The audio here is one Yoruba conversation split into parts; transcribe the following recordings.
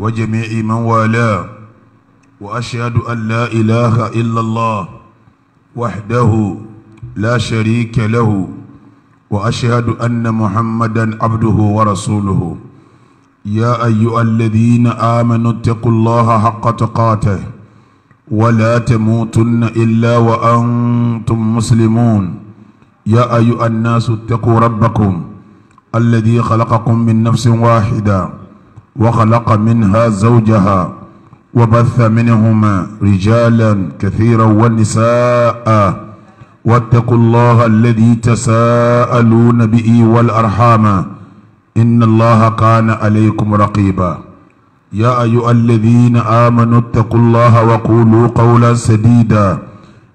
وجميع من والاه وأشهد أن لا إله إلا الله وحده لا شريك له وأشهد أن محمدا عبده ورسوله يا أيها الذين آمنوا اتقوا الله حق تقاته ولا تموتن إلا وأنتم مسلمون يا أيها الناس اتقوا ربكم الذي خلقكم من نفس واحده وخلق منها زوجها وبث منهما رجالا كثيرا ونساء واتقوا الله الذي تساءلون به والأرحام إن الله كان عليكم رقيبا يا أيها الذين آمنوا اتقوا الله وقولوا قولا سديدا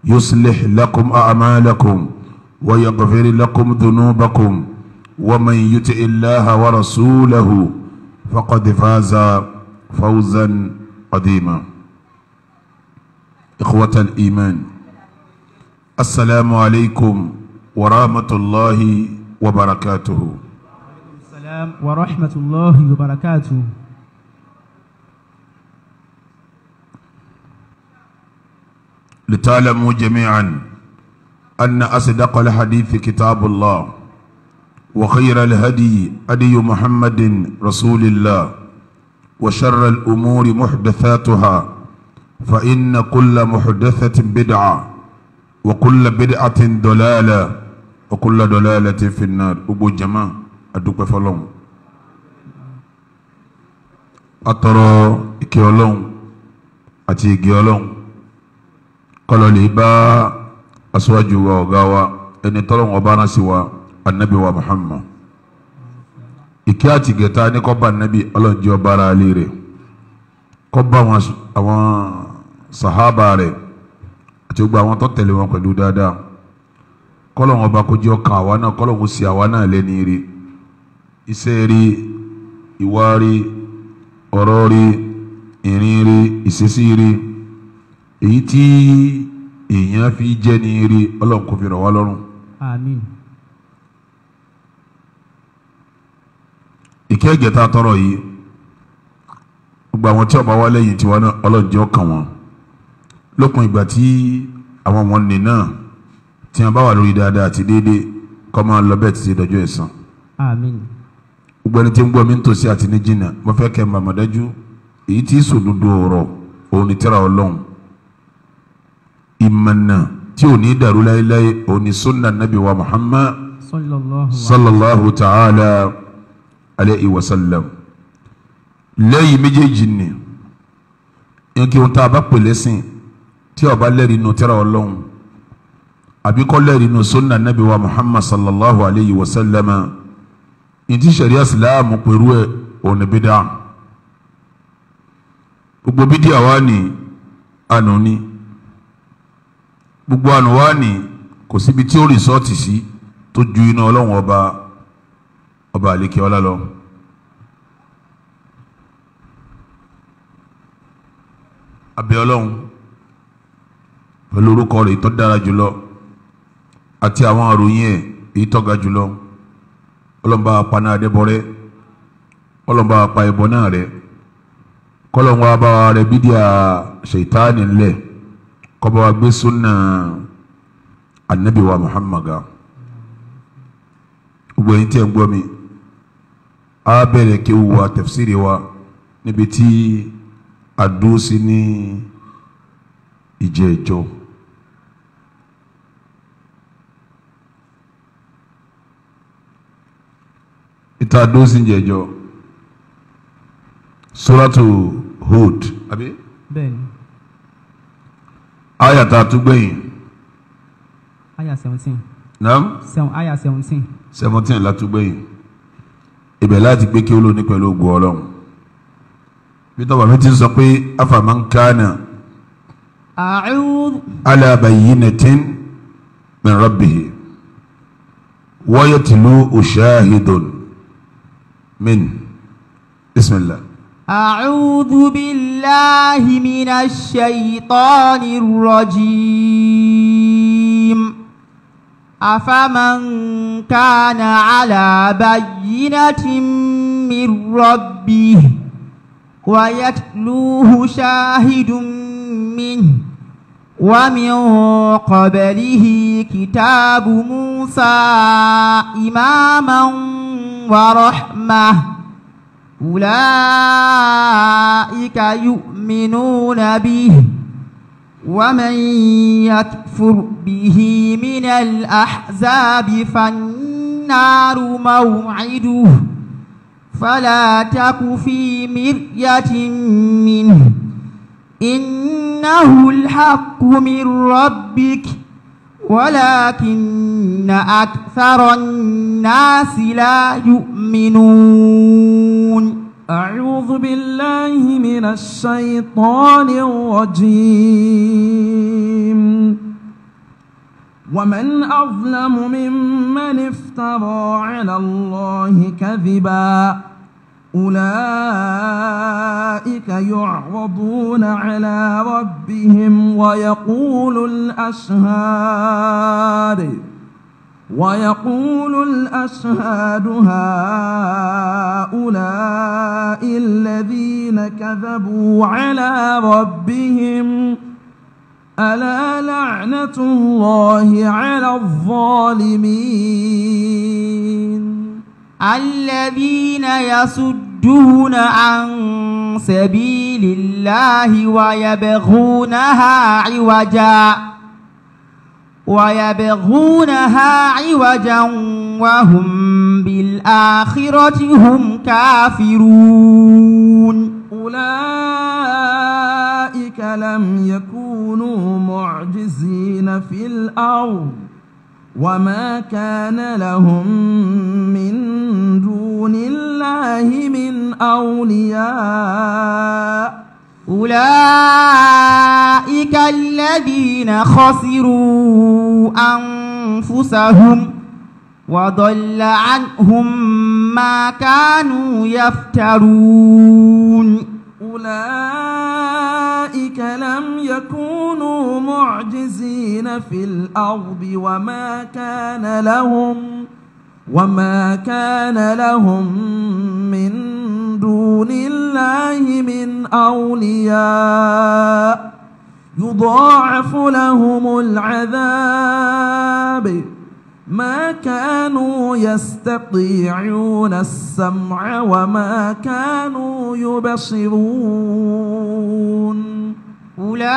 يصلح لكم أعمالكم ويغفر لكم ذنوبكم ومن يطع الله ورسوله فقد فاز فوزا قديما إخوة الإيمان السلام عليكم ورحمة الله وبركاته السلام ورحمة الله وبركاته لتعلموا جميعا أن أصدق الحديث كتاب الله وخير الهدي هدي محمد رسول الله وشر الأمور محدثاتها فإن كل محدثة بدعة وكل بدعة ضلالة وكل ضلالة في النار أبو جماعة أدوك فلون أترى كيولون أتي كيولون قالوا لي با أسواجوا وغاوا إن ترون وبانا سوا anabi wa muhammad ìkí àti gẹ̀ta ní kọ́ bá anabi ọlọ́njì ọba ara alẹ́ rẹ̀ kọ́ bá àwọn sahaba rẹ̀ àti gbogbo àwọn tó tẹ̀lé wọn pẹ̀lú dáadáa kọ́lọ̀ wọn bá kojú ọkàn àwa náà kọ́lọ̀ wọn sì àwa náà lẹ́ni rí iṣẹ́ rí ìwà rí ọ̀rọ̀ èyí tí èèyàn fi jẹ́ ni rí ọlọ́run kò fi rọ̀ wá lọ́rùn. àmín. ìkẹ́ ìgẹ̀ta tọrọ yìí gbogbo àwọn tí ọba wa lẹ́yìn tiwọn náà ọlọ́njẹ́ ọkàn wọn lópin ìgbà tí àwọn ọmọ nì náà tí wọn bá wà lórí dáadáa àti déédéé kọ́ máa lọ bẹ́ẹ̀ títí dọjọ́ ẹ̀san. àmín. gbogbo ẹni tí ń gbọ́ mi ń tòsí àti ní jìnnà mo fẹ́ kẹ́ màmá dájú èyí tí sòdodo ọ̀rọ̀ òun ni tírà ọlọ́run ìmọ̀nà tí ò ní dàrú láéláé òun ni sunna nabi wa muhammad sallallahu ta'ala alayhi wa sallam lẹ́yìn méjèèjì ni nkí ohun tá a bá pè lẹ́sìn tí ó bá lẹ́rìí inú tírà ọlọ́run àbí kò lẹ́rìí inú sunna nabi wa muhammad sallallahu alayhi wa sallam ntí sariya silamu pẹ̀lú ẹ̀ òní bídà gbogbo bídíà wa ni gbogbo ànú kò síbi tí ó rìsọ́ọ̀tì sí tó ju iná ọlọ́run ọba ọba àlekè ọlá lọ. abẹ ọlọ́run pẹ̀lú orúkọ rẹ̀ tó dára jùlọ àti àwọn àròyìn ẹ̀ èyí tó ga jùlọ ọlọ́mọba apá náà dẹ́bọ̀rẹ́ ọlọ́mọba apá ẹ̀bọ náà rẹ̀ kọlọ́wọ́ abá rẹ̀ bídíà ṣètáàní ńlẹ̀ kọ́ba wa gbé súnà anabiwa muhammadu gbogbo ẹ̀yin tí ń gbọ́ mi a bẹ̀rẹ̀ kéwù wa tafsiri wa níbi tí a dúró sí ní ìjẹ́jọ́. ìta dúró sí ìjẹ́jọ́ suratu Hud àbí. bẹ́ẹ̀ni. aya ta tún gbẹ̀yìn. aya seventeen. naam. aya seventeen. seventeen la ibẹ̀ láti gbé kí olóòní pẹ̀lú ògbó ọlọ́run peter bàmí ti sọ pé afamankana ala bayyinatin min rabbihi wa yatluhu shahidun min bismillah. أعوذ بالله من الشيطان الرجيم أفمن كان على بينة من ربه ويتلوه شاهد منه ومن قبله كتاب موسى إماما ورحمة أولئك يؤمنون به ومن يكفر به من الأحزاب فالنار موعده فلا تك في مرية منه إنه الحق من ربك ولكن أكثر الناس لا يؤمنون أعوذ بالله من الشيطان الرجيم ومن أظلم ممن افترى على الله كذبا أولئك يعرضون على ربهم ويقول الأشهاد ويقول الأشهاد هؤلاء الذين كذبوا على ربهم ألا لعنة الله على الظالمين الذين يصدون عن سبيل الله ويبغونها عوجاً ويبغونها عوجا وهم بالآخرة هم كافرون أولئك لم يكونوا معجزين في الأرض وما كان لهم من دون الله من أولياء أولئك الذين خسروا أنفسهم وضل عنهم ما كانوا يفترون أولئك لم يكونوا معجزين في الأرض وما كان لهم وما كان لهم من دون الله من أولياء يضاعف لهم العذاب ما كانوا يستطيعون السمع وما كانوا يبصرون أولئك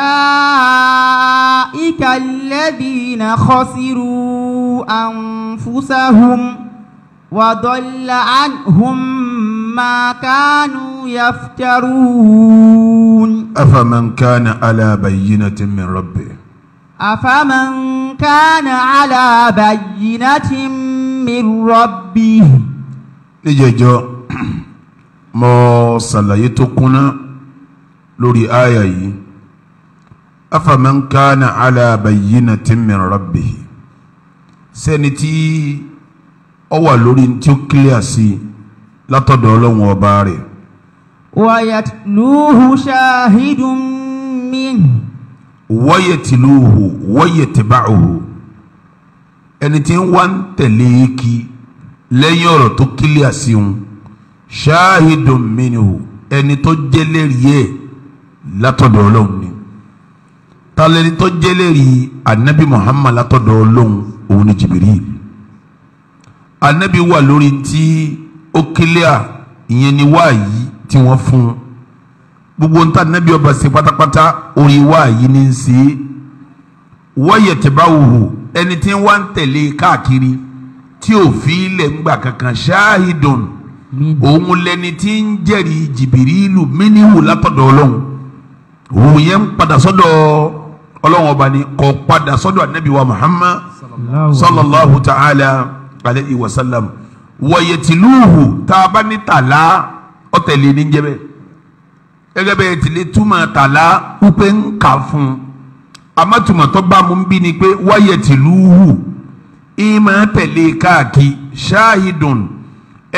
الذين خسروا أنفسهم وضل عنهم ما كانوا يفترون أفمن كان على بينة من ربه أفمن كان على بينة من ربه níjẹjọ mo ṣàlàyé tó kúnná lórí afaman kana ala bayyinatin min rabbih sẹ́ni tí ó wà lórí tí ó kílíà sí látọ̀dọ̀ ọlọ́run ọba rẹ̀. wayatluhu shahidun min. wayatluhu wayatba'uhu ẹni tí ń wá ń tẹ̀lé kí lẹ́yìn ọ̀rọ̀ tó kílíà sí un shahidun minhu ẹni tó jẹ́ ẹ̀ látọ̀dọ̀ ọlọ́run ni talẹni tó jẹlẹri anabi muhammad látọ̀dọ̀ Ọlọ́hun òun ni jibiri anabi wà lórí ti ó kílíà ìyẹn ni wáàyí tí wọ́n fún gbogbo nta anabi ọba ṣe pátápátá orí wáàyí ní í ṣe wọ́yẹ̀ tẹ̀bá wòhò ẹni tí wọ́n ń tẹ̀lé e káàkiri tí ò fi ilẹ̀ ń gbà kankan ṣáàhídùn òun lẹni tí ń jẹ́rìí jìbìrì ìlú mínìwù látọ̀dọ̀ Ọlọ́hun òun yẹn ń padà sọ́dọ̀ ọ́ ọlọ́run ọba ni kó padà sọ́dọ̀ anabi wa muhammad sallallahu ta'ala alayhi wa sallam wọ̀yẹ̀tìlúhù tá a bá ní tàlá ọ̀tẹ̀lẹ̀ ní jẹ́bẹ̀ gẹ́gẹ́ bẹ́ẹ̀ tìlẹ̀ túmọ̀ tàlá wípé ń kà fún un amátùmọ̀tọ́ bá mu ń bí ni pé wọ̀yẹ̀tìlúhù ìmọ̀ tẹ̀lé káàkiri ṣáàhídùn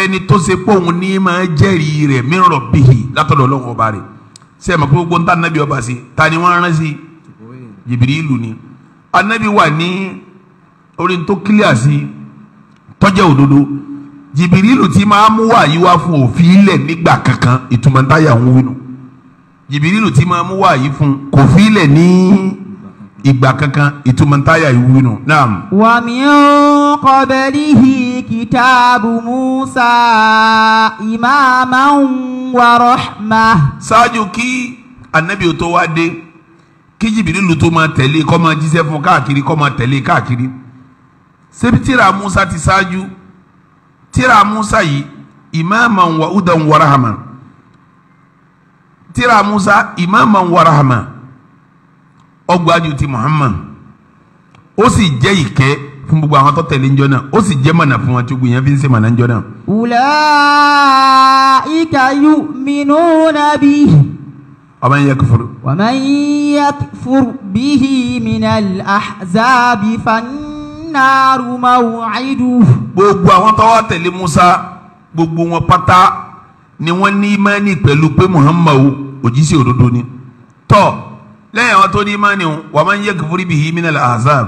ẹni tó ṣe pé ní máa jẹ́rìí rẹ̀ mìíràn bìhì látọ̀dọ̀ ọlọ́run ọba rẹ̀ sẹ́ẹ̀ mọ̀ pé gbogbo ń tà nàbí ọba sí ta ni wọ́n rán sí i jìbìrìlù ni anabi wà ní orin tó kílíà sí tọ́jẹ́ òdodo jìbìrìlù tí máa mú wá yìí wá fún òfin ilẹ̀ nígbà kankan ìtumọ̀ táyà ń wínú jìbìrìlù tí máa mú wá yìí fún kò fi ilẹ̀ ní ìgbà kankan ìtumọ̀ táyà ń wínú wà mí ó kọ́bẹ̀lìhì kìtàbù Musa ìmáàmá wa rahma. ṣáájú kí anabi ò tó wá dé kí jìbìrìlù tó máa tẹ̀lé kó máa jíṣẹ́ fún káàkiri kó máa tẹ̀lé káàkiri ṣebí tíra Musa ti ṣáájú tíra Musa yìí imaman wa udan wa rahama tíra Musa imaman wa ọgbàájú ti Muhammad ó sì jẹ́ ìkẹ́ fún gbogbo àwọn tó tẹ̀lé njọ́ náà ó sì jẹ́ mọ̀nà fún wọn tí gbìyànjú fi ń ṣe mọ̀nà njọ́ náà. ulaika yu'minuna bihi. wa man yakfur. wa man يكفر به من الأحزاب فالنار موعده gbogbo àwọn tọ́wọ́ tẹ̀lé Musa gbogbo wọn pátá ni wọ́n ní imani pẹ̀lú pé Muhammadu òjíṣẹ́ òdodo ni tọ́ lẹ́yìn àwọn tó ní imani wà máa ń yẹ kìfúrí bìí min al-ahzab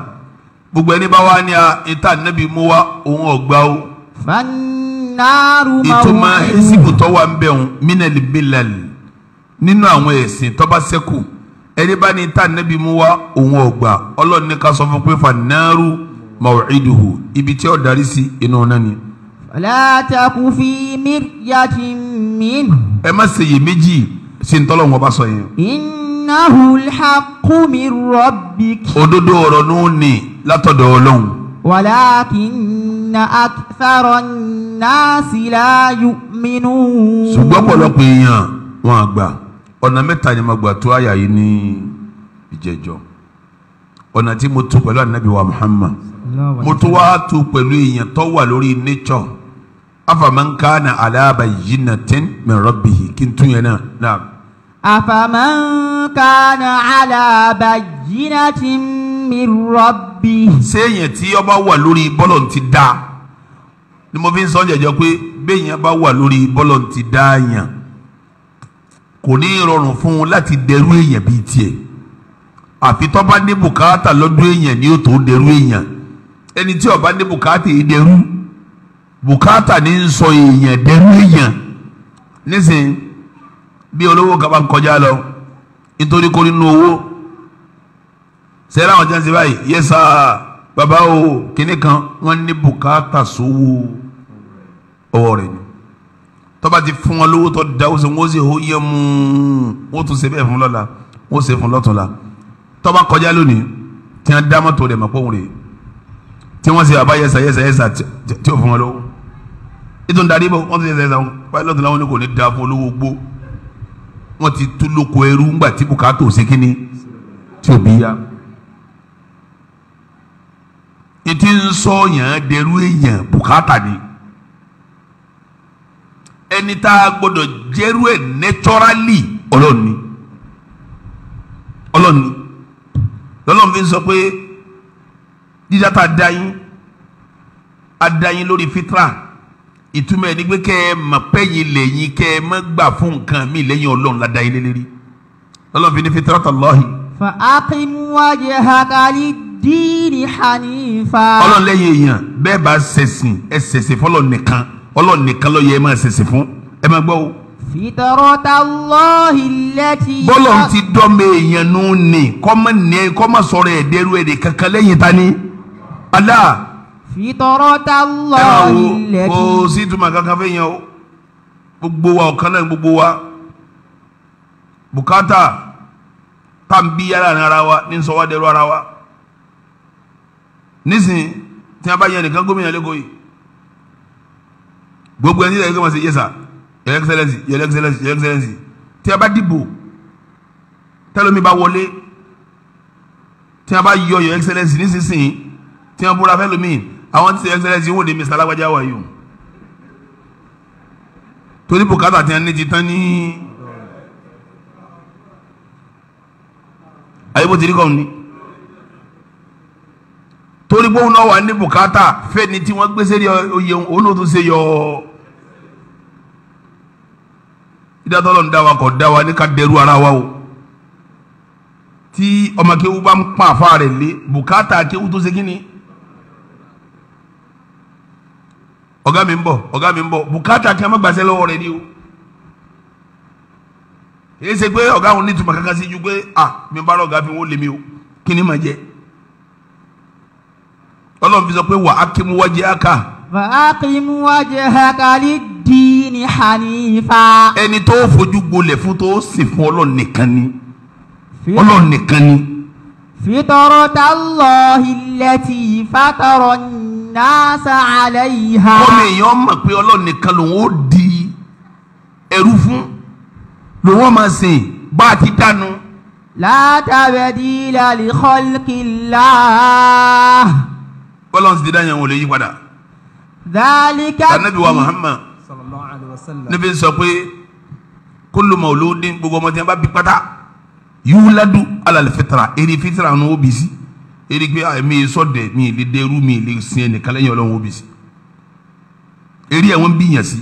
gbogbo ẹni bá wà ní ìta nẹ́bí mú wa òun ọ̀gbá o. fannaru mawudu ìtumọ̀ ẹ̀sìnkú tọ́wọ́ ń bẹ̀ wọn min al nínú àwọn ẹ̀sìn tó bá ẹni bá ní tá nẹ́bí mú wá òun ọ̀gbà ọlọ́run ní ká sọ fún pé fanáàrú maw'iduhu ibi tí ó darí sí inú náà ni. fala taku fi miryatin minhu. ẹ má ṣe iyèméjì sí ní tọ́lọ̀ wọn bá sọ yẹn. innahu al-haqqu min òdodo ọ̀rọ̀ nù ní látọ̀dọ̀ ọlọ́run. walakinna akthara an-nasi la yu'minun. ṣùgbọ́n pọ̀lọpọ̀ èèyàn wọn àgbà ọ̀nà mẹ́ta ni mo gbà tó àyà yìí ní ìjẹjọ ọ̀nà tí mo tu pẹ̀lú anabi wa muhammad mo tún wá tu pẹ̀lú èèyàn tó wà lórí nature afaman kana ala bayyinatin min rabbihi kí n tún yẹn náà náà. afaman kana ala bayyinatin min rabbihi. séèyàn tí ọba wà lórí bọ́lọ̀ ti dá ni mo fi ń sọ jẹjọ pé béèyàn bá wà lórí bọ́lọ̀ ti dá yàn kò ní rọrùn fún un láti dẹrú èèyàn bíi tiẹ̀ àfi tó bá ní bùkátà lọ́dún èèyàn ni ó tó dẹrú èèyàn ẹni tí ó bá ní bùkátà yìí dẹrú bùkátà ní ń sọ èèyàn dẹrú èèyàn nísìnyí bí olówó kaba kọjá lọ nítorí kó nínú owó sẹ́rẹ́ àwọn jẹ́nsẹ́ báyìí yẹ sá bàbá o kìnnìkan wọ́n ní bùkátà sówó ọwọ́ rẹ̀ ni tọ́ba ti fún wọn lówó tọ́ da ó sì wọ́n sì yẹ mú wọ́n tún ṣe bẹ́ẹ̀ fún lọ́la wọ́n ṣe fún lọ́tún la tọ́ba kọjá lónìí tí wọ́n dá mọ́tò rẹ̀ mọ́ pọ́n rè tí wọ́n ṣe àbá yẹsà yẹsà yẹsà tí ó fún wọn lọ́wọ́ ètò ìdarí bọ̀ wọ́n ti yẹsà yẹsà wọn wáyé lọ́tún láwọn ní kò ní da fún olówó gbó wọ́n ti tú lóko ẹrú ńgbà tí bùkátà ò sí tí ò bí yá ètí ń dẹrú èèyàn bùkátà ni ẹni tá a gbọdọ̀ jẹ́rú ẹ̀ naturally ọlọ́run ni ọlọ́run ni lọ́lọ́run fi ń sọ pé dídá tá a dá yín a dá yín lórí fitra ìtumọ̀ ẹ̀ ni pé kẹ́ ẹ mọ̀ pẹ́ yín lẹ́yìn kẹ́ ẹ mọ̀ gbà fún nǹkan mi lẹ́yìn ọlọ́run ládàá yín lélẹ́rí lọ́lọ́run fi ní fitra tàlọ́hì. fa aqim wajhaka lid-dini hanifa. ọlọ́run lẹ́yìn èèyàn bẹ́ẹ̀ bá ṣẹ̀sìn ẹ ṣẹ̀sìn fọlọ́ nìkan ọlọ́run nìkan ló yẹ ẹ máa ṣèṣì fún ẹ máa gbọ́ o. fìtọ̀rọ̀tà lọ́ọ̀hì lẹ́tì. bọ́lọ̀ ti dọ́mọ èèyàn nù ní kọ́mọ ní kọ́mọ sọ̀rọ̀ ẹ̀dẹ́rú ẹ̀dẹ́ kankan lẹ́yìn tani. Allah. fìtọ̀rọ̀tà lọ́ọ̀hì lẹ́tì. kò sí ìtumọ̀ kankan fẹ́yàn o gbogbo wa ọ̀kan náà gbogbo wa bùkátà tá à ń bí yàrá ara wa ní sọ wá dẹrú ara wa nísìnyí tí a bá yẹ nìkan gómìnà lẹ́kọ̀ọ́ yìí gbogbo ẹni yẹn kí wọn ṣe yẹsà your excellence your excellence your excellence tí a bá dìbò tẹlomi bá wọlé tí a bá yọ your excellence nísinsìnyí tí a búra fẹlomi àwọn tí your excellence wò ní mr alágbájá wà yìí o torí bùkátà tí a ní ti tán ní àyíbó ti rí kọ́ ni torí bóun náà wà ní bùkátà fẹ́ni tí wọ́n gbé sẹ́ni oyè òun ló tún ṣe yọ ọ́ dídátọ́ lọ́n dá wa kọ̀ dá wa ní ká dẹrú ara wa o tí ọmọ kéwu bá ń pa àfa rẹ̀ lé bùkátà kéwu tó ṣe kí ni ọ̀gá mi ń bọ̀ ọ̀gá mi ń bọ̀ bùkátà kí a má gbàṣẹ́ lọ́wọ́ rẹ̀ ni o èyí ṣe pé ọ̀gá òun nítumọ̀ kankan sí ju pé à mi bá rọ̀ ọ̀gá fi wọ́n lé mi o kí ni màá jẹ́ ọlọ́run fi sọ pé wà á kí mu wájú aka. wà á kí mu wájú aka lè dini hanifa. ẹni tó fojú gbolẹ̀ fún tó sì fún ọlọ́run nìkan ni ọlọ́run nìkan ni. fitọrọ ta lọ ilẹ̀tì fatọrọ nasa alẹ́ ìhà. wọ́n èèyàn mọ̀ pé ọlọ́run nìkan lòun ó di ẹrú fún lòun ó máa sìn bá a ti dánu. látàbẹ̀dì lálẹ́ kọ́lkìlá. bọ́lá ń ti dá yẹn wọlé yí padà. dálíkà tí. muhammad níbi sọ pé kullu mauludin gbogbo ọmọ tí wọn bá bí pátá yuladu ala al-fitra èrè fitra ní òbí sí a pé àmì ah, sọdẹ mi lè dẹrú mi lè sin ẹnìkan lẹ́yìn Ọlọ́run òbí sí èrè àwọn bí yàn sí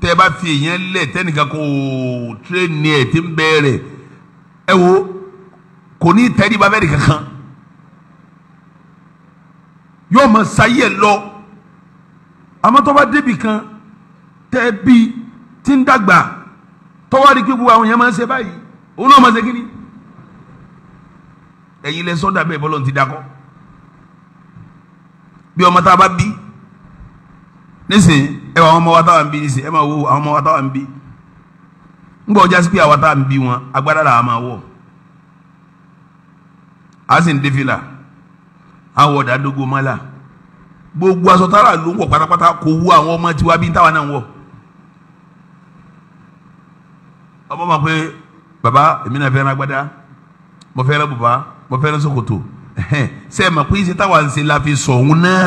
tẹ ẹ bá fi èèyàn lẹ tẹnìkan kò tírẹ́nì ẹ ti ń bẹ̀rẹ̀ ẹ wo kò ní tẹ́lí kankan yóò mọ sáyé lọ àmọ́ tó kan tẹ́ bí tí ń dàgbà tọ́wọ́ di kíkú àwọn èèyàn máa ń ṣe báyìí òun náà máa ṣe kí ni ẹ̀yin lẹ sọ́dà bẹ́ẹ̀ bọ́lọ̀ ti dakọ́ bí ọmọ tá a bá bí nísìnyí ẹ wà àwọn ọmọ wa táwa ń bí nísìnyí ẹ máa wo àwọn ọmọ wa táwa ń bí ń gbọ́ ọjà sí pé àwa táwa ń bí wọn agbádá làwa máa wọ̀ a sì ń dé fìlà àwọn ọ̀dà dógó mọ́là gbogbo aṣọ ló ń wọ̀ pátápátá kò wú àwọn ọmọ tiwa bí táwa náà ń wọ̀. ọmọ máa pé baba èmi náà fẹ́ràn agbada mo fẹ́ràn bùbá mo fẹ́ràn ṣòkòtò ṣe é mọ̀ pé iṣẹ́ táwa ń ṣe la fi sọ òun náà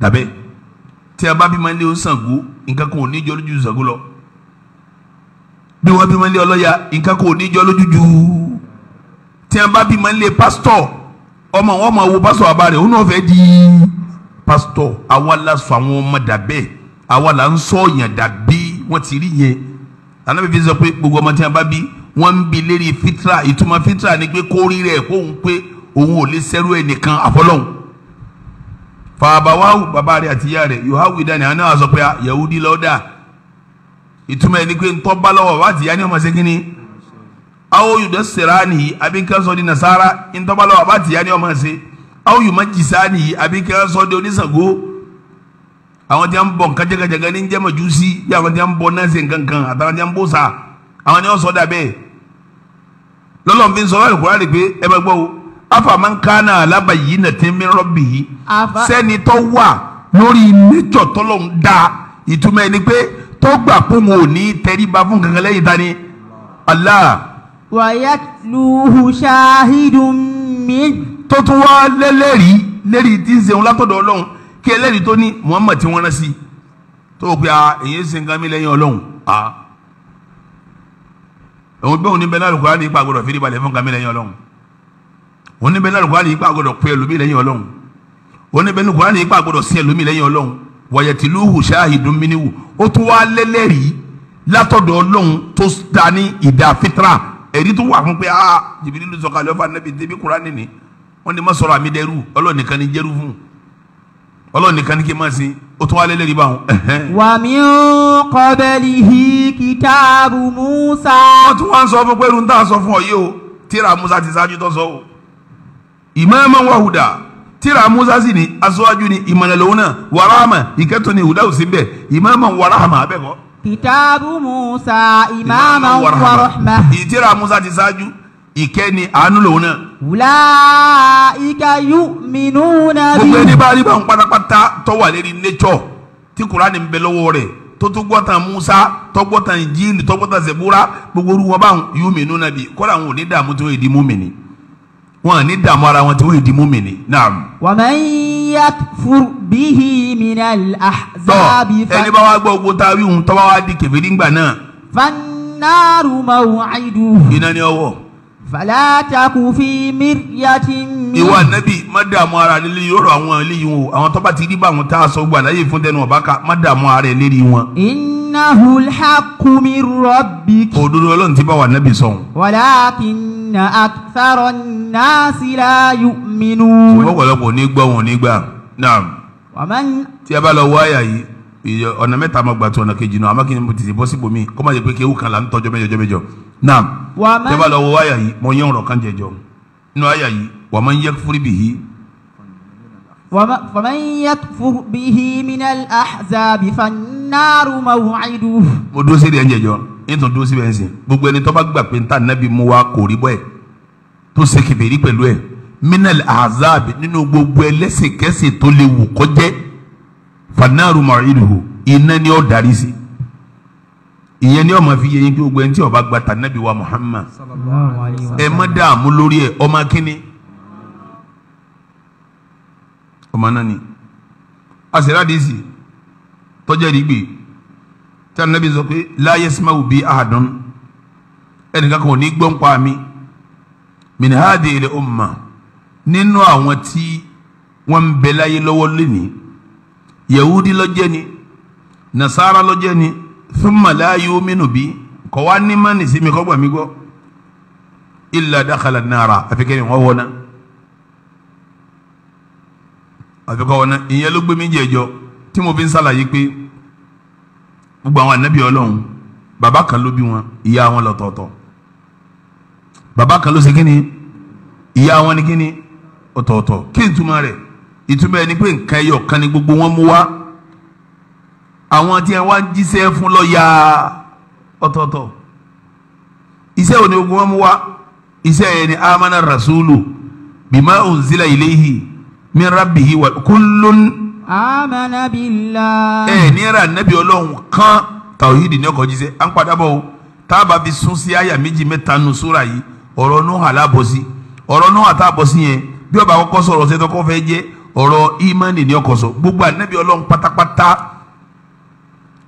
tàbí tí a bá bí máa ń lé o Ṣàngó nǹkan kan ò ní jọ lójú Ṣàngó lọ bí wọ́n bí máa ń lé nǹkan kan ò ní jọ lójú jù tí a bá bí máa ń lé ọmọ wọn máa wo pásítọ̀ bàbá rẹ̀ òun náà fẹ́ di pásítọ̀ àwa la sọ àwọn ọmọ dà bẹ́ẹ̀ la ń sọ ọ̀yàn dà bí ti rí yẹn tànà bíbí sọ pé gbogbo ọmọ tí a bá bí wọ́n ń bi lérí fitra ìtumọ̀ fitra ni pé kó rí rẹ̀ kóhun pé òun ò lè sẹ́rú ẹnìkan àfọlọ́hun fàbàwáwù bàbá rẹ̀ àti ìyá rẹ̀ yòówù ìdáni àná àsọ pé yahudi lọ́dà ìtumọ̀ ẹni pé ntọ́ bá lọ́wọ́ wá ti yá ni ọmọ ṣe kíni awo yudọ sira nìyí abíkẹ́ sọ di nasara ntọ́ bá lọ́wọ́ wá ti yá ni ọmọ ṣe awo yuma jìsá nìyí abíkẹ́ sọ di onísàgó àwọn tí a ń bọ nǹkan jẹgẹjẹgẹ ní jẹ́ màjúsí bí àwọn tí ń bọ náà ṣe nǹkan kan àtàwọn tí ń bọ sa àwọn ni wọ́n sọ dà bẹ́ẹ̀ lọ́lọ́mfin sọ láti kúrò àdìpé ẹ bẹ gbọ́ o afa man kana alaba yìí nà tí mi rọ́bì yìí sẹ́ni tó wà lórí nẹ́tọ̀ tọ́lọ̀ da ìtumọ̀ ẹni pé tó gbà pé wọn ò ní tẹríba fún kankan lẹ́yìn tani Allah. wàyà luhu ṣahidun mi. tó tún wá lẹ́lẹ́rìí lẹ́rìí tí ń ṣeun látọ̀dọ̀ ọlọ́run kí ẹlẹ́rìí tó ní Muhammad tí wọ́n rán sí tó o pe a ah, èyí ṣe nǹkan mi lẹ́yìn Ọlọ́run a òun gbé òun ní bẹ́ẹ̀ lálùkọ́ àní ipa gbọdọ̀ fi balẹ̀ fún nǹkan mi lẹ́yìn Ọlọ́run òun ní bẹ́ẹ̀ lálùkọ́ àní ipa gbọdọ̀ pe ẹlòmí lẹ́yìn Ọlọ́run òun ní bẹ́ẹ̀ lálùkọ́ àní ipa gbọdọ̀ ẹlòmí lẹ́yìn Ọlọ́run wàyẹ̀tìlúhù ṣáàhìdùn mínìwù ó tún wá lẹ́lẹ́rìí látọ̀dọ̀ Ọlọ́run tó dání ìdá fitra ẹ̀rí tó wà fún pé a ah, jìbìrì lùsọ̀kalẹ̀ ọ̀fà nẹ́bi débi kúránì ni wọ́n ní má sọ̀rọ̀ àmì dẹ́rù Ọlọ́run ni jẹ́rù fún un ọlọ́run nìkan ní kí n máa sin ó tún wá lé lẹ́rìí báwọn. wà mí ó kọ́bẹ̀lì hí kìtàbù Musa. wọ́n tún wá ń sọ fún pé irun sọ fún ọ yìí o tíra Musa ti ṣáájú tó sọ o. ìmọ̀ọ́mọ̀ wà hùdà tíra Musa sì ní aṣọ́wájú ni ìmọ̀lẹ̀ lòun náà wàràhàmà ìkẹ́tọ̀ ni hùdà ò sí bẹ́ẹ̀ ìmọ̀ọ́mọ̀ wàràhàmà abẹ́kọ̀. kìtàbù Musa ìmọ̀ọ́mọ̀ wàràhàmà. ìtíra Musa ti ṣáájú ìkẹ́ni àánú lòun náà. wùlá ìka yú mìínú náà bí. gbogbo ẹni bá rí báwọn pátápátá tó wà lérí nature tí kúránì ń bẹ lọ́wọ́ rẹ̀ tó tún gbọ́tàn Musa tó gbọ́tàn Injili tó gbọ́tàn Sẹ̀búrà gbogbo orúkọ báwọn yú mìínú náà bí kọ́ra àwọn ò ní dààmú tí wọ́n èdè mú mi ni wọn ní dààmú ara wọn tí wọ́n èdè mú mi ni. wa man yakfur bihi minal ahzabi. tọ́ ẹni bá wá gbọ́ ogun tá a wí hun tọ́ bá wá di kèfèrí ńgbà náà. fannaru maw'iduhu. iná ni ọwọ́ fàlàtàkù fi mírìyàtì mi. ìwà nẹ́bí má dààmú ara rẹ lé yọrọ àwọn eléyìí o àwọn tọ́ba ti rí bá tá a sọ gbà láyé fún tẹnu ọba ká má dààmú ara rẹ lérí wọn. innahul haqqu min rabbik. òdodo ọlọ́run ti bá wà nẹ́bí sọ̀hún. walakinna akthara nasi la yu'minun. ṣùgbọ́n ọ̀pọ̀lọpọ̀ ní gbọ́ wọn nígbà náà. wàmán. tí a bá lọ wáyà yìí ọ̀nà mẹ́ta máa gbà tó ọ̀nà kejì náà àmọ́ kí ni mo ti bọ́ síbòmí naam tẹ́bà lọ wo àyà yìí mo yẹ ọ̀rọ̀ kan jẹjọ nínú àyà yìí wa man yakfur bihi. wa man yakfur bihi minal ahzabi fannaru maw'iduhu. mo dúró síbi ẹ̀ ń jẹjọ ẹ̀ tún dúró síbi ẹ̀ ń sìn gbogbo ẹni tó bá gbà pé níta nàbí mu wa kò rí bọ́ ẹ̀ tó ṣe kẹfẹ́rí pẹ̀lú ẹ̀ minal ahzabi nínú gbogbo ẹlẹ́sìnkẹ́sìn tó lè wù kọjẹ́ fannaru maw'iduhu iná ni ó darí sí ìyẹn ni ọmọ fi yẹ yín pé gbogbo ẹni tí ọba gba tànàbí wa Muhammad ẹ má dààmú lórí ẹ ọmọ kínní ọmọ náà ni àṣìláàdìsì tọjá ìdígbè tí ànábì sọ pé la yasma'u bi ahadun ẹnìkan kan ò ní gbọ́n pa mi min hadhihi umma nínú àwọn tí wọ́n ń bẹ láyé lọ́wọ́ lónìí yahudi lọ́jẹ́ ni nasara lọ́jẹ́ ni thumma la yu'minu bi kò wá ní mánì sí mi kò gbà mí gbọ́ illa dakhala nara àfi kẹ́ni wọ́n wọ́n náà àfi kọ́ wọ́n náà ìyẹn ló gbé mi jẹ́jọ́ tí mo fi ń sàlàyé pé gbogbo àwọn ànábì ọlọ́run bàbá kan ló bí wọn ìyá wọn lọ́tọ̀ọ̀tọ̀ bàbá kan ló ṣe kí ni ìyá wọn ni kí ni ọ̀tọ̀ọ̀tọ̀ kí n rẹ̀ ìtumọ̀ ẹni pé nǹkan ẹyọ kan ni gbogbo wọn mú wá àwọn tí wọ́n ń jíṣẹ́ fún lọ́ọ̀yà ọ̀tọ̀ọ̀tọ̀ iṣẹ́ òní ogun wọn mú amana rasulu bima unzila ilayhi wa amana ẹ kan ní ọkọ à ń o táàbà fi sún sí àyà méjì mẹ́ta nù súra yìí ọ̀rọ̀ Nuha lábọ̀sí ọ̀rọ̀ yẹn bí ọba àkọ́kọ́ sọrọ ṣe tọkọ fẹ́ jẹ́ ọ̀rọ̀ imani ní ọkọ̀ sọ gbogbo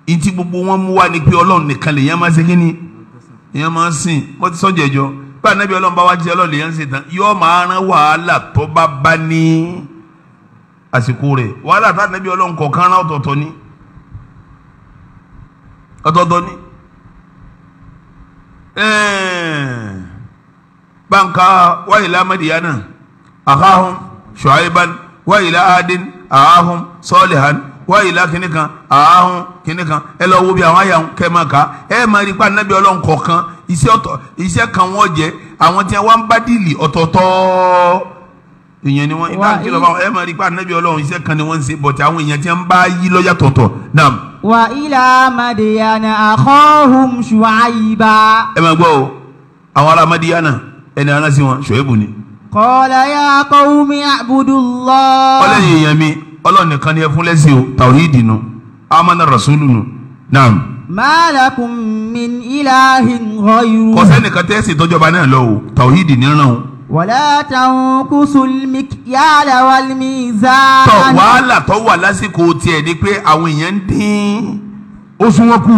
ntí gbogbo wọn mú wá ni pé ọlọ́run nìkan lè yẹn máa ṣe kíni yẹn máa sìn mo ti sọ́jà ẹ̀jọ́ pé ànábì ọlọ́run bá wá jẹ́ ọlọ́run lè yẹn ń ṣe tán yóò máa rán wàhálà tó bá bá ní àsìkò rẹ̀ wàhálà tá ànábì ọlọ́run kọ̀ọ̀kan rán ọ̀tọ̀ọ̀tọ̀ ni ọ̀tọ̀ọ̀tọ̀ ni banka wa ila madiyana ahahum shu'aiban wa ila adin ahahum wáyìlá kínní kan ààhùn kínní kan ẹ lọ wo bí àwọn àyà kẹ máa kà ẹ máa rí pa nábì ọlọ́run kọ̀ọ̀kan iṣẹ́ ọ̀tọ̀ iṣẹ́ kan wọ́n jẹ àwọn tí wọ́n bá dìlì ọ̀tọ̀ọ̀tọ̀ ìyẹn ni wọ́n ìdá kìlọ̀ bá ẹ máa rí pa nábì ọlọ́run iṣẹ́ kan ni wọ́n ń ṣe bọ̀tẹ̀ àwọn èèyàn tí wọ́n bá yí lọ́yà tọ̀tọ̀ nam. wà ilà màdìyànà àkọ́hùn ṣùáyìbá. ẹ máa gbọ́ o àwọn ará màdìyànà ẹni aná sí wọn ṣùáyìbù ni. kọ́lá yà ọlọ́run nìkan ni ẹ fún lẹ́sìn o tàwíìdì nu amana rasulu nu naam. malakum min ilahin ghayru. kò sẹ́nìkan tẹ́sí tọ́jọba náà lọ o tàwíìdì ní ràn o. wala tanqusul mikyala wal mizan. tọ wàhálà tó wà lásìkò tiẹ̀ ni pé àwọn èèyàn ń dín òṣùwọ̀n kù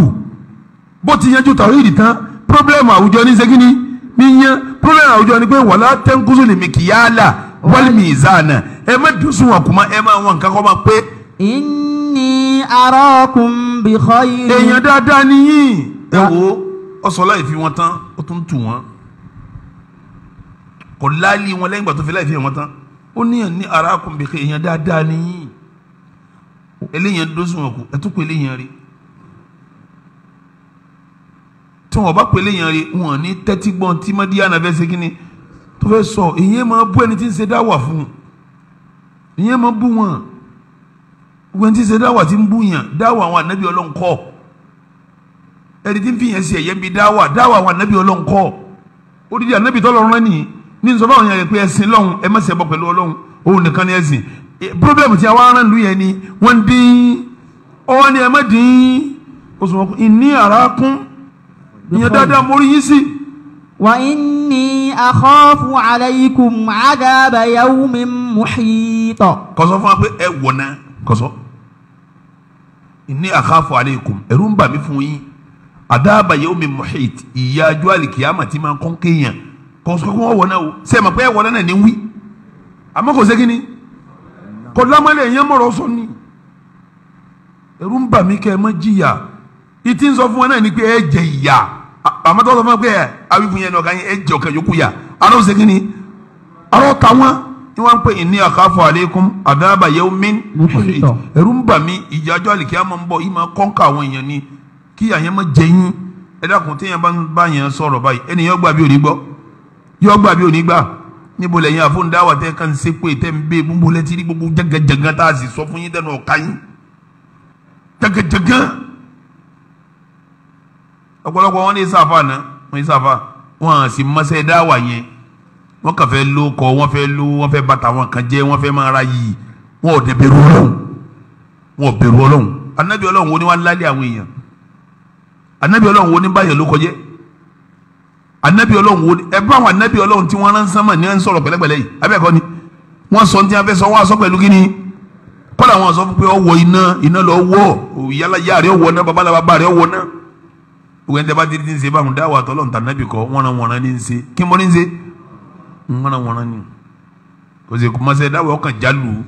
bó ti yanjú tàwíìdì tán pírọ́blẹ́mù àwùjọ ní sẹ́kínní mi yan pírọ́blẹ́mù àwùjọ ni pé wala tanqusul mikyala wal mizan náà ẹ má dùn kuma ẹ wọn nǹkan ma pé. inni arakum bi khayri. èèyàn dáadáa nìyí. ẹ wo ọsọlá ìfi wọn tán ó tún tù wọn kò láàlì wọn lẹ́yìn ìgbà tó fi láì fi wọn tán ó níyàn ní arakum bi khayri èèyàn dáadáa nìyí eléyàn dùn sún wọn kù ẹ tún pé eléyàn rí tí wọn bá pè léyìn rẹ wọn ní tẹ́tí gbọ́n tí mọ́díyà náà fẹ́ ṣe kínní tó fẹ́ sọ èyí máa bú ẹni tí ń ṣe dáwà fún un ìyẹn máa bú wọn wọ́n ti ṣe dáwà tí ń bú yàn dáwà àwọn ànábì Ọlọ́run kọ́ ẹni tí ń fi yẹn sí ẹ̀yẹ́ bí dáwà dáwà àwọn ànábì Ọlọ́run kọ́ odidi ànábì tọ́lọ́run rẹ́ nìyí ní nsọ́bà wọn yẹn pé ẹ̀sìn lọ́hùn ẹ má ṣẹbọ pẹ̀lú Ọlọ́run òun nìkan ni ẹ̀sìn problem ti àwọn aràn lu yẹn ni wọ́n dín ọwọ́ ni ẹ má dín oṣù wọn ìní àrà kún ìyẹn dáadáa mórí yín sí. وإني أخاف عليكم عذاب يوم محيط kọsọ fún wa pé ẹ wọ̀nà kọsọ inni akhafu aleikum ẹ̀rù ń bà mí fún yín adaba yawmi muhit ìyà ọjọ́ alikiyama ti máa kún kéèyàn kọsọ kún wọn wọ̀nà o ṣe ma pé ẹ wọ̀nà náà ní wí àmọ́ kò ṣe kíni kò lámọ́lẹ̀ ẹ̀yẹ́ mọ̀rọ̀ sọ ni ẹ̀rù ń bà mí kẹ́ ẹ má jìyà ìtì ń sọ fún wọn náà ni pé ẹ jẹ ìyà àmọ́ tó lọ fún ẹ pé ẹ awífun yẹn ní ọ̀gá yẹn ẹ jẹ ọ̀kẹ́ yòókù yá alọ́ ṣe kí ni alọ́ ta wọ́n ni wọ́n pè ní àkàfọ̀ àlékún àdáàbà yẹ́wò mẹ́ni ẹ̀rú ń bà mí ìjájọ́ àlìkí àmọ́ ń bọ̀ yìí kọ́ńkà àwọn èèyàn ni kí àyẹn má jẹ yín ẹ dákun téèyàn bá ń bá yẹn sọ̀rọ̀ báyìí ẹni yọ gbà bí ò ní gbọ́ yọ gbà ọ̀pọ̀lọpọ̀ wọn ní sáfà náà wọn ní sáfà wọn à sì mọ́sẹ́ dáwà yẹn wọn kàn fẹ́ ló kọ wọn fẹ́ ló wọn fẹ́ bàtà wọn kàn jẹ́ wọn fẹ́ máa ra yìí wọn ò dẹ̀ bẹ̀rù ọlọ́run wọn ò bẹ̀rù ọlọ́run anabi ọlọ́run wo ni wọn lálẹ́ àwọn èèyàn anabi ọlọ́run wo ni báyọ̀ ló kọjẹ́ anabi ọlọ́run wo ni ẹ bá àwọn anabi ọlọ́run tí wọ́n rán sánmà ní ẹ̀ ń sọ̀rọ̀ pẹ̀lẹ́pẹ̀lẹ́ yìí abẹ́ẹ̀kọ́ ni wọ́n sọ ní tí wọ́n fẹ́ sọ wọ́n sọ pẹ̀lú kíni gbogbo ẹni tẹ́ bá ti di ń ṣe báwọn dáwà tọ́lọ̀ ń ta nábì kọ́ wọ́n ran wọ́n ní ń ṣe kí mo ní ń ṣe wọ́n ran wọ́n ní. kò sì kùmọ̀sẹ̀ dáwà ọkàn jálù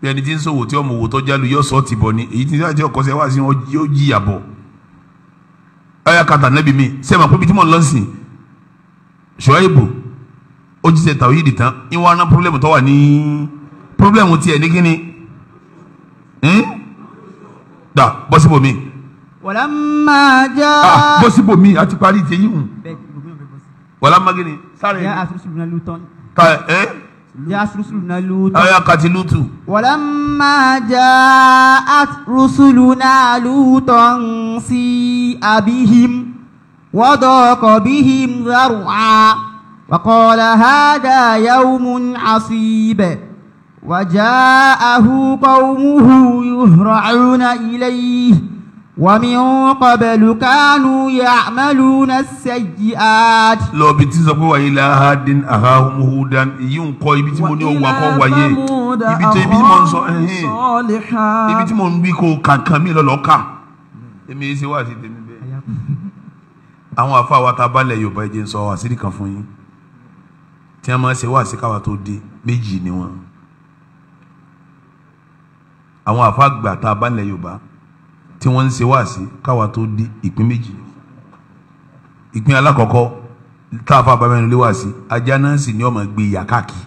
bí ẹni tí ń sòwò tí ọmọ òwò tó jálù yóò sọ ti bọ̀ ni èyí tí wọ́n ti ọkọ̀ sẹ́ wá sí wọn yóò jìyà bọ̀. kàtà nábì mi sẹ́mi àpò tí mo lọ sí ṣọ́ọ́yìnbó ó ti ṣe tàwíìdì tán ìwọ aná pírọ́blẹ́mù tó wà ní pírọ́blẹ́mù tiẹ̀ ní kíni. dà bọ́sibò mi wàlá máa já. Ah, bó síbò mi àti parí ti yín hùn. wàlá máa gíní sáré. yà á sùsùlù náà lù tán. ká ẹ. yà á sùsùlù náà lù tán. ọyọ kàti lù tù. wàlá máa já á sùsùlù náà tán sí abihim wọ́dọ̀ọ̀kọ̀ bihim zarua وقال هذا يوم عصيب وجاءه قومه يهرعون إليه ومن قبل كانوا يعملون السيئات lọ bí tí sọ pé wàyí láhàdì àhàhùn húdàn èyí ń kọ ibi tí mo ní òun wà kọ́ wáyé ibi tí ibi tí mo ń sọ ibi tí mo ń bí kó kankan mi lọ́lọ́ ká èmi yìí ṣe wá sí tèmi bẹ́ẹ̀. àwọn afáwa ta balẹ̀ yorùbá ẹ jẹ́ ń sọ àṣírí kan fún yín tí wọ́n máa ṣe wá sí káwa tó dé méjì ni wọ́n àwọn afá gbà ta balẹ̀ yorùbá tí wọ́n ń ṣe wáàsí káwa tó di ìpín méjì ìpín alákọ̀ọ́kọ́ táàfà abamẹ́nu lé wáàsí ajá náà sì ní ọmọ gbé ìyà káàkiri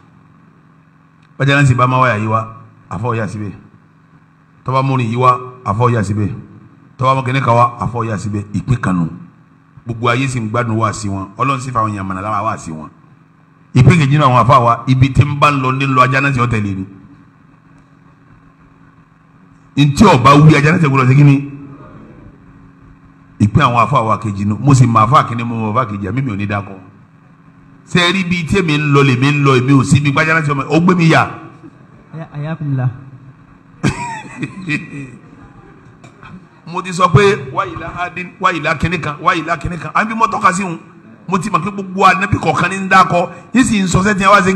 bájá náà sì bá máa wáyà yí wa àfọ ọ̀yà síbẹ̀ tọ́ba múrin yí wa àfọ ọ̀yà síbẹ̀ tọ́ba mú kẹ́nẹ́ka wa àfọ síbẹ̀ ìpín kanu gbogbo ayé sì ń gbádùn wáàsí wọn ọlọ́run sì fa àwọn yàmàlà lára wáàsí wọn ìpín kejì náà àwọn àfa wa ibi tí ń bá ń lọ ní ajá náà sì ọ̀tẹ̀ ntí ọba wí ajá náà sẹ́gbọ́dọ̀ sẹ́gi ni ìpín àwọn afọ àwọn akejì nu mo sì mọ afọ akíní mo mọ afọ akejì àmì mi ò ní dákọ sẹ́ẹ̀rí bíi tí èmi ń lọ lèmi ń lọ èmi ò sí mi gbájá náà sẹ́gbọ́dọ̀ ó gbé mi yà. mo ti sọ pé wáyìlá adín wáyìlá kínní kan wáyìlá kínní kan àbí mo tọ́ka sí wọn mo ti mọ̀ pé gbogbo anabi kọ̀ọ̀kan ní ń dákọ yìí sì ń sọ sẹ́tìyàn wá sí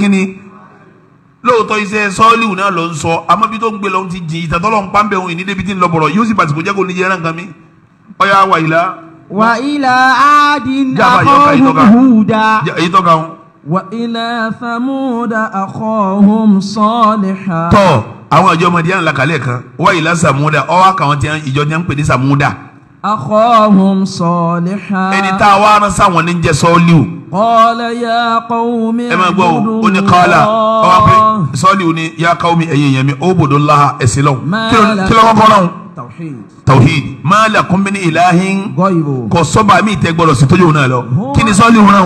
lóòótọ́ iṣẹ́ sọ́ọ́lìwù náà ló ń sọ àmọ́ bí tó ń gbé lọ́hún ti jìn ìtàn tọ́lọ́hún pàmbẹ́ òun ìnídébi tí ń lọ bọ̀rọ̀ yóò sì bàtìkò jẹ́ kó ní yẹran kan mi ọ̀yà wà ìlà. wà ìlà àádín akọ́hùn hùdà. èyí tọ́ka wọn. wà ìlà samuda akọ́hùn sọ́ọ̀lìhà. tọ́ àwọn àjọ ọmọdé yẹn ń kan wà ìlà sàmúdà ọwọ́ àkàwọn ìjọ ti ń pè ní sàmúdà akhahum saliha. ẹni tá a wá rán sáwọn ní jẹ sọ́ọ́líù. qala ya qawmi. ẹ máa gbọ́ o ó ní qala ọba pé sọ́ọ́líù ni ya qawmi ẹ̀yìn yẹn mi ó bòdó láha ẹ̀sìn lọ́wọ́ kí ló kọ́kọ́ náà. tawhid ma lakum min ilahin. kò sọ́ba mi tẹ́ gbọ́dọ̀ sí tójú náà lọ kí ni sọ́ọ́líù náà.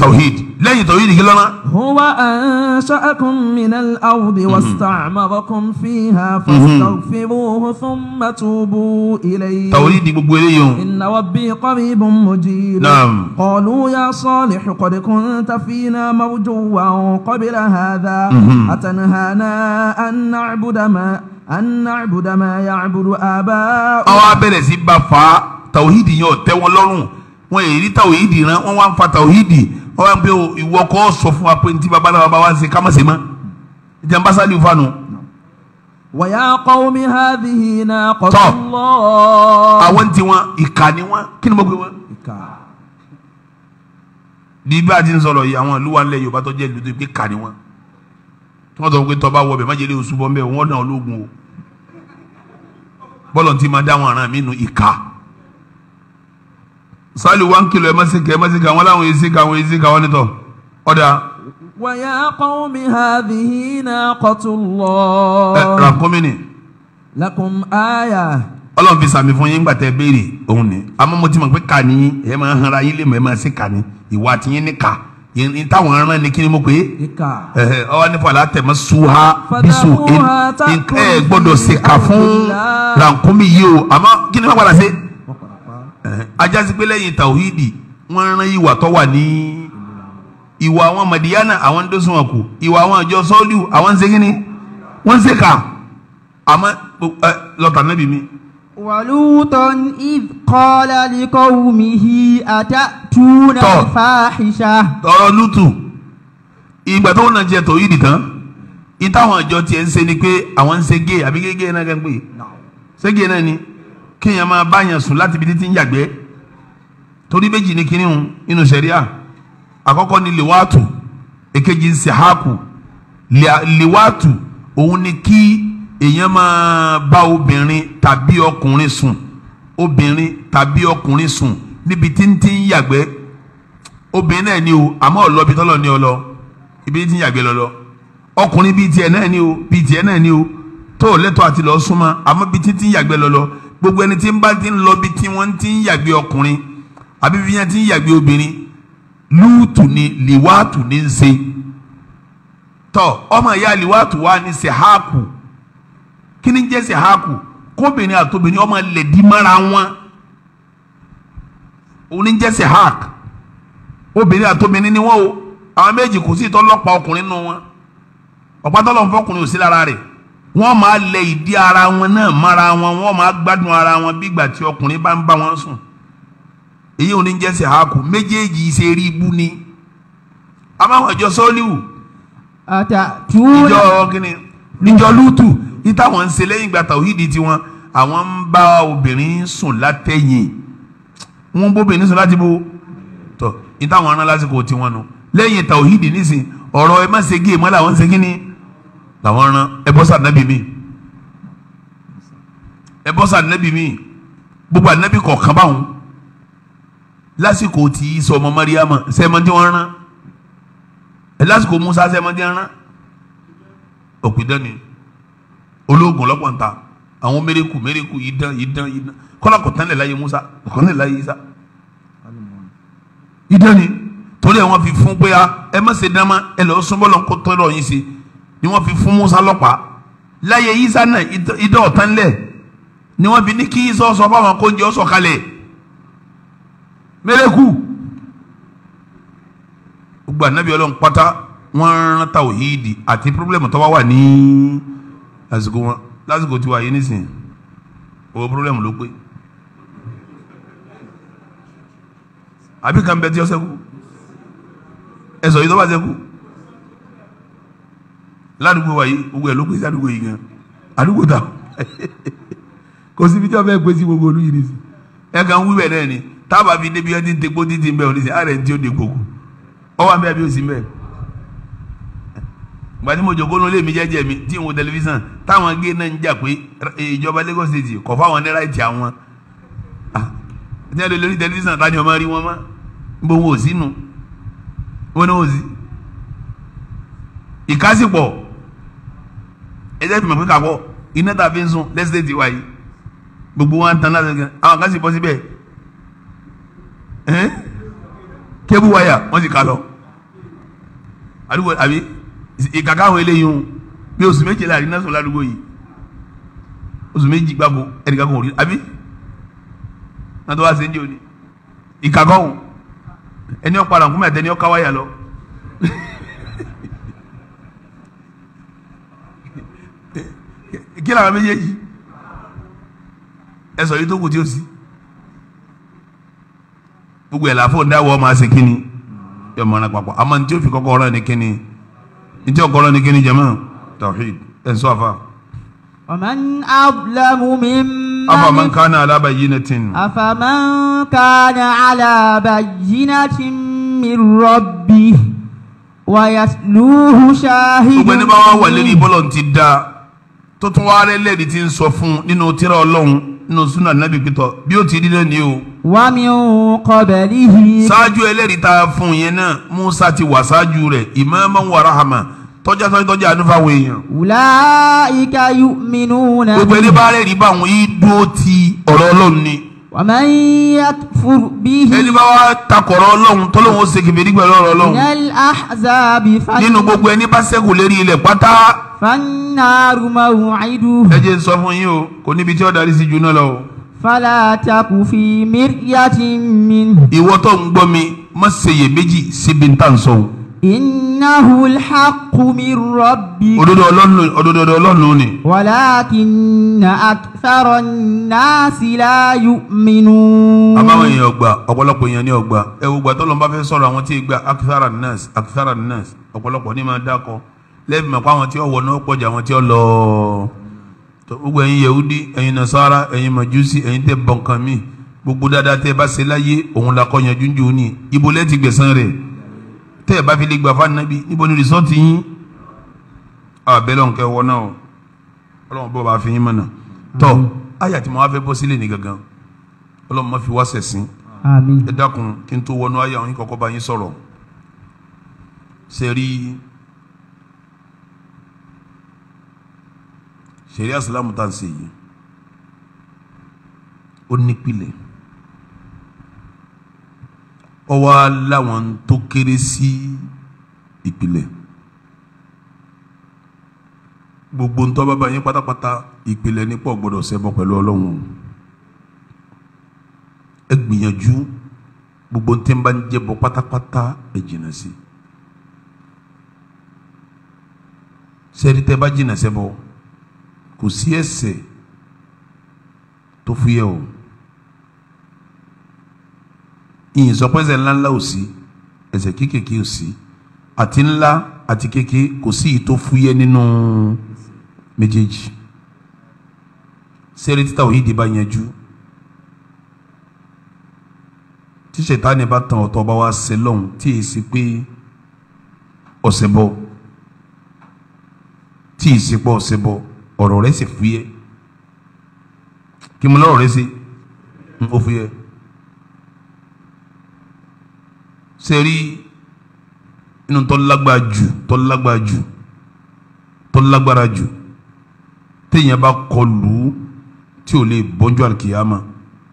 tawhid lẹ́yìn tàwíìdì kí lọ́nà. huwa ansha'akum minal ardi mhm. wasta'marakum fiha mhm. fastaghfiruhu thumma tubu ilayhi. tàwíìdì gbogbo eléyìí o. inna rabbi qaribun mujib. naam. qalu ya Salih qad kunta fina marjuwan qabla hadha. Mhm. atanhana an na'buda ma an na'buda ma ya'budu aba'una. àwọn abẹ́rẹ́ sí bá fa tàwíìdì yẹn ò tẹ́ wọn lọ́rùn wọn èyí tàwíìdì rán wọn wá ń fa tàwíìdì wọ́n wá pé o oh, ìwọ kọ́ sọ fún wa pé ntí baba náà baba wa ń ṣe ká má ṣe mọ́ jẹnba sálíù fanu. wàyà qawmi hadhihi naqatullah. àwọn tí wọn ìkà ni wọn kí ni mo gbé wọn. ìkà. bí bá a ti ń sọ̀rọ̀ yìí àwọn ìlú wa Yorùbá tó jẹ́ ìlú tó gbé ni wọn. tí wọ́n sọ pé tọ́ba wọ bẹ̀ májèlé oṣù bọ́ mbẹ́ náà ológun o. bọ́lọ̀ ti máa dá wọn àràn mí nu ìkà sali one kilo ẹ ma se kẹ ẹ ma se kẹ àwọn làwọn yìí se kẹ àwọn yìí se kẹ àwọn nìtọ ọdà. wàyà qawmi hadhihi naqatullah. ẹ ràkúnmí ni. lakum aya. ọlọ́run fi sàmì fún yín nígbà tẹ́ béèrè òun ni àmọ́ mo ti mọ̀ pé kà ní ẹ máa hanra yín lè mọ̀ ẹ máa se kà ní ìwà tí yín ní kà yìí táwọn aràn ni kí ni mo pè é ọwọ́ nípa là tẹ̀mọ́ suha bisu ẹ gbọ́dọ̀ ṣèkà fún ràkúnmí yìí o àmọ́ kí ni wọ́n padà ajásí pé lẹ́yìn tàwídì wọ́n rán ìwà tó wà ní ìwà àwọn màdìyánà àwọn ń kù ìwà àwọn àjọ sọ́ọ́lù àwọn ń segin ni wọ́n ń sèkà àmọ́ lọ́tà mi. wàlúùtàn if kọ́lá likọ́ wumihi ata túnà fàáhìṣà. tọrọ lùtù ìgbà tó wọn jẹ tàwídì tán ìtàwọn àjọ tiẹ̀ ń ṣe ni pé àwọn ń ṣe géè àbí géè náà kẹ́ ń náà ni. No kéèyàn máa báyàn sùn láti ibi títí ń yàgbẹ́ torí méjì ní kinní hun inú sẹ̀ríà àkọ́kọ́ ni liwaatu èkejì ń sèháàkù liwaatu òun ni kí èèyàn máa bá obìnrin tàbí ọkùnrin sùn obìnrin tàbí ọkùnrin sùn níbi tí ń yàgbẹ́ obìnrin náà ni o àmọ́ ọ̀lọ́bi tọ́lọ̀ ni ọ lọ ibi tí ń yàgbẹ́ lọ lọ ọkùnrin bíi tiẹ̀ náà ni o bíi tiẹ̀ náà ni o tó o lẹ́tọ̀ọ́ àti lọ́ọ́ súnmọ́ àmọ́ bíi títí ń yàgbẹ́ lọ lọ gbogbo ẹni tí ń bá ti ń lọ bí tí wọ́n ti ń yàgbé ọkùnrin àbí bí wọ́n ti ń yàgbé obìnrin lúùtù ni liwátù ni ń ṣe tọ ọmọ ìyá liwátù wa ni sehaku kí ni jẹ́ sehaku kóbìnrin àtobìnrin ọmọ lẹ̀dí mara wọn òun ni jẹ́ sehak obìnrin àtobìnrin ni wọn o àwọn méjì kò sí ìtọ́lọ́pàá ọkùnrin nù wọn ọ̀pá tọ́lọ́ fọkùnrin ò sí lára rẹ̀ wọ́n máa lẹ ìdí ara wọn náà mọ́ra wọn wọ́n máa gbádùn ara wọn bígbà tí ọkùnrin bá ń bá wọn sùn èyí ò ní jẹ́ sí àákù méjèèjì ṣe rí ibú ni amáwọn ìjọ sọ́ọ́líwù ìjọ kìnnì ìjọ lútù ìtàwọn ń ṣe lẹ́yìn ìgbà tàwídìí tiwọn àwọn ń bá obìnrin sùn látẹ̀yìn wọ́n bóbìnrin sùn láti bó tọ̀ ìtàwọn aràn lásìkò tiwọn nu lẹ́yìn tàwídìí nísìn ọ̀rọ̀ ẹ má ṣe gé e mọ́ làwọn ń ṣe kínní làwọn rán ẹ bọ́ mi ẹ bọ́ mi gbogbo ànábì kọ̀ọ̀kan báwọn lásìkò tí Ìsá ọmọ Mariama sẹ́mọ́dé wọn rán ẹ lásìkò Musa sẹ́mọ́dé rán òpìdán ni ológun lọ́pọ̀ ń ta àwọn mérekù mérekù yìí dán yìí dán yìí dán kọ́lá kò tán lè láyé Musa kò tán lè láyé Isa yìí dán ni torí àwọn fi fún pé ẹ má ṣe dán mọ́ ẹ lọ́ọ́ súnmọ́ lọ́nkọ́ tọ́lọ́ yín sí ni wọ́n fi fún Musa lọ́pàá láyé Isa náà idọ́ ọ̀tánlẹ̀ ni wọ́n fi ní kí Isa sọ fáwọn kó jẹ́ ọ̀sọ̀kalẹ̀ mẹ́lẹ́kù gbogbo ànábì Ọlọ́run pátá wọ́n rán tàwíìdì àti pírọ́blẹ́mù tó wá wà ní àsìkò wọn lásìkò tí wà yé nísìnyí owó pírọ́blẹ́mù ló pé àbí kan bẹ tí ọ sẹ́kù ẹ sọ yìí tó bá sẹ́kù ládùúgbò wa yìí gbogbo ẹ̀ ló pèsè àdúgbò yìí gan àdúgbò ta kò síbi tí wọ́n fẹ́ pèsè gbogbo olú yìí nìsí ẹ̀ kàn wí bẹ̀ náà ni tábà fi débi ẹni dégbò títí ń bẹ̀ òní sí àrẹ̀ tí ó dégbò kù ọwọ́ àmì àbí òsì mẹ́ẹ̀ gbàtí mo jòkó ló lé mi jẹ́jẹ́ mi tí n wo tẹlifíṣàn táwọn gé náà ń jà pé eh, ìjọba Lagos State kọ̀ fáwọn ní ráìtì àwọn ní ẹ lórí tẹlifíṣàn tani ọmọ rí wọn mọ́ níbo wọn ò sínú wọn ò sí ìkásìpọ̀ ẹ jẹ́ tìmọ̀ pé kàwọ́ iná tàbí ń sun lẹ́sídẹ̀ẹ́tì wa yìí gbogbo wa ń tan láti gan àwọn kan sì bọ́ síbẹ̀ kébù wáyà wọ́n sì kà lọ àdúgbò àbí ìkàkà àwọn eléyìí ń bí oṣù méje láàrin náà sọ ládùúgbò yìí oṣù méjì gbàgbó ẹnìkan kò rí àbí náà tó wá sí ń òní ìkàkọ́ òun ẹni ọ̀pá àràǹkúmọ̀ àtẹni ọ̀ká wáyà lọ. kí làwọn méjèèjì ẹ sọ yìí tó kù tí ó sì gbogbo ẹ̀ làáfọ̀ dáwọ́ ọmọ àṣẹ kínní yọ mọ́ra papọ̀ àmọ́ ní tí ó fi kọ́kọ́ ọ̀rọ̀ ni kínní ní tí ọkọ̀ ọ̀rọ̀ ni kínní jẹ́mọ́ tawhid ẹ̀ sọ àfa. ومن أظلم ممن أفمن كان على بينة أفمن كان على بينة من ربه ويتلوه شاهد gbogbo ẹni bá wà wà lórí bọ́lọ̀ ti da tó tún wá rẹ lẹ́ẹ̀dí tí ń sọ fún nínú tírà ọlọ́run nínú súnà nábì pítọ̀ bí ó ti rí lónìí o. wá mi ò kọbẹ̀ níhi. ṣáájú ẹlẹ́rìí tá fún yẹn náà Musa ti wà ṣáájú rẹ̀ imaman wa rahama tọ́jà sọ́jà tọ́jà ànúfà wo èèyàn. ulaika yu'minuna. gbogbo ẹni bá rẹ̀ rí báwọn yìí dúró ti ọ̀rọ̀ ọlọ́run ni. ومن يكفر به ẹni bá wá takọ̀rọ̀ ọlọ́run tọ́lọ́run ó ṣe kìbìrì gbẹ̀rọ̀ ọlọ́run fannaru maw'iduhu. ẹ jẹ́ n sọ fún yín o kò níbi tí ó darí sí jù náà lọ o. fala taku fi miryatin min. ìwọ ń gbọ́ mi má ṣeyè méjì síbi ń tàn sọ o. innahu alhaqqu min rabbik. òdodo ọlọ́run òdodo ọlọ́run ni. walakinna akthara nnasi la yu'minun. àbáwọn èèyàn ọgbà ọ̀pọ̀lọpọ̀ èèyàn ní ọgbà ẹ̀ ògbà tó lọ́n bá fẹ́ sọ̀rọ̀ àwọn tí ì gba akthara nnas akthara nnas ọ̀pọ̀lọpọ̀ ní máa dákọ̀ lẹ́bi mọ̀ pé àwọn tí ó wọ̀ náà pọ̀jù àwọn tí ó lọ tó gbogbo ẹ̀yin yehudi ẹ̀yin nasara ẹ̀yin majusi ẹ̀yin tẹ́ bọ̀nkan mi gbogbo dáadáa tẹ́ bá ṣe láyé òun la kọ́ yanjú jù ní ibo lẹ́ẹ̀tì gbẹ̀san rẹ̀ tẹ́ ẹ bá fi lè gbà fún anabi níbo ni rìsọ́ọ̀tì yín àbẹ̀lọ̀ nkẹ́ wọ náà ọlọ́run bọ́ bá fi yín mọ̀nà tọ́ ayé àti màá fẹ́ bọ́ sílẹ̀ ní gangan ọlọ́run má fi wá sẹ̀sìn ẹ dákun kí n tó wọnú ayé àwọn yín kọ́kọ́ bá yín sọ̀rọ̀ sẹ́rí sẹ̀ríà ìsìlámù tá à ń ṣe yìí o nípìlẹ̀ ó wá láwọn tó kéré sí ìpìlẹ̀ gbogbo ntọ́ bàbá yín pátápátá ìpìlẹ̀ nípò gbọ́dọ̀ ṣẹbọ pẹ̀lú ọlọ́run ẹ gbìyànjú gbogbo ntẹ́ bá ń jẹbọ pátápátá ẹ jìnnà sí sẹ́ẹ̀rì kò sí ẹ̀ṣẹ̀ tó fúyẹ́ o ìyìn sọ pé ẹ̀ṣẹ̀ ńláńlá ò sí ẹ̀ṣẹ̀ kéékèèké ò sí àti ńlá àti kéékèé kò sí ìyí tó fúyẹ́ nínú méjèèjì sẹ́rí títà òyìnbí bá yanjú tí sètáni bá tan ọ̀tọ̀ bá wá ṣe lọ́hùn tí èyí sì pé ọ̀sẹ̀ bọ̀ tí èyí sì pọ̀ ọ̀sẹ̀ bọ̀ ọ̀rọ̀ rẹ̀ sì fúyẹ́ kí mo lọ́rọ̀ rẹ̀ sí ó fúyẹ́ ṣe rí inú tó lágbára jù tó lágbára jù tó lágbára jù téèyàn bá kọ lù ú tí ò lè bọ́jú àkìyàmà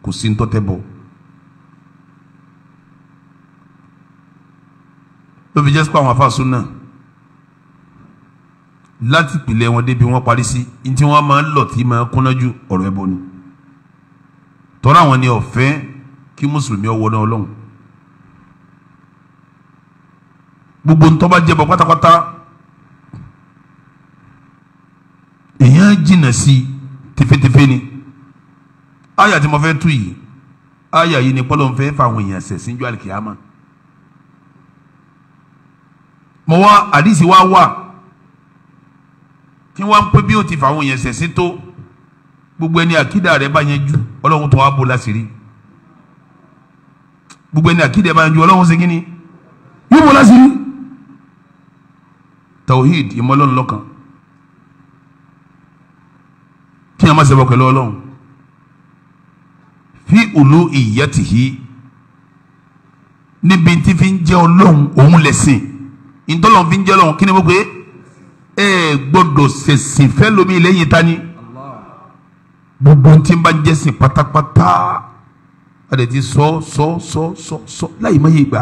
kò sí ń tọ́tẹ́ bọ̀. ló fi jẹ́ sípò àwọn afáàsùn náà láti pìlẹ̀ wọn débi wọn parí sí ntí wọn máa ń lọ tí máa kúnná ju ọ̀rọ̀ ẹbọ ni tọ́ra àwọn ni ọ̀fẹ́ kí mùsùlùmí ọwọ́ náà ọlọ́run gbogbo ntọ́ba jẹbọ pátápátá èèyàn jìnnà sí tẹfẹtẹfẹ ni àyà tí mo fẹ́ tú yìí àyà yìí ni pọ́lọ́n fẹ́ fà àwọn èèyàn sẹ̀sìn ju àlìkìyàmà wá àdìsí wá tí wọ́n pé bí o ti fà àwọn yẹn ṣẹ̀ṣẹ̀ tó gbogbo ẹni àkídà rẹ bá yẹn jù ọlọ́run tó wá bò láṣìírí gbogbo ẹni àkídà rẹ bá yẹn jù ọlọ́run ṣe kíni yóò bò láṣìírí tawhid ìmọ̀lọ́run lọ́kàn kí a má ṣe bọ̀ pẹ̀lú ọlọ́run fi òlu ìyàtìhí níbi tí fi ń jẹ́ ọlọ́run òun lẹ̀sìn ìtọ́lọ́run fi ń jẹ́ ọlọ́run kí ni mo pè é ẹ gbọ́dọ̀ ṣèsìn fẹ́ lómi lẹ́yìn tani gbogbo tí n bá ń jẹ́sìn pátápátá adẹ ti sọ sọ sọ sọ sọ láì má yé gbà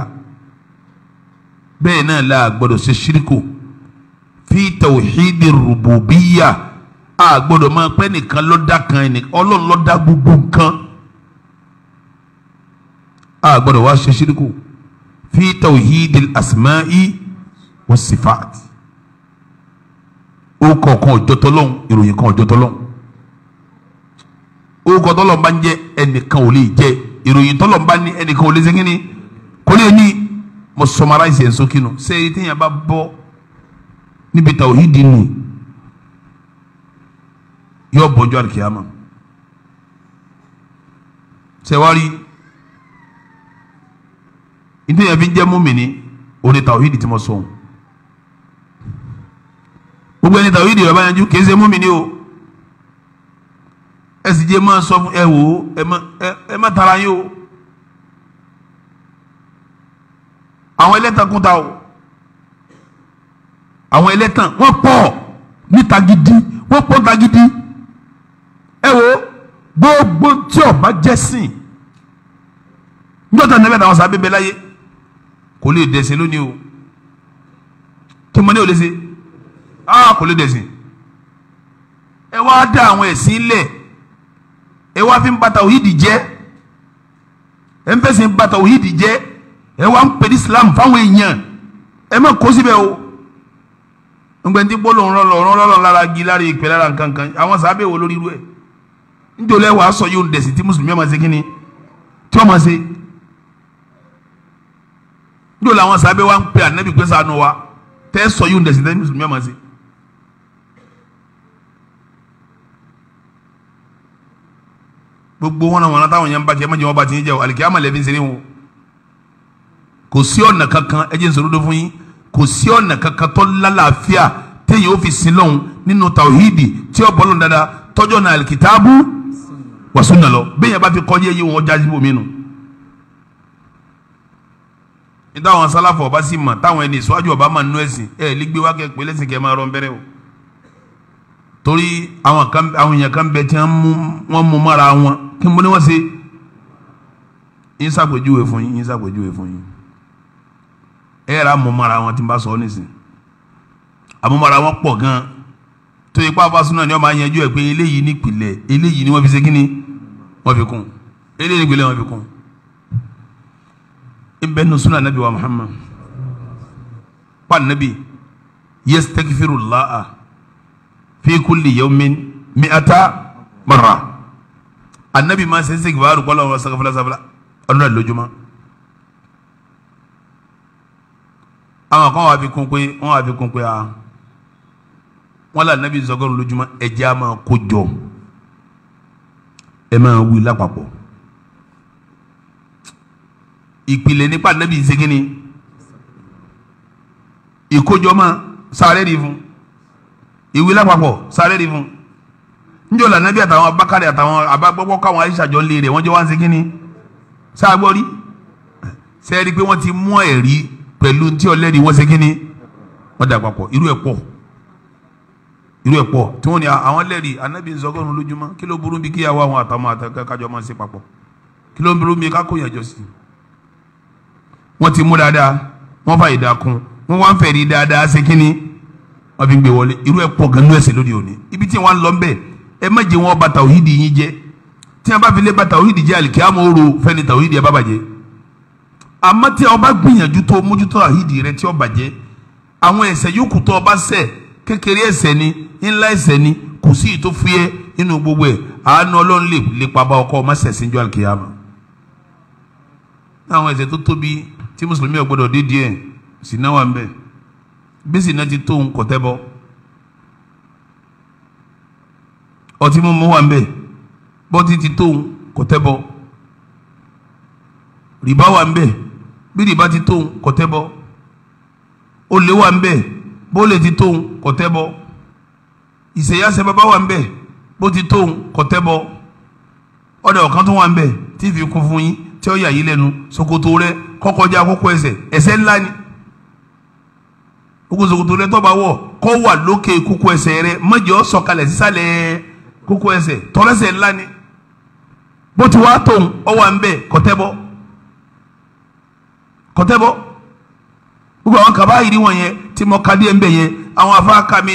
bẹ́ẹ̀ náà la gbọ́dọ̀ ṣe ṣíríkù fi tawhidi rububiya a gbọ́dọ̀ máa pẹ́ nìkan lọ́dà kan ẹni ọlọ́run lọ́dà gbogbo nǹkan a gbọ́dọ̀ wá ṣe ṣíríkù fi tawhidi asma'i wa sifat orúkọ kan ọjọ́ tọ́lọ́hún ìròyìn kan ọjọ́ tọ́lọ́hún orúkọ tọ́lọ́hún bá ń jẹ́ ẹnìkan ò lè jẹ́ ìròyìn tọ́lọ́hún bá ní ẹnìkan ò lè ṣe kínní kò lè ní mo summarize ẹ̀ sókè nù ṣé èyí téèyàn bá bọ́ níbi tàwhídì nù yóò bọ́jọ́ àlùkìyàmà ṣẹ̀wárí ìdíyẹ̀fi jẹ́ múmi ní orí tàwhídì tí mo sọ̀hún gbogbo ẹni tàwí ìdìbò bá yanjú kìí ṣe mú mi ní o ẹ sì jẹ́ máa sọ fún ẹ wò ó ẹ má tara yín o àwọn ẹlẹ́tàn kún ta o àwọn ẹlẹ́tàn wọ́n pọ̀ níta gidi wọ́n pọ̀ níta gidi ẹ wò ó gbogbo tí ọba jẹ́ sìn níjọ́ta níbẹ̀ táwọn sábẹ́ bẹ láyé kò lè dẹ̀sẹ̀ lónìí o kí mo ní o lè ṣe a ah, kò lè dẹ̀sìn ẹ wá dá àwọn ẹ̀sìn lẹ̀ ẹ wá fi ń bàtà òhídìí jẹ́ ẹ ń fẹsẹ̀ ń bàtà òhídìí jẹ́ ẹ wá ń pè ní Islam fáwọn èèyàn ẹ má kó síbẹ̀ o ngbẹ̀ntì gbólóhùn rọlọ́rọ́ rọlọ́ lára gi lára ìpè lára nkankan àwọn sábẹ́ wo lórí irú ẹ̀ nítorí ẹ wàá sọ yóò dẹ̀sìn tí mùsùlùmí ọmọ ṣe kí ni tí ọmọ ṣe nítorí àwọn sábẹ́ wa ń pè ànábì pé sànù wa tẹ́ sọ yóò dẹ̀sìn tí mùsùlùmí ọmọ ṣe. gbogbo wọn àwọn atáwọn yẹn ń bàjẹ́ mọ̀jẹ̀ wọn bá ti ń jẹ́ o àlìkíyàmá lẹ́bi ń ṣeré wọn kò sí ọ̀nà kankan ẹ jẹ́ n sọ̀rọ̀ dọ́ fún yín kò sí ọ̀nà kankan tó lálàáfíà téèyàn ó fi sin lọ́hùn nínú tàwíìdì tí ó bọ́lọ̀ dáadáa tọ́jọ́ náà àlìkìtáàbù wàsúnà lọ bẹ́ẹ̀ yẹn bá fi kọjá eyín wọn jáde bòmí nù. ní sálàfọ̀ ọba sì mà táwọn ẹni ìsọ́jú ọba mà nú ẹ̀sìn ẹ̀ lígbé wákẹ́ pé lẹ́sìn kẹ́ máa rọ bẹ́rẹ̀ o. torí àwọn èèyàn kan bẹ tí wọ́n mú mọ́ra wọn kí n bọ́ ni wọ́n ṣe yín ṣàpèjúwe fún yín yín ṣàpèjúwe fún yín ẹ yẹra àmúmọ́ra wọn tí n bá sọ ọ́ nísìn àmúmọ́ra wọn pọ̀ gan tó yẹ pápá ni wọ́n máa yanjú ẹ̀ pé eléyìí nípìnlẹ̀ eléyìí ni wọ́n fi ṣe kíni wọ́n fi kún eléyìí nípìnlẹ̀ wọ́n fi kún ibẹ̀ nù súnà nàbí wa Muhammad pa nàbí yastaghfirullah fi kulli yawmin mi'ata mara anabi ma ṣe ṣe kibaru kọlọ wọn sagafula sagafula ọdún náà lójúmọ́ àwọn kan wà fi kún pé wọn wà fi kún pé ah wọn là anabi sọgọrùn lójúmọ́ ẹjẹ a máa kó jọ ẹ máa wí lápapọ̀ ìpìlẹ̀ nípa anabi ṣégin ni ìkójọ máa sáré rí fún ìwí lápapọ̀ sáré njẹ́ o lànà bí àtàwọn abakari àtàwọn abagbọ́gbọ́ káwọn aisha jọ lé rẹ̀ wọ́n jọ wá ń ṣe kínní sáàgbọ́rí sẹ́ẹ̀rí pé wọ́n ti mú ẹ̀rí pẹ̀lú tí ọlẹ́rìí wọ́n ṣe kínní wọ́n dà papọ̀ irú ẹ̀ pọ̀ irú ẹ̀ pọ̀ tí wọ́n ní àwọn lẹ́rìí anábì nsọ́gọ́rùn lójúmọ́ kí ló burú bí kíyàwó àwọn àtàwọn àtàkájọ máa ṣe papọ̀ kí ló burú bí kákóyànjọ sí wọ́n ti mú dáadáa wọ́n fà ìdàkùn wọ́n wá ń fẹ̀rí dáadáa ṣe kínní wọ́n fi gbé wọlé irú ẹ̀ pọ̀ gan-an lóde òní ibi tí wọ́n lọ bẹ́ẹ̀ ẹ má jẹ́ wọn bà tàwídì yín jẹ́ tí wọn bá fi lé bà tàwídì jẹ́ àlìkíyàmọ́ oró fẹ́ni tàwídì ẹ bá bàjẹ́ àmọ́ tí wọn bá gbìyànjú tó mójútó tàwídì rẹ tí ó bàjẹ́ àwọn ẹ̀ṣẹ̀ yòókù tó o bá ṣẹ̀ kékeré ẹ̀ṣẹ̀ ni ńlá ẹ̀ṣẹ̀ ni kò sí ìtò fúyẹ́ nínú gbogbo ẹ̀ àánú ọlọ́run lè lépa bá ọkọ ọmọ ṣẹ̀ṣin jọ àlìkíyàmọ́ àwọn ẹ̀ṣẹ̀ tó tóbi tí mùsùlùmí ò dé díẹ̀ sìnáwà ń bẹ bí sìnà ti tó ń ọtí mímu wà ńbẹ̀ bọ́tí ti tóun kò tẹ́bọ rìbá wà ńbẹ̀ bí rìbá ti tóun kò tẹ́bọ olè wà ńbẹ̀ bólè ti tóun kò tẹ́bọ ìṣèyàsẹ́ bàbá wà ńbẹ̀ bó ti tóun kò tẹ́bọ ọ̀dà ọ̀kan tó wà ńbẹ̀ tí fi kún fún yín tí ó yà yí lẹ́nu ṣòkòtò rẹ̀ kọ́kọ́já kókó ẹsẹ̀ ẹsẹ̀ ńlá ni gbogbo ṣòkòtò rẹ̀ tó bá wọ̀ wà lókè kókó ẹsẹ̀ rẹ̀ mọ́jọ́ sọ̀kalẹ̀ sísàlẹ̀ kókó ẹsẹ̀ tọ́lẹ́sẹ̀ ńlá ni bó ti wá tóun ọwọ́ à ń bẹ̀ kọ́tẹ́bọ́ kọ́tẹ́bọ́ gbogbo àwọn kaba yìí wọn yẹn tí mo ka díẹ̀ ń àwọn afa ka mi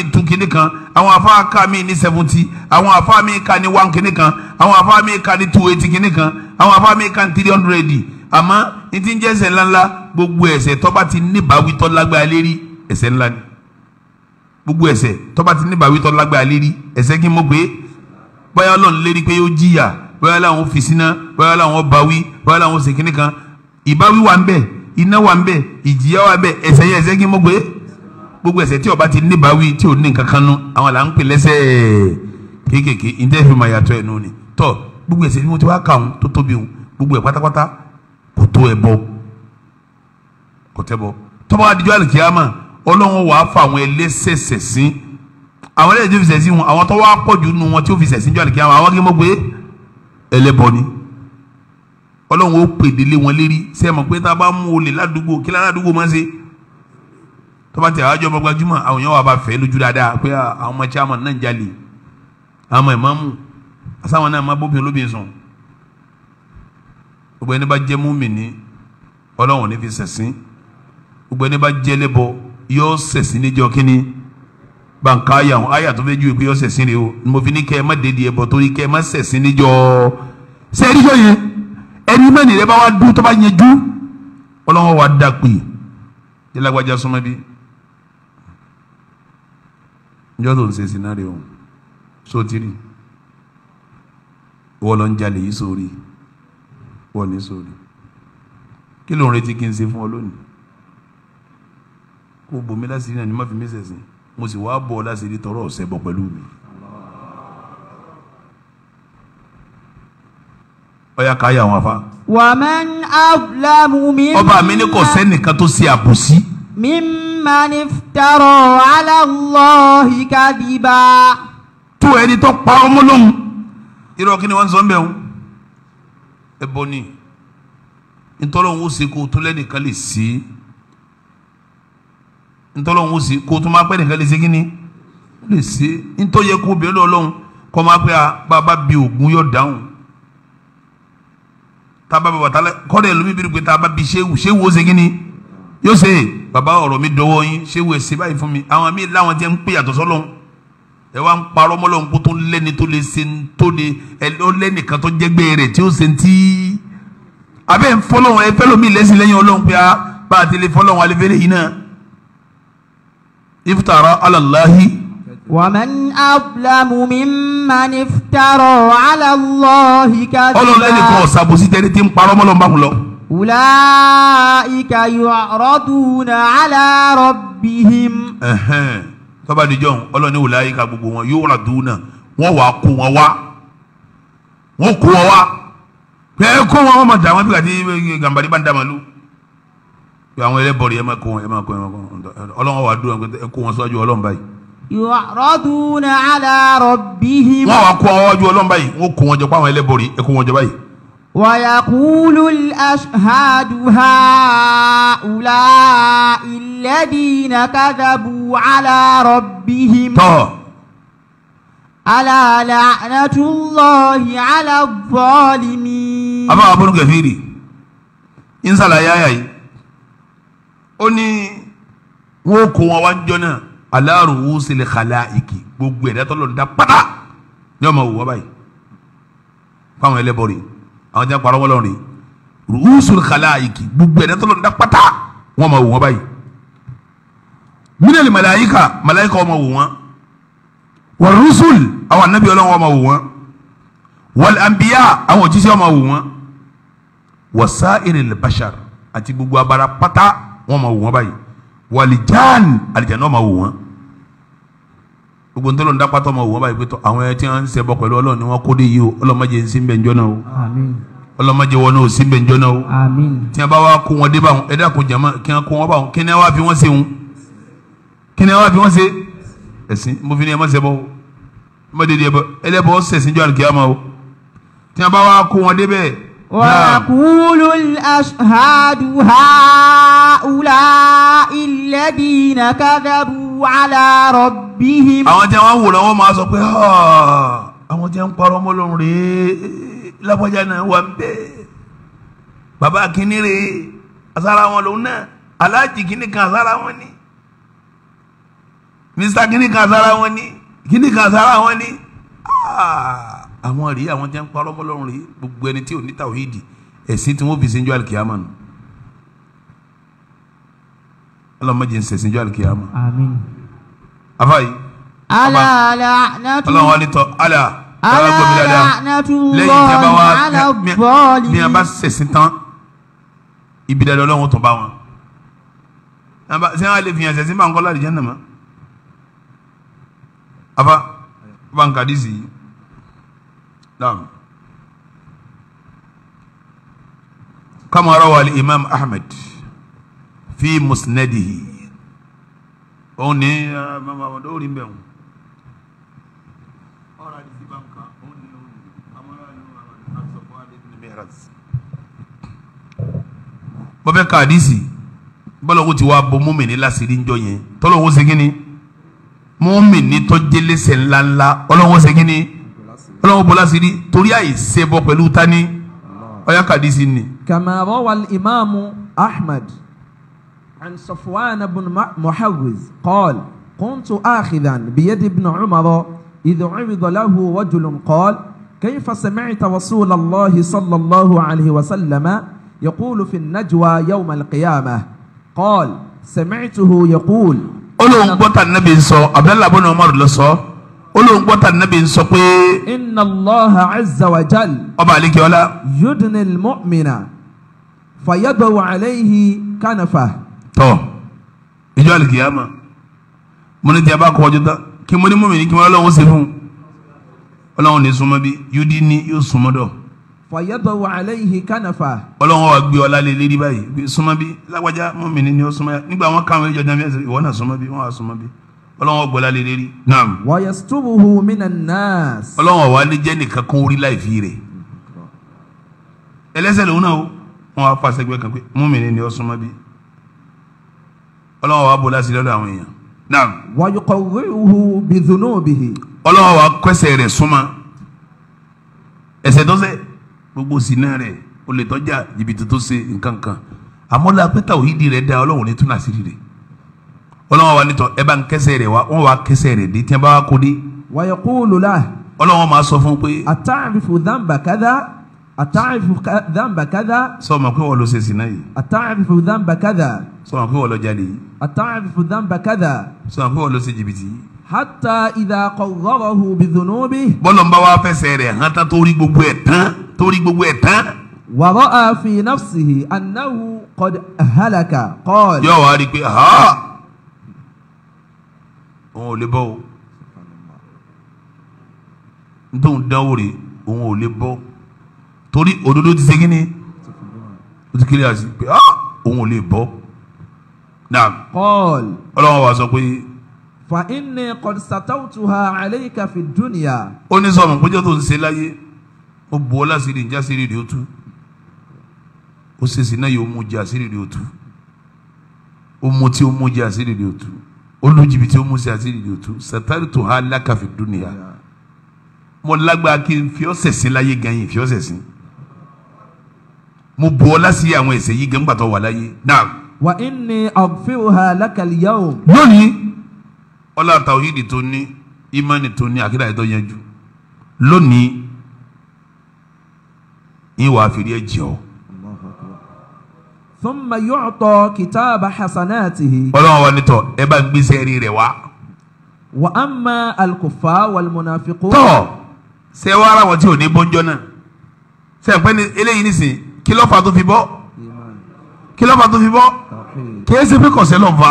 kan àwọn afa ka mi ní seventy àwọn afa mi kani ní one kìnnì kan àwọn afa mi ka ní two eighty kìnnì kan àwọn afa mi ka ní three hundred àmọ́ ní ti ń jẹ́ ẹsẹ̀ ńláńlá gbogbo ẹsẹ̀ tọ́ba ti ní bàwítọ́ lágbára lérí ẹsẹ̀ ńlá ni gbogbo ẹsẹ̀ tọ́ba ti ní bàwítọ́ lágbára lérí ẹsẹ̀ kí n mọ̀ pé báyà ọlọ́run lérí pé yóò jìyà báyà làwọn fi síná báyà làwọn bawí báyà làwọn ṣe kíní kan ìbáwí wà ń bẹ iná wà ń bẹ ìjìyà wà ń bẹ ẹ̀ṣẹ̀ yẹn ẹ̀ṣẹ̀ kí n mọ̀ pé gbogbo ẹ̀ṣẹ̀ tí ó bá ti ní báwí tí ò ní nǹkan kan nú àwọn là ń pè lẹ́ṣẹ̀ kéékèèké ìdẹ́fì máa yàtọ̀ ẹ̀ nù ni tọ́ gbogbo ẹ̀ṣẹ̀ tí mo ti wá kà àwọn eléyìí tó fi sẹ̀sí wọn àwọn tó wá pọ̀jù nínú wọn tí ó fi sẹ̀sí jọ àlìkí àwọn àwọn kí n mọ̀ pé ẹlẹ́bọ ni ọlọ́run ó pèdélé wọn lérí ṣé ẹ mọ̀ pé tá a bá mú olè ládùúgbò kí ládùúgbò máa ń ṣe tó bá ti àwájọ ọmọ gbajúmọ̀ àwọn èèyàn wà bá fẹ́ lójú dáadáa pé ah, àwọn ọmọ chairman náà ń jalè àwọn ọmọ ìmáàmù àsáwọn náà máa bófin olóbìn sùn gbogbo ẹni bá jẹ́ múmìnì ọlọ́run ní fi sẹ̀sín gbogbo ẹni bá jẹ́ lẹ́bọ yóò sẹ̀sín níjọ́ kínní banka aya wọn aya tó fẹ́ ju ìpè ọ̀sẹ̀ sínú o mo fi ní kẹ́ ẹ má dédìí ẹ bọ̀ torí kẹ́ ẹ má sẹ̀ sí níjọ́ sẹ́ẹ̀rí yóò yẹ ẹni mẹ́rin rẹ bá wá dún tó bá yẹ dún ọlọ́wọ́ wa dà pé ìlàgbàjà súnmọ́ bí njọ́ tó ń ṣe o sotiri wọ́n lọ ń jalè yìí sórí wọ́n kí ló ń retí kí n ṣe fún ọ lónìí kó bomi láti náà ni má fi mí sẹ̀sìn mo sì wáá bọ̀ láti rí tọrọ ọ̀sẹ̀ bọ̀ pẹ̀lú mi. ọyá káyà wọn fa. wàmán abúlámù mi. ọba mi ní kò sẹ́nìkan tó ṣe àbòsí. mimman iftara ala Allahi kadiba. tú ẹni tó pa ọmọ lóhùn. irọ́ kí ni wọ́n ń sọ ń bẹ̀ ẹ bọ́ ni ntọ́lọ́hún ó ṣe kó tó lẹ́nìkan lè ṣe é ntọ́lọ́hún ó sì kó tó máa pẹ́ nìkan lè ṣe kí ni ó lè ṣe ntọ́yẹ kó bẹ́ẹ̀ lọ́lọ́hún kọ́ máa pẹ́ bàbá bi ògùn yọ̀ dáhùn tábà bàbá tálẹ̀ kọ́dẹ̀ lómi bíi pé tábà bi ṣéwù ṣéwù ó ṣe kí ni yóò ṣe bàbá ọ̀rọ̀ mi dọ́wọ́ yín ṣéwù ẹ̀ ṣe báyìí fún mi àwọn míì láwọn jẹ́ ń pè yàtọ̀ sọ́lọ́hún ẹ wá ń parọ́ mọ́lọ́hún kó tó ń fọ́lọ́hún iftara alalahi. wàmẹ́n abúlámù mi máa ní fitaarọ̀ alalahi kàdúrà. ọlọ́lá ẹni kan ọ̀sàbòsí tẹ́lẹ̀ tí ń parọ́ mọ́lọ́ ń bá wọn lọ. wùláìka yu'raduna ala rabbihim. tọ́ba níjọ́ ọlọ́ni wùláìka wọ́n wàá kó wọn wá wọ́n kó wọn wá pé kó wọn wọ́n máa dà wọ́n bí kàdí gàmbàdì bá ń dà wọn lù àwọn ẹlẹ́bọ̀rì ẹ̀ máa kó wọn ẹ̀ máa kó wọn ọlọ́run wà á dúró ẹ̀ kó wọn sọ́jú ọlọ́run báyìí. yu'raduna ala rabbihim. wọ́n wá kó àwọn ọjọ́ ọlọ́run báyìí wọ́n kó wọn jọ pé àwọn ẹlẹ́bọ̀rì ẹ̀ kó wọn jọ báyìí. wa yaqulul ashhadu ha'ula'i alladhina kadhabu ala rabbihim. tọ́ ala la'natullahi ala zalimin. abáwá abúlé kẹfìrì ń sàlàyé àyà yìí ó ní wọn kó wọn wá ń jọ náà aláàrùn wò sílẹ̀ kàlà ìkì gbogbo ẹ̀dá tó lọ́dún dá pátá ní ọmọ òwò báyìí fáwọn ẹlẹ́bọ̀ rè àwọn jẹ́ parọ́ wọlọ́run rè rùúsùn kàlà ìkì gbogbo ẹ̀dá tó lọ́dún dá pátá wọn ọmọ òwò báyìí mílíọ̀nù màláyíkà màláyíkà ọmọ òwò wọn wà rùúsùn àwọn anábì ọlọ́wọ́ ọmọ òwò wọn wal anbiya àwọn òjíṣẹ́ ọmọ òwò wọn wà wọ́n máa wò wọ́n báyìí wàlìjáàn àlìjáàn náà máa wò wọ́n gbogbo ntọ́ ló ń dápátọ́ máa wò wọ́n báyìí pé tó àwọn ẹtí wọn ń ṣẹbọ pẹ̀lú ọlọ́run ni wọ́n kó dé yìí o ọlọ́mọdé ń sínbẹ̀ njọ́ náà o ọlọ́mọdé wọn náà ò sínbẹ̀ njọ́ náà o tí wọn bá wá kó wọn dé bá wọn ẹ̀dá kó jàmá kí wọn kó wọn bá wọn kí wọn wá fi wọn ṣe wọn kí wọn wá fi wọn ṣe ẹ̀sìn mo fi ní ẹ má ṣẹbọ o ẹ má o tí wọn bá wá kó wọn dé bẹ́ẹ̀ ويقول الأشهاد هؤلاء الذين كذبوا على ربهم àwọn tí wọ́n wò lọ́wọ́ máa sọ pé àwọn tí wọ́n ń parọ́ mọ́ Ọlọ́run rèé lápọ̀já náà wà ń bẹ̀ bàbá kínní rèé àsára wọn lòun náà aláàjì kínní kan àsára wọn ni mr kínní kan àsára wọn ni kínní kan àsára wọn ni. Ah àwọn rèé àwọn tí wọ́n ń parọ́ mọ́lọ́run rèé gbogbo ẹni tí ò ní tàwíìdì ẹ̀sìn tí wọ́n fi sinjú alikiyama nù ọlọ́mọdé ń sẹ̀sìn ju alikiyama. àmín. afayi. ala ala natu. ọlọ́run wa ni tọ́ ala. ala ala natu lọ́ọ̀ ala bọ́ọ̀lì. ní a bá sẹ̀sìn tán ibi dada ọlọ́run tó bá wọn. sẹ́wọ́n a lè fi hàn sẹ̀sìn bá ń kọ́ láti jẹ́ nàmá. afa bá ń ka di sí i. نعم كما روى الإمام أحمد في مسنده أوني ماما ودوري بهم bọ́bẹ́ ka àdìsí bọ́lọ́wọ́ ti wá bọ́ mọ́mìnì lásìrí ńjọ yẹn tọ́lọ́wọ́ segin ni mọ́mìnì tọ́jẹ́lẹ́sẹ̀ ńláńlá ọlọ́wọ́ segin ni ọlọ́wọ́ bọ́lá sí rí torí àìsè bọ́ pẹ̀lú tani ọ̀yá kàdísì ni. kama rawa al-imamu ahmad an safwan ibn muhawwiz qala kuntu akhidan biyadi ibn umar idh urida lahu rajulun qala kayfa sami'ta rasulallahi sallallahu alayhi wa sallama yaqulu fi an-najwa yawm al-qiyamah qala sami'tuhu yaqulu. olóhùn gbọ́tà sọ abdullahi ibn umar ló sọ olóńgbò tà nàbí ń sọ pé. inna allah azza ọba alikiola. yudnil mu'mina fayadawu alayhi kanafa. tọ ìjọ alikiyama mo ní tí a bá kọ ọjọ́ tán kí mo ní mọ̀mìnì kí mo lọ́wọ́ ṣe fún un ọlọ́run ní súnmọ́ bí yóò dín yóò súnmọ́ dọ̀. fayadawu alayhi kanafa. ọlọ́run wa gbé ọlá lé lérí báyìí súnmọ́ bí lágbájá mọ̀mìnì ni ó súnmọ́ nígbà wọn káwọn ìjọ dàmí ẹsẹ̀ ìwọ náà súnmọ́ bí wọn á súnmọ́ bí ọlọ́wọ́n gbọ́lá lè lérí. naam. wàyà stubuhu mina nas. ọlọ́wọ́n wa ní jẹ́ nìkan kún orí láì fi rẹ̀. ẹlẹ́sẹ̀ lòun náà o wọ́n wá pàṣẹ gbẹ kan pé múmìnir ni ọ súnmọ́ bí. ọlọ́wọ́n wa bọ́lá sí lọ́dọ̀ àwọn èèyàn. naam. wàyà kọ̀wéhu bizunubihi. ọlọ́wọ́n wa kẹsẹ̀ rẹ̀ súnmọ́. ẹsẹ̀ tọ́sẹ̀ gbogbo sinna rẹ̀ olè tọ́jà jìbìtì tó ṣe nǹkan kan àmọ́ la pé tàwídìí rẹ̀ da ọlọ́run ní túnà sí rẹ̀ ọlọ́wọ́n wa nítọ́ ẹ bá ń kẹsẹ̀ rẹ̀ wá wọ́n wá kẹsẹ̀ rẹ̀ di tiẹ̀ bá wa kó di. wàyẹ̀ kó lò la. ọlọ́wọ́n máa sọ fún pé. àtàrífù dánbà kádà àtàrífù dánbà kádà. sọ ma pé wọ́n lọ sèṣì náà yìí. àtàrífù dánbà kádà. sọ ma pé wọ́n lọ jalè. àtàrífù dánbà kádà. sọ ma pé wọ́n lọ ṣe jìbìtì. hata ìdá kọ̀ọ̀rọ̀hù bìdùnúbì. bọ́lọ̀ ń bá wa fẹsẹ̀ rẹ̀ hàn torí gbogbo ẹ̀ tán torí gbogbo ẹ̀ tán. wàrọ̀ àfi nafsihi annahu qad halaka qala. yóò wá rí i pé haa òun ò lè bọ́ o nítorí dánwò rè òun ò lè bọ́ torí òdodo ti ṣe kíni ó ti kílíà sí pé ah, òun ò lè bọ́ náà Paul ọlọ́wọ́n wa sọ pé. fa inni qad satawtuha alayka fi dunya. ó ní sọ̀rọ̀ pé jọ́tò ń ṣe láyé ó bu ọlá sí ìdíjà sí ìdí òtún ó ṣèṣì náà yóò mú jà sí ìdí òtún ó mutí ó mú jà sí ìdí òtún ó lu jìbìtì ó mú sí àti ìdí òtún sàtárì ha lákàfi dúnìyà mo lágbára kí n fi ọ̀sẹ̀ sí láyé gan yìí fi ọ̀sẹ̀ sí mo bu ọ lásì àwọn ẹ̀ṣẹ̀ yìí gan gbàtọ̀ wà láyé náà. wà á ní aghfiruha laka al-yawm. lónìí ọlá tàwíìdì tó ní ìmánì tó ní àkídà yìí tó yanjú lónìí ìwà àfìrí ẹ̀ jẹ́ ọ́ thumma yu'ta kitaba hasanatihi. ọlọ́run wa ni tọ́ ẹ bá ń gbèsè rí rẹ̀ wá. wa amma al-kuffar wal-munafiqun. tọ́ ṣé wàá ara wọn tí ò ní bọ́njọ́ náà ṣe é pé eléyìí nìsín kí ló fà tó fi bọ́ kí ló fà tó fi bọ́ kì í ṣe pé kọ̀ṣẹ́ ló fa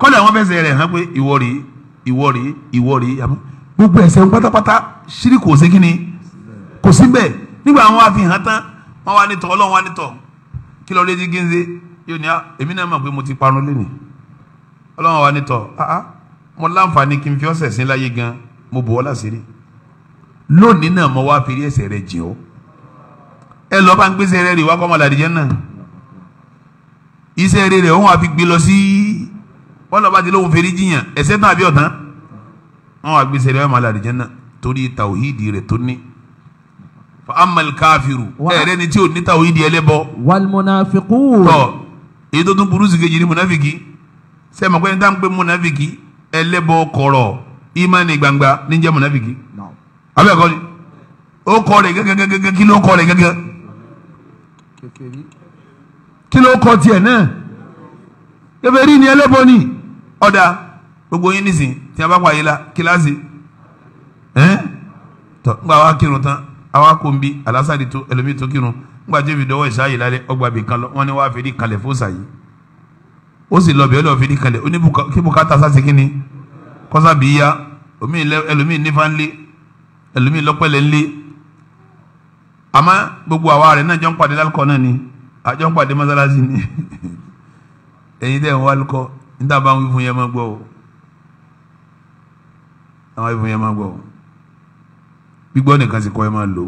kọ́lẹ̀ wọn fẹsẹ̀ rẹ̀ hàn pé ìwọ rí ìwọ rí ìwọ rí gbogbo ẹ̀ṣẹ̀ pátápátá ṣírí kò sí kíni kò sí bẹ́ẹ̀ nígbà wọn àfihàn tán wọ́n wá nítọ̀ ọlọ́run wá nítọ̀ kí lọ́ọ́ lédi gínze yóò ní ah, èmi náà mọ̀ pé mo ti parun lé ní ọlọ́run wá nítọ̀ áá ah, ah, mo láǹfààní kí n fi ọ̀sẹ̀ sí láyé gan mo bò ọ́ láṣìírí lónìí náà mo wá fi rí ẹ̀ṣẹ̀ rẹ jìn ọ́ ẹ lọ́ọ́ bá ń gbèsè rẹ rí wá kọ́ ọmọ làdìjẹ́ náà iṣẹ́ rere òun àfi gbé lọ sí wọ́n lọ́ọ́ bá ti lóun fèrè jiyàn ẹ̀ṣẹ̀ tán àbí ọ̀tán wọn àgbèsè rẹ wọ́n máa làdìjẹ́ náà torí tàwíìdì rẹ̀ tó ní fa amal káfíru ẹ̀rẹ́ ni tí o níta o yìí di ẹlẹ́bọ. wal munafiqun. tọ èyí tó tún burú sí kejì ní munafiki sẹ́mi ọ̀pẹ́ ní tá à ń pè munafiki ẹlẹ́bọ kọ̀rọ̀ ìmánì gbangba ní jẹ́ munafiki. abẹ́ ẹ̀kọ́ ni ó kọ́ rẹ̀ gẹ́gẹ́gẹ́gẹ́ kí kilo kọ́ rẹ̀ gẹ́gẹ́. kí ló kọ́ tiẹ̀ náà kèfèrí ni ẹlẹ́bọ ni ọ̀dà gbogbo yín nísìnyí tí a bá pa yìí la kíláàsì ẹ̀ tọ́ ń gbà wá kírun tán àwọn akóńbi alásàdì tó ẹlòmíì tó kírun ńgbà jẹ́bi dọ́wọ́ ìṣáyè lálẹ́ ọgbà bì kan lọ wọ́n ní wàá fìdí kalẹ̀ fóòsà yìí ó sì lọ bẹ̀ ọ́ lọ́ọ́ fìdí kalẹ̀ ó ní kí bùkátà sá sí kínní kọ́sà bí ya ẹlòmíì nífa ńlé ẹlòmíì lọ́pẹ̀lẹ̀ ńlé àmọ́ gbogbo àwa rẹ̀ náà jọ pàdé lálùkọ́ náà ni àjọ pàdé mọ́sálásí ni ẹ̀yin dẹ́ ń wá lùkọ́ níta bá ń wí fún yẹn máa gbọ́ o àwọn ìfún yẹn máa gbọ́ o gbígbọ́ nìkan sì kọ́ ẹ máa lò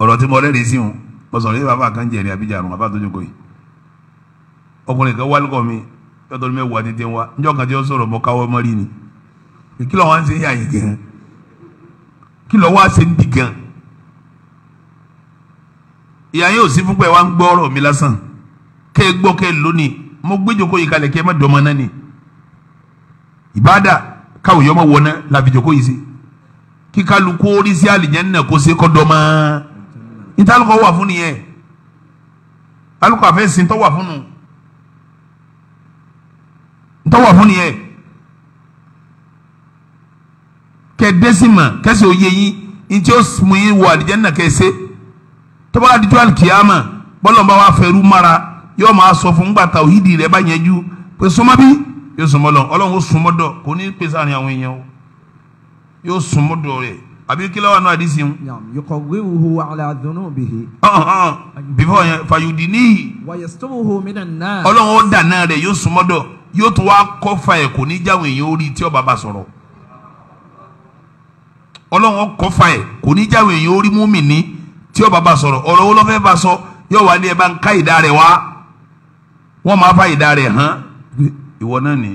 ọ̀rọ̀ tí mo rẹ́rìí sí wọn mo sọ̀rọ̀ yìí bàbá kan jẹ̀rì àbíjà àrùn bàbá tó jókòó yìí ọkùnrin kan wá lọ́kọ̀ mi yọtọ̀ mi wà tètè wa níjọ́ kan tí ó sọ̀rọ̀ mo káwọ́ mọ́rí ni kí lọ́wọ́ ń ṣe yà yìí gan kí lọ́wọ́ á ṣe ń di gan ìyá yóò sí fúnpẹ́ wa ń gbọ́ ọ̀rọ̀ mi lásán kẹ́ ẹ gbọ́ kẹ́ ẹ lónìí mo gbé jókòó yìí kalẹ̀ kẹ́ ẹ má dọ́mọ náà ni ìbáàdà káwọ̀ yọmọ wọ náà làbìjókòó yìí sí kí kálukú orí sí àlìjẹ́nà kó ṣe kọ́ dọ́mọ́ ìtàlùkọ́ wà fún nìyẹn kálukọ́ àfẹ́sìn tọ́ wà fún nù tọ́ wà fún nìyẹn kẹdẹ́sìmà kẹsì òye yín ntí ó mú yín wọ àlìjẹ́nà kẹsẹ́ tọ́ba àdìjọ́ àlìkìyàmà bọ́lọ̀mbà wà fẹ́rú mara yóò máa sọ fún gbàtà òhídìí rẹ̀ bá yẹn jú pé sọmọ bí yóò sọmọ lọ ọlọ́run ó sọmọ dọ̀ kò ní pèsè àárín àwọn èèyàn o yóò sùn mú dùn rẹ̀ àbí kí lọ́wọ́ àná àdìsí mu. yuqawwimuhu ala dhunubihi. bífọ̀ yẹn fàyòdì níyì. wayastumuhu minan nar. ọlọ́run ó dànà rẹ̀ yóò sùn mọ́dọ̀ yóò tún wá kọ́ fa ẹ̀ kò ní jáwé yẹn orí tí ọba bá sọ̀rọ̀. ọlọ́run ó kọ́ fa ẹ̀ kò ní jáwé yẹn orí múmi ní tí ọba bá sọ̀rọ̀ ọ̀rọ̀ wo ló fẹ́ bá sọ yóò wá ní ẹ bá ń ká ìdá rẹ̀ wá wọ́n máa fa ìdá rẹ̀ hàn ìwọ náà ní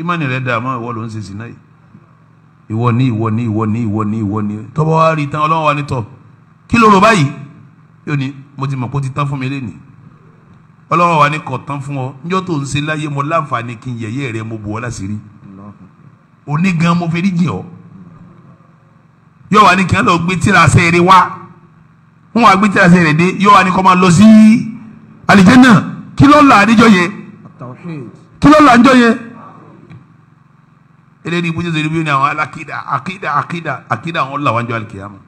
ìmánì rẹ̀ dààmú ìwọ ló ń ṣe náà yìí ìwọ ní ìwọ ní ìwọ ní ìwọ ní ìwọ ní tọ́bọ̀ wá rí tán ọlọ́run wa ní tọ̀ kí ló rò báyìí yóò ní mo ti mọ̀ pé ó ti tán fún mi lénìí ọlọ́run wa ní kọ̀ tán fún ọ níjọ́ tó ń ṣe láyé mo láǹfààní kí n yẹ̀yẹ́ rẹ mo bù ọ́ láṣìírí òní gan mo fi rí jìn ọ́ yóò wá ní kí n lọ gbé tíra sẹ́ẹ̀rẹ̀ wá ń wá gbé tíra sẹ́ẹ̀rẹ̀ dé yóò wá ní kó máa lọ sí àlìjẹ́ náà kí ló là níjọ́ yẹn kí ló là níjọ́ yẹn eléyìí ibú jésù ibi ni àwọn akida, akida, akida àkìdá àwọn ọlọ́wà ń jọ àlìkìyàmù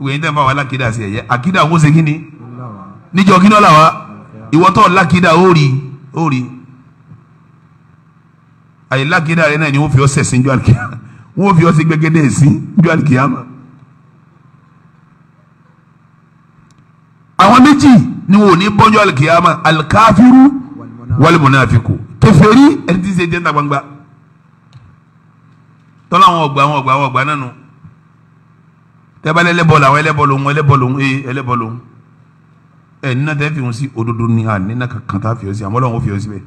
wíwẹ̀ yín tẹ́ ń bá wa alákìdá sí ẹ̀yẹ àkìdá àwọn oṣù kínní níjọ kínní ọlọ́wà ìwọ́tọ̀ lákìdá ó rí ó rí àyè lákìdá rẹ ni wọ́n fi ọ́ sẹ̀sìn jọ àlìkìyàmù wọ́n fi ọ́ sí gbẹ́gẹ́dé ẹ̀sìn jọ àlìkìyàmù. àwọn méjì ni wọn ò ní bọ́jọ́ àlìkìyàmù alikafiru walimunafiku kèfèrí ẹni tí ń ṣe jẹ́ ń gbangba tọ́lá àwọn ọgbà àwọn ọgbà àwọn ọgbà nánu tẹ́bálẹ̀ ẹlẹ́bọ̀ làwọn ẹlẹ́bọ̀ lòun ẹlẹ́bọ̀ lòun ee eh, ẹlẹ́bọ̀ lòun ẹ nínà tẹ́ fi hùn sí òdodo ni à nínà kankan tá fi hùn sí àmọ́ lọ́wọ́ fi hùn sí bẹ́ẹ̀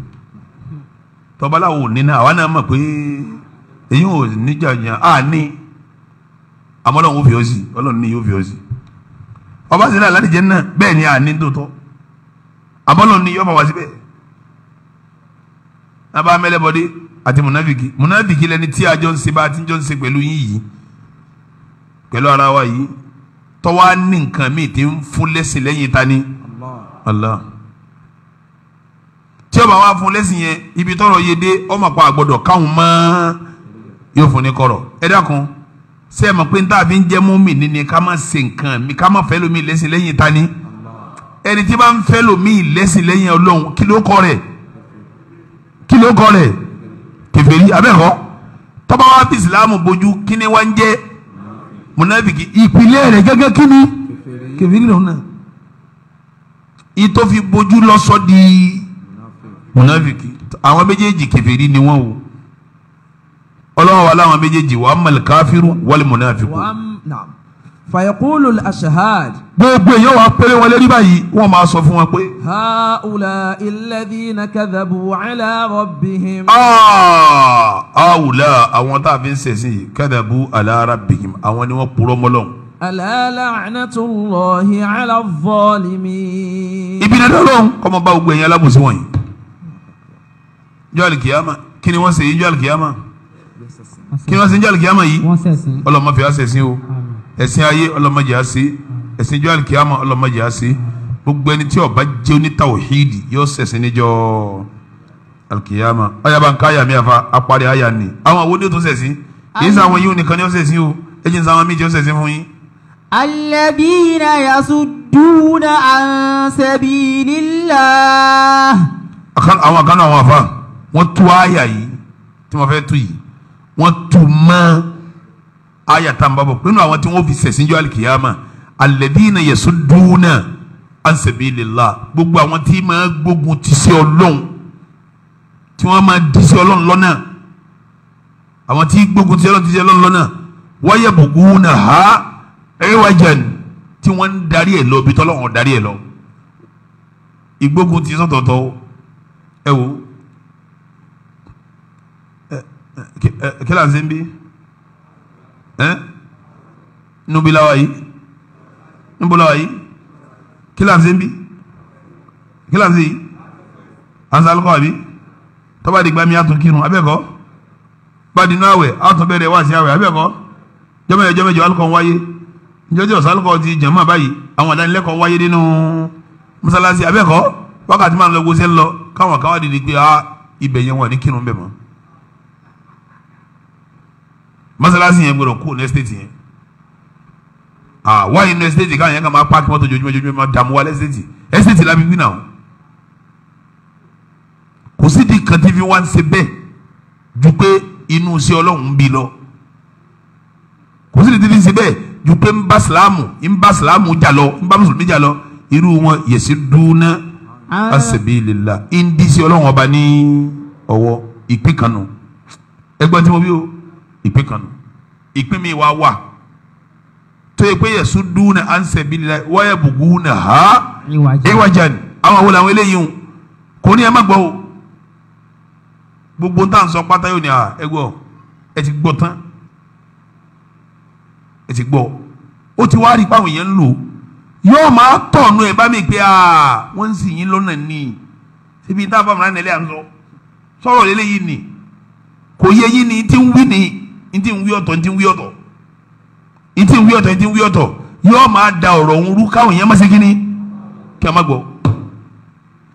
tọ́balá wò nínà àwa náà mọ̀ pé èyí ò níjà yàn á ní àmọ́ fi hùn sí ọlọ́run ní yóò fi hùn sí ọba sílẹ̀ aláàdì náà bẹ́ẹ̀ ni à ní tòótọ́ àmọ́ lọ́run ní yóò máa wá síbẹ̀ àti munafiki munafiki lẹni tí a jọ ń ṣe bá a ti jọ ń ṣe pẹ̀lú yín yìí pẹ̀lú ara wa yìí tọ́wá ní nǹkan míì tí ń fún lẹ́sìn lẹ́yìn ta Allah tí ó bá wá fún lẹ́sìn yẹn ibi tọ́rọ̀ yé dé ọmọ pa àgbọ̀dọ̀ káwọn mọ́ yóò fún ní kọ̀rọ̀ ẹ dákun ṣé ẹ mọ̀ pé níta fi ń jẹ́ mọ́mì nínú ká má ṣe nǹkan mi ká má fẹ́ lómi lẹ́sìn lẹ́yìn ta ni ẹni tí bá ń fẹ́ lómi lẹ́sìn lẹ́yìn ọlọ́run kí ló kọ rẹ̀ kí ló kọ rẹ̀ kèfèrí abẹ́kọ̀ tọ́ba wa fi ìsìlámù bojú kíni wá ń jẹ́ mùnàfìkì ìpìlẹ̀ rẹ̀ gẹ́gẹ́ kíni kèfèrí lòun náà ìtò fi bojú lọ́sọ̀ di mùnàfìkì àwọn méjèèjì kèfèrí ni wọ́n o wala wa láwọn méjèèjì wàá mọ̀lẹ́ káfíru wal mùnàfìkù fàyẹ̀kúlù aṣahad. gbogbo èèyàn wàá péré wọn lérí báyìí wọn máa sọ fún wọn pé. ha ula ilẹ̀dí na kẹ́dàbù ala rabbihim. Ah, ha ula àwọn tá a fi ń sẹ̀sìn yìí kẹ́dàbù ala rabbihim àwọn ni wọ́n purọ́ mọ́lọ́hún. ala la'natullahi ala zalimin. ibi ní dọ́lọ́hún kọ́mọ bá gbogbo èèyàn alábòsí wọ̀nyí. jọ́ọ̀lì kìyàmá kí ni wọ́n ṣe yìí jọ́ọ̀lì kìyàmá kí ni wọ́n ṣe jọ́ọ̀lì kìyàmá yìí ọlọ́mọ fi wá sẹ̀sìn o. Amen ẹ̀sìn ayé ọlọ́mọdé á sí ẹ̀sìn ìjọ àlùkìyàmọ̀ ọlọ́mọdé á sí gbogbo ẹni tí ó bá jẹ́ onítàwọ̀hídì yóò ṣẹ̀sìn níjọ́ àlùkìyàmọ̀ ayaba nǹkan àyà mi àfa apari àyà ni àwọn àwọn oníyóò tó ṣẹ̀sìn kì í sọ àwọn yìí nìkan ni ó ṣẹ̀sìn o ẹ jẹ́ ní sọ àwọn míì tí ó ṣẹ̀sìn fún yín. alladhina yasudduna an sabilillah. àwọn àkànnà àwọn àfa wọ́n tú àyà yìí tí wọ́n fẹ́ tú yìí wọ́n tú mọ́ aya tá n bá bọ̀ nínú àwọn tí wọ́n fi sẹ̀sìnjọ́ alikiyama alẹ́dínà yẹ̀sùdúnà ansabilillah gbogbo àwọn tí máa gbógun ti sí ọlọ́run tí wọ́n máa di sí ọlọ́run lọ́nà àwọn tí gbógun ti ọlọ́run ti sí lọ́nà wáyà bùgúnà ha ẹ̀wájàn tí wọ́n ń darí ẹ̀ lọ bí tọ́lọ́run darí ẹ̀ lọ ìgbógun ti sọ̀tọ̀tọ̀ ẹ wò ẹ ẹ kí là ń sẹ́ ń bí. níbi la wà yìí níbo la wà bi, kí la ṣe ń bí kí la ṣe yìí ansalukọ àbí tọ́ba di gbami àtún kírun abẹ́kọ́ bàdínú àwẹ̀ àtún bẹ̀rẹ̀ wá sí àwẹ̀ abẹ́kọ́ jọ́mẹ̀jọ jọ́mẹ̀jọ alukọ̀ ń wáyé njọ́jọ́ sálùkọ̀ ti jẹ̀mọ́ báyìí àwọn àdánilẹ́kọ̀ọ́ wáyé abe lọ gbósẹ́ lọ káwọn káwọn dìde pé ah, ibẹ̀ yẹn wà ní kinu be masalasi yẹn gbọ́dọ̀ kó nẹsítẹẹtì yẹn ah wáyé nẹsítẹẹtì káwọn yẹn kà máa pààkì mọ́tò jojúmọ́ jojúmọ́ máa dààmú wa lẹsítẹẹtì ẹsítẹẹtì la bíbí náà kò sí di kan tí fi wá ń ṣe bẹ́ẹ̀ ju pé inú sí Ọlọ́run bí lọ kò sí di tí fi ṣe bẹ́ẹ̀ ju pé ń bá sàlámù ń bá sàlámù jà lọ ń bá mùsùlùmí jà lọ irú wọn yẹsí dúnà ah. asabilillah ń dí sí Ọlọ́run ọba ní ọwọ́ ìpín kanu ẹgbẹ́ tí mo bí o ìpín kan nù ìpín mi wá wà tó yẹ pé yẹsùn dúnà ansẹ̀bílẹ̀ wáyà bùgùn nà ha ìwàjà ni àwọn àwọn làwọn eléyìí hùn kò ní ẹ má gbọ́ o gbogbo ń tà ń sọ pátá yóò ní à ẹ gbọ́ ẹ ti gbọ́ tán ẹ ti gbọ́ ó ti wá rí i ń lò yóò máa tọ̀nù ẹ̀ bá mi pé wọ́n ń sì yín lọ́nà ni síbi tá a bá mi rán nílẹ̀ à ń sọ sọ̀rọ̀ lélẹ́yìí ni kò yẹ yín ni tí ń wí ni ntí ń wí ọ̀tọ̀ ntí ń wí ọ̀tọ̀ ntí ń wí ọ̀tọ̀ ntí ń wí ọ̀tọ̀ yóò máa da ọ̀rọ̀ òun rú káwọn yẹn má ṣe kíni kí a má gbọ́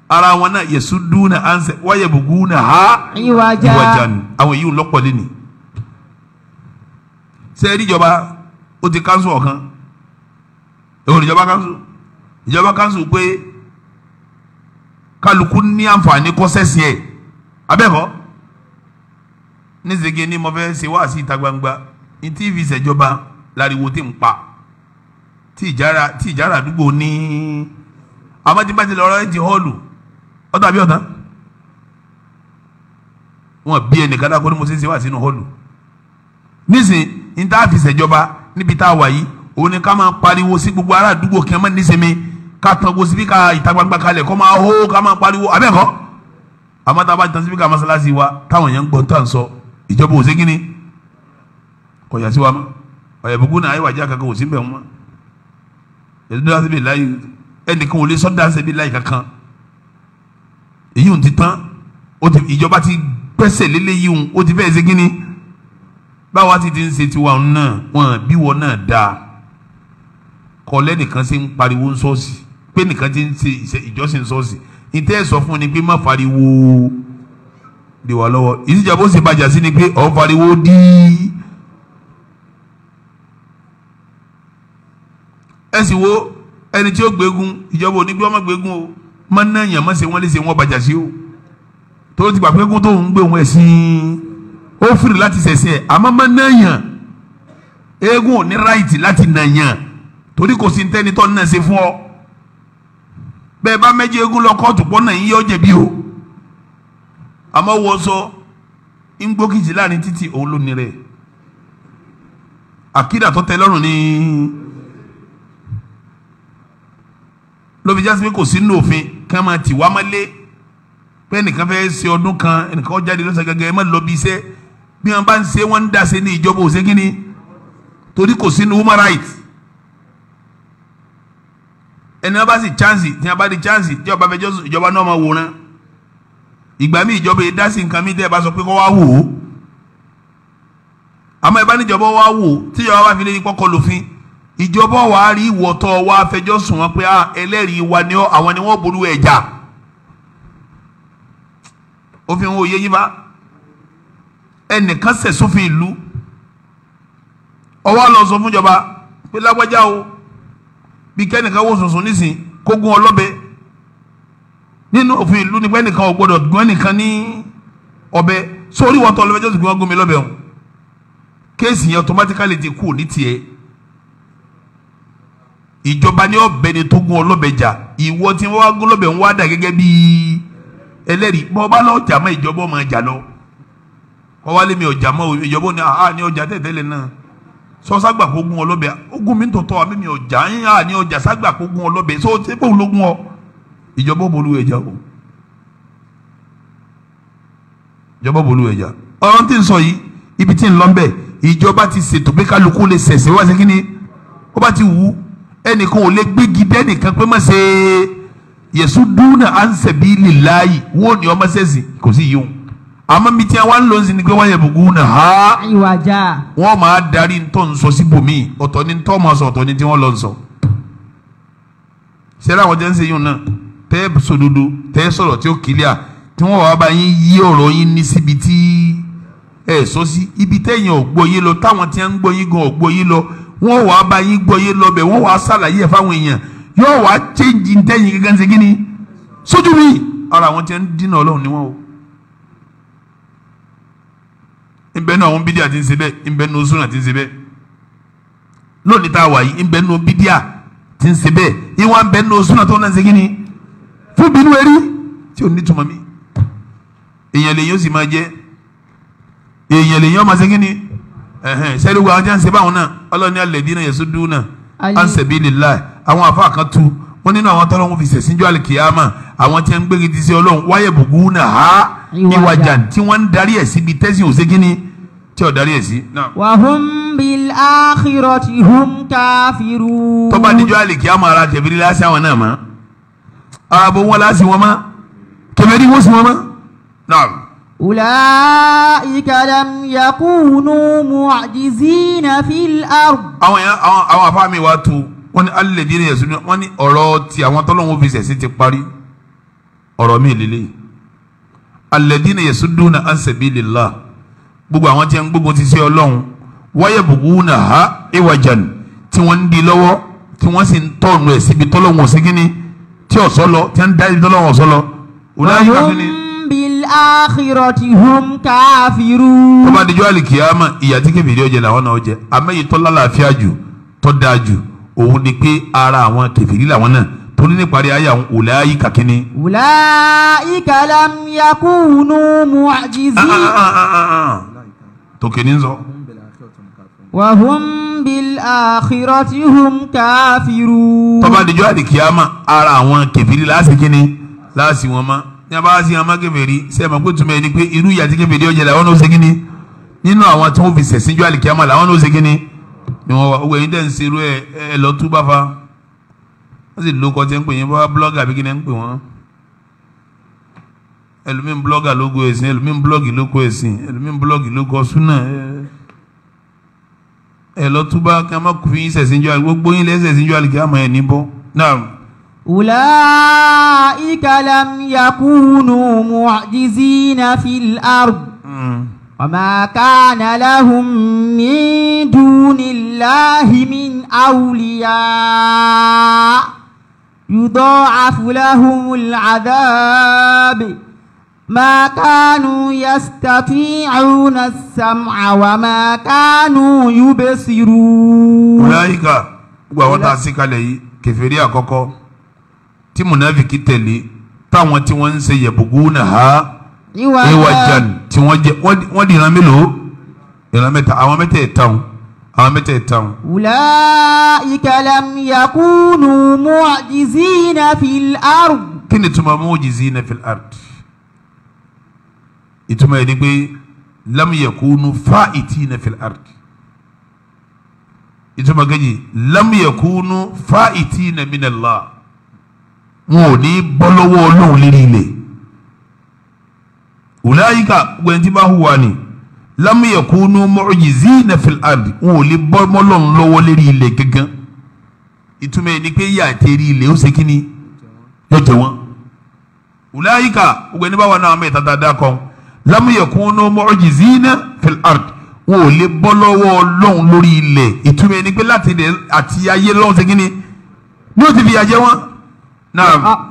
ara wọn náà yẹsu dúnà ansẹ wáyé bùkún náà ha ìwàjà ni àwọn yìí ń lọ́pọ̀ lẹ́nìí sẹ́ẹ̀rì ìjọba ó ti kánṣu ọ̀kan èwọ̀n ìjọba kánṣu ìjọba kánṣu pé kálukú ní àǹfààní kọ́sẹ́sì ẹ̀ abẹ́kọ̀ọ́ ní ni ní mo fẹ́ ṣe wá sí ìta gbangba ní tv ṣèjọba láriwo tí ń pa tí ìjára tí ìjára àdúgbò ní àmọ́ tí bá ti lọ rẹ́ àbí ọ̀tá wọn bí ẹnìkan dákọ́ ni mo ṣe ṣe wá sínú họ́ọ̀lù nísìn ní tá a fi ṣèjọba níbi tá a wà yìí òun ni ká máa pariwo sí gbogbo ará àdúgbò kí wọ́n máa nísinmi ká tan ko síbí ká ìta gbangba kalẹ̀ kọ́ máa hó ká máa pariwo àbẹ́ẹ̀kọ́ àmọ́ tá a bá tan síbí ká masalasi wa táwọn yẹn ń gbọ́ tó sọ. So ìjọba ò ségin ni kò yà sí wa ma ọ̀yà ìbùkún náà ayé wàjá kankan ò sí bẹ̀ wọn ẹ̀dúndà síbi láyé ẹnìkan ò lè sọ́dà síbi láyé kankan èyí ò ti tán ìjọba ti pẹ́sẹ̀ lélẹ̀ yìí òun ó ti fẹ́ ségin ni báwa ti ti ń ṣe tiwa náà wọn bí wọn náà dáa kọ́lẹ́ nìkan ṣe ń pariwo ń sọ́ọ̀sì pé nìkan ti ń ṣe ìjọsìn sọ́ọ̀sì ìtẹ́ ẹ̀ sọ fún ni pé má fariwo di wa lọ́wọ́ ìsìjà bó ṣe bàjá sí ni pé ọ̀ fariwo dí. ẹ sì wo ẹni tí ó gbégun ìjọba onígbé ọmọ gbégun o má ná yàn má ṣe wọn lè ṣe wọn bàjá sí o torí ti gbà pé kó tó gbé òun ẹ̀sìn ó fìrì láti ṣẹ̀ṣẹ̀ àmọ́ má ná yàn eégún ò ráìtì láti nà yàn torí kò sí tẹ́ni tó ń nà ṣe fún ọ bẹ́ẹ̀ bá méjì eégún lọ kóòtù pọ́n náà yíyọ́ jẹ̀bi o àmọ́ wọṣọ ń gbókìtì láàrin títì òun ló ní rẹ̀ àkídà tó tẹ́ lọ́rùn ní lóbi jásí pé kò sí nínú òfin kí wọ́n máa tì wá mọ́lé pé ẹnìkan fẹ́ ṣe ọdún kan ẹnìkan ó jáde lọ́sàn gẹ́gẹ́ ẹ má lọ bí iṣẹ́ bí wọ́n bá ń ṣe wọ́n ń dá ṣe ní ìjọba òṣèkínní torí kò sí ní human rights ẹni wọn bá sì chance tí wọn bá di chance tí ọba fẹjọ ìjọba náà máa wòran ìgbà míì ìjọba yìí dá sí nǹkan míì tẹ́ ẹ bá sọ pé kó wá wò ó àmọ́ ẹ bá níjọba wá wò ó tíjọba bá fi lè kọ́kọ́ lòfin ìjọba wà á rí ìwọ̀tọ̀ wa fẹjọ́ sùn wọn pé ẹlẹ́rìí wa ni àwọn ni wọ́n ború ẹ̀jà òfin wo yé yín bá ẹnìkan ṣẹ̀ sófin ìlú ó wá lọ sọ fún ìjọba pé lágbájá o bí kẹ́nìkan wò sùnsùn nísìn kógun ọlọ́bẹ nínú òfin ìlú ni pé ẹnìkan ò gbọdọ̀ gún ẹnìkan ní ọ̀bẹ sórí wọn tọ́ lọ́bẹ jọ́sìn gbọ́n gómi lọ́bẹ ọ̀hún kéèsì yẹn automatically ti kú ní tiẹ̀ ìjọba ní ọ̀bẹ ni tó gún ọlọ́bẹ jà ìwọ tí wọ́n wá gún lọ́bẹ ń wá dà gẹ́gẹ́ bí ẹlẹ́rìí bọ́ bá lọ́ọ́ jà mọ́ ìjọba ọmọ ìjà lọ kọ́ wálé mi ọ̀jà mọ́ ìjọba ò ní àhá ní ọjà tẹ̀tẹ̀lẹ̀ náà sọ́sàgbà kó gún ọlọ́bẹ ó gún mi tọ̀tọ̀ àmì mi ọ̀jà ń hà ní ọjà sàgbà kó gún ọlọ́bẹ sọ́ọ́ ló gún ọ ìjọba bolú ẹja o ìjọba bolú ẹja ọ̀rọ̀ tí ń sọ yìí ibi tí ń lọ bẹ́ẹ̀ ìjọba ti ṣètò pé kálukú lè ṣẹ̀ṣẹ̀ wá sí kínní ó bá ti wù ú ẹnìkan ò lè gbégi dé ẹnìkan pé má ṣe yẹ̀sù dúnà ánsẹ̀bí lìláyì wọ́n ní ọmọ ṣẹ̀ṣì kò sí yìí o àmọ́ mi tí wọ́n ń lò sí ni pé wọ́n bùkún nà á wọ́n máa darí ntọ́ nsọ síbòmí ọ̀tọ̀ ni ntọ́ máa sọ ọ̀tọ̀ ni tí wọ́n lọ nsọ ṣẹ́ra àwọn jẹ́ ń ṣe yìí náà. tẹ́ sòdodo tẹ́ sọ̀rọ̀ tí ó à tí wọ́n wà bá yín yí ọ̀rọ̀ yín ní síbi tí ẹ sọ sí ibi tẹ́yìn ọgbọ gbọ́ lọ táwọn tí wọ́n ń yín gan lọ wọ́n wà bá yín gbọ́ yé lọ bẹ wọ́n wá sàlàyé ẹ̀ fáwọn èèyàn yóò wá chẹ́ǹjì tẹ́yìn gẹ́gẹ́ ṣe sójú mi ara àwọn tí wọ́n dínà ọlọ́run ni wọ́n o. ìbẹ́ nu àwọn bídíà ti ń ṣe bẹ́ẹ̀ ìbẹ́ nu sunna ti ń ṣe lónìí tá a wà yìí ìbẹ́ bídíà ti ń ṣe tó ń ṣe fún bínú erí tí ò ní túmọ̀ mi èèyàn lèyìn ó sì máa jẹ èèyàn lèyìn ó máa ṣe ni sẹ́ẹ̀rì àwọn jẹ́ ń ṣe báwọn náà ọlọ́ni alladhina yasudduna an sabilillah àwọn àfa kan tu nínú àwọn tọ́lọ́wọ́n fi ṣẹ̀sìnjọ́ àlìkìyàmà àwọn tí wọ́n ń gbé gidi sí ọlọ́run wáyé bùkú nà á ìwàjà tí wọ́n ń darí ẹ̀ síbi tẹ́sí òṣèkínní tí ò darí ẹ̀ sí. wàhùn bil akhirati hum kafirun. tọ́ba díjọ́ àlìkìyàmà ara tẹ̀bírí lásán àwọn náà mọ́ ààbò wọn láti wọn mọ́ tòmẹ́dì wọ́n sì wọn mọ́ náà. Ulaika lam yakunu mu'jizina fil ard. Àwọn yẹn àwọn àwọn afá mi wá tu wọ́n ní alladhina yasunu wọ́n ní ọ̀rọ̀ ti àwọn tọ́lọ́wọ́n fi ṣẹ̀ṣẹ̀ ti parí ọ̀rọ̀ mi lélẹ̀ alladhina yasuduna an sabilillah gbogbo àwọn tí ń ti ṣe ọlọ́run wáyé bùkún náà ha ìwàjàn tí wọ́n di lọ́wọ́ tí wọ́n sì ń tọ̀nù síbi tọ́lọ́wọ́n sí kínní tí ọ̀sọ́ lọ tí ń dá ibi tọ́lọ́wọ́ ọ̀sọ́ lọ. wọ́n bil akhirati hum kafirun. tó bá àlìkìyàmà ìyà tí kèfèrí ọjẹ làwọn náà jẹ àmẹ́yìí tó lálàáfíà jù tó dáa jù òun ni pé ara àwọn kèfèrí làwọn náà tó ní níparí ayé àwọn wùláyì kàkínní. wùláyì kàlám yakunu mu'jizin. Ah, ah, ah, tòkè ní sọ. wàhùn bil akhirati hum kafirun. tọ́ba dijọ́ àdìkíyàmà ara àwọn kẹfìrí láti kíni láti wọn mọ́ ní abá sí àmọ́ kẹfìrí sẹ́yìn mọ́ pé túmọ̀ ẹni pé irú ìyá kẹfìrí ọjà làwọn náà ó ṣe kíni nínú àwọn tí wọ́n fi sẹ̀sìn jọ́ àdìkíyàmà làwọn náà ó ṣe kíni ni wọn wá owó ẹyin tẹ̀ ń serú ẹ ẹ lọ tú bá fa wọ́n sì lóko tẹ́ ń pè yín bá blọ́gà bí kíni ń pè wọ́n ẹlòmíín blọ́gà lóko ẹ̀sìn ẹlòmíín blọ́gì lóko ẹ̀sìn ẹlòmíín blọ́gì lóko súnà ẹ̀ẹ́ ẹ lọ túbá kí a má kú fún yín sẹ̀sìn jọ àlè gbogbo yín lẹ́sẹ̀sìn jọ àlè kí a mọ̀ ẹ̀ níbọ̀ náà. أولئك لم يكونوا معجزين في الأرض وما كان لهم من دون الله من أولياء يضاعف لهم العذاب ما كانوا يستطيعون السمع وما كانوا يبصرون أولئك gbogbo àwọn tá a sì kalẹ̀ yìí kèfèrí àkọ́kọ́ tí mùnàfíkì tẹ̀lé táwọn tí wọ́n ń ṣe yẹ̀bùgú nà á ìwàjàn tí wọ́n jẹ wọ́n di ìran mélòó ìran mẹ́ta àwọn mẹ́ta ẹ̀ tán àwọn mẹ́ta ẹ̀ tán. ulaika lam yakunu mu'jizina fil ard. kí ni tuma mu'jizina fil ard ìtumọ̀ yẹn ni pé lam yakunu fa'itina fil ard ìtumọ̀ kejì lam yakunu fa'itina minallah wọn ò ní bọ́ lọ́wọ́ ọlọ́run lérí ilẹ̀ wùláyíkà gbẹ̀ntì bá hùwà ni lam yakunu mu'jizina fil ard wọn ò lè bọ́ mọ́lọ́run lọ́wọ́ lérí ilẹ̀ gangan ìtumọ̀ yẹn ni pé yà á tẹ̀rí ilẹ̀ ó ṣe kí ni yóò jẹ wọn wùláyíkà gbẹ̀ntì bá wà náà mẹ́ta dáadáa kan lamu yakunu mu'jizina fil ard wọn ò lè bọ́ lọ́wọ́ ọlọ́run lórí ilẹ̀ ìtumọ̀ ẹni pé láti ilẹ̀ àti ayé lọ́run ṣe kíni ní o ti fi àjẹ wọn.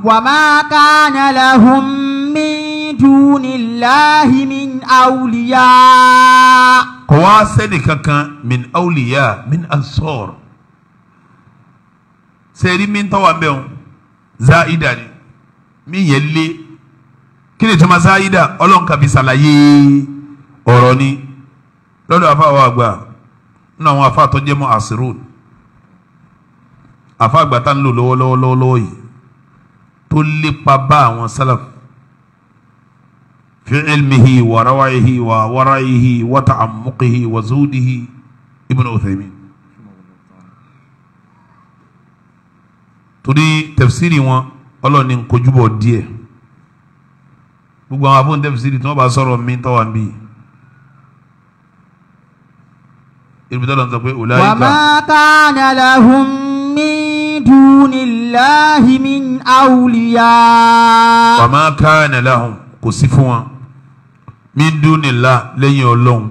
wa ma kana lahum min dunillahi min awliya. kò wá sẹ́ni kankan min awliya min ansor. sẹ́ni mi tọ́wọ́ abẹ́ wọn zaida ni mi yẹn lé kí ni tuma sáyidà ọlọ́nkà fi ṣàlàyé ọ̀rọ̀ ni lọ́dọ̀ afa wa àgbà nínú àwọn afa tó jẹ́ mọ́ àṣírùn afa àgbà tá ń lò lọ́wọ́lọ́wọ́ yìí tó lépa bá àwọn sálàf fi ilmihi wa rawayihi wa warayihi wa ta'amuqihi wa zuudihi ibn Uthaymin. torí tafsiri wọn ọlọ́ni kojúbọ̀ díẹ̀ gbogbo àwọn afọ́ntẹ́fìsìrì tí wọ́n bá sọ̀rọ̀ mi tọ́wà ń bí yìí ìrìbìtọ́lọ̀ ń sọ pé òláyíká. wa ma kana lahum min dunillahi min awliya. wa ma kana lahum kò sí fún wọn min dunillah lẹ́yìn ọlọ́run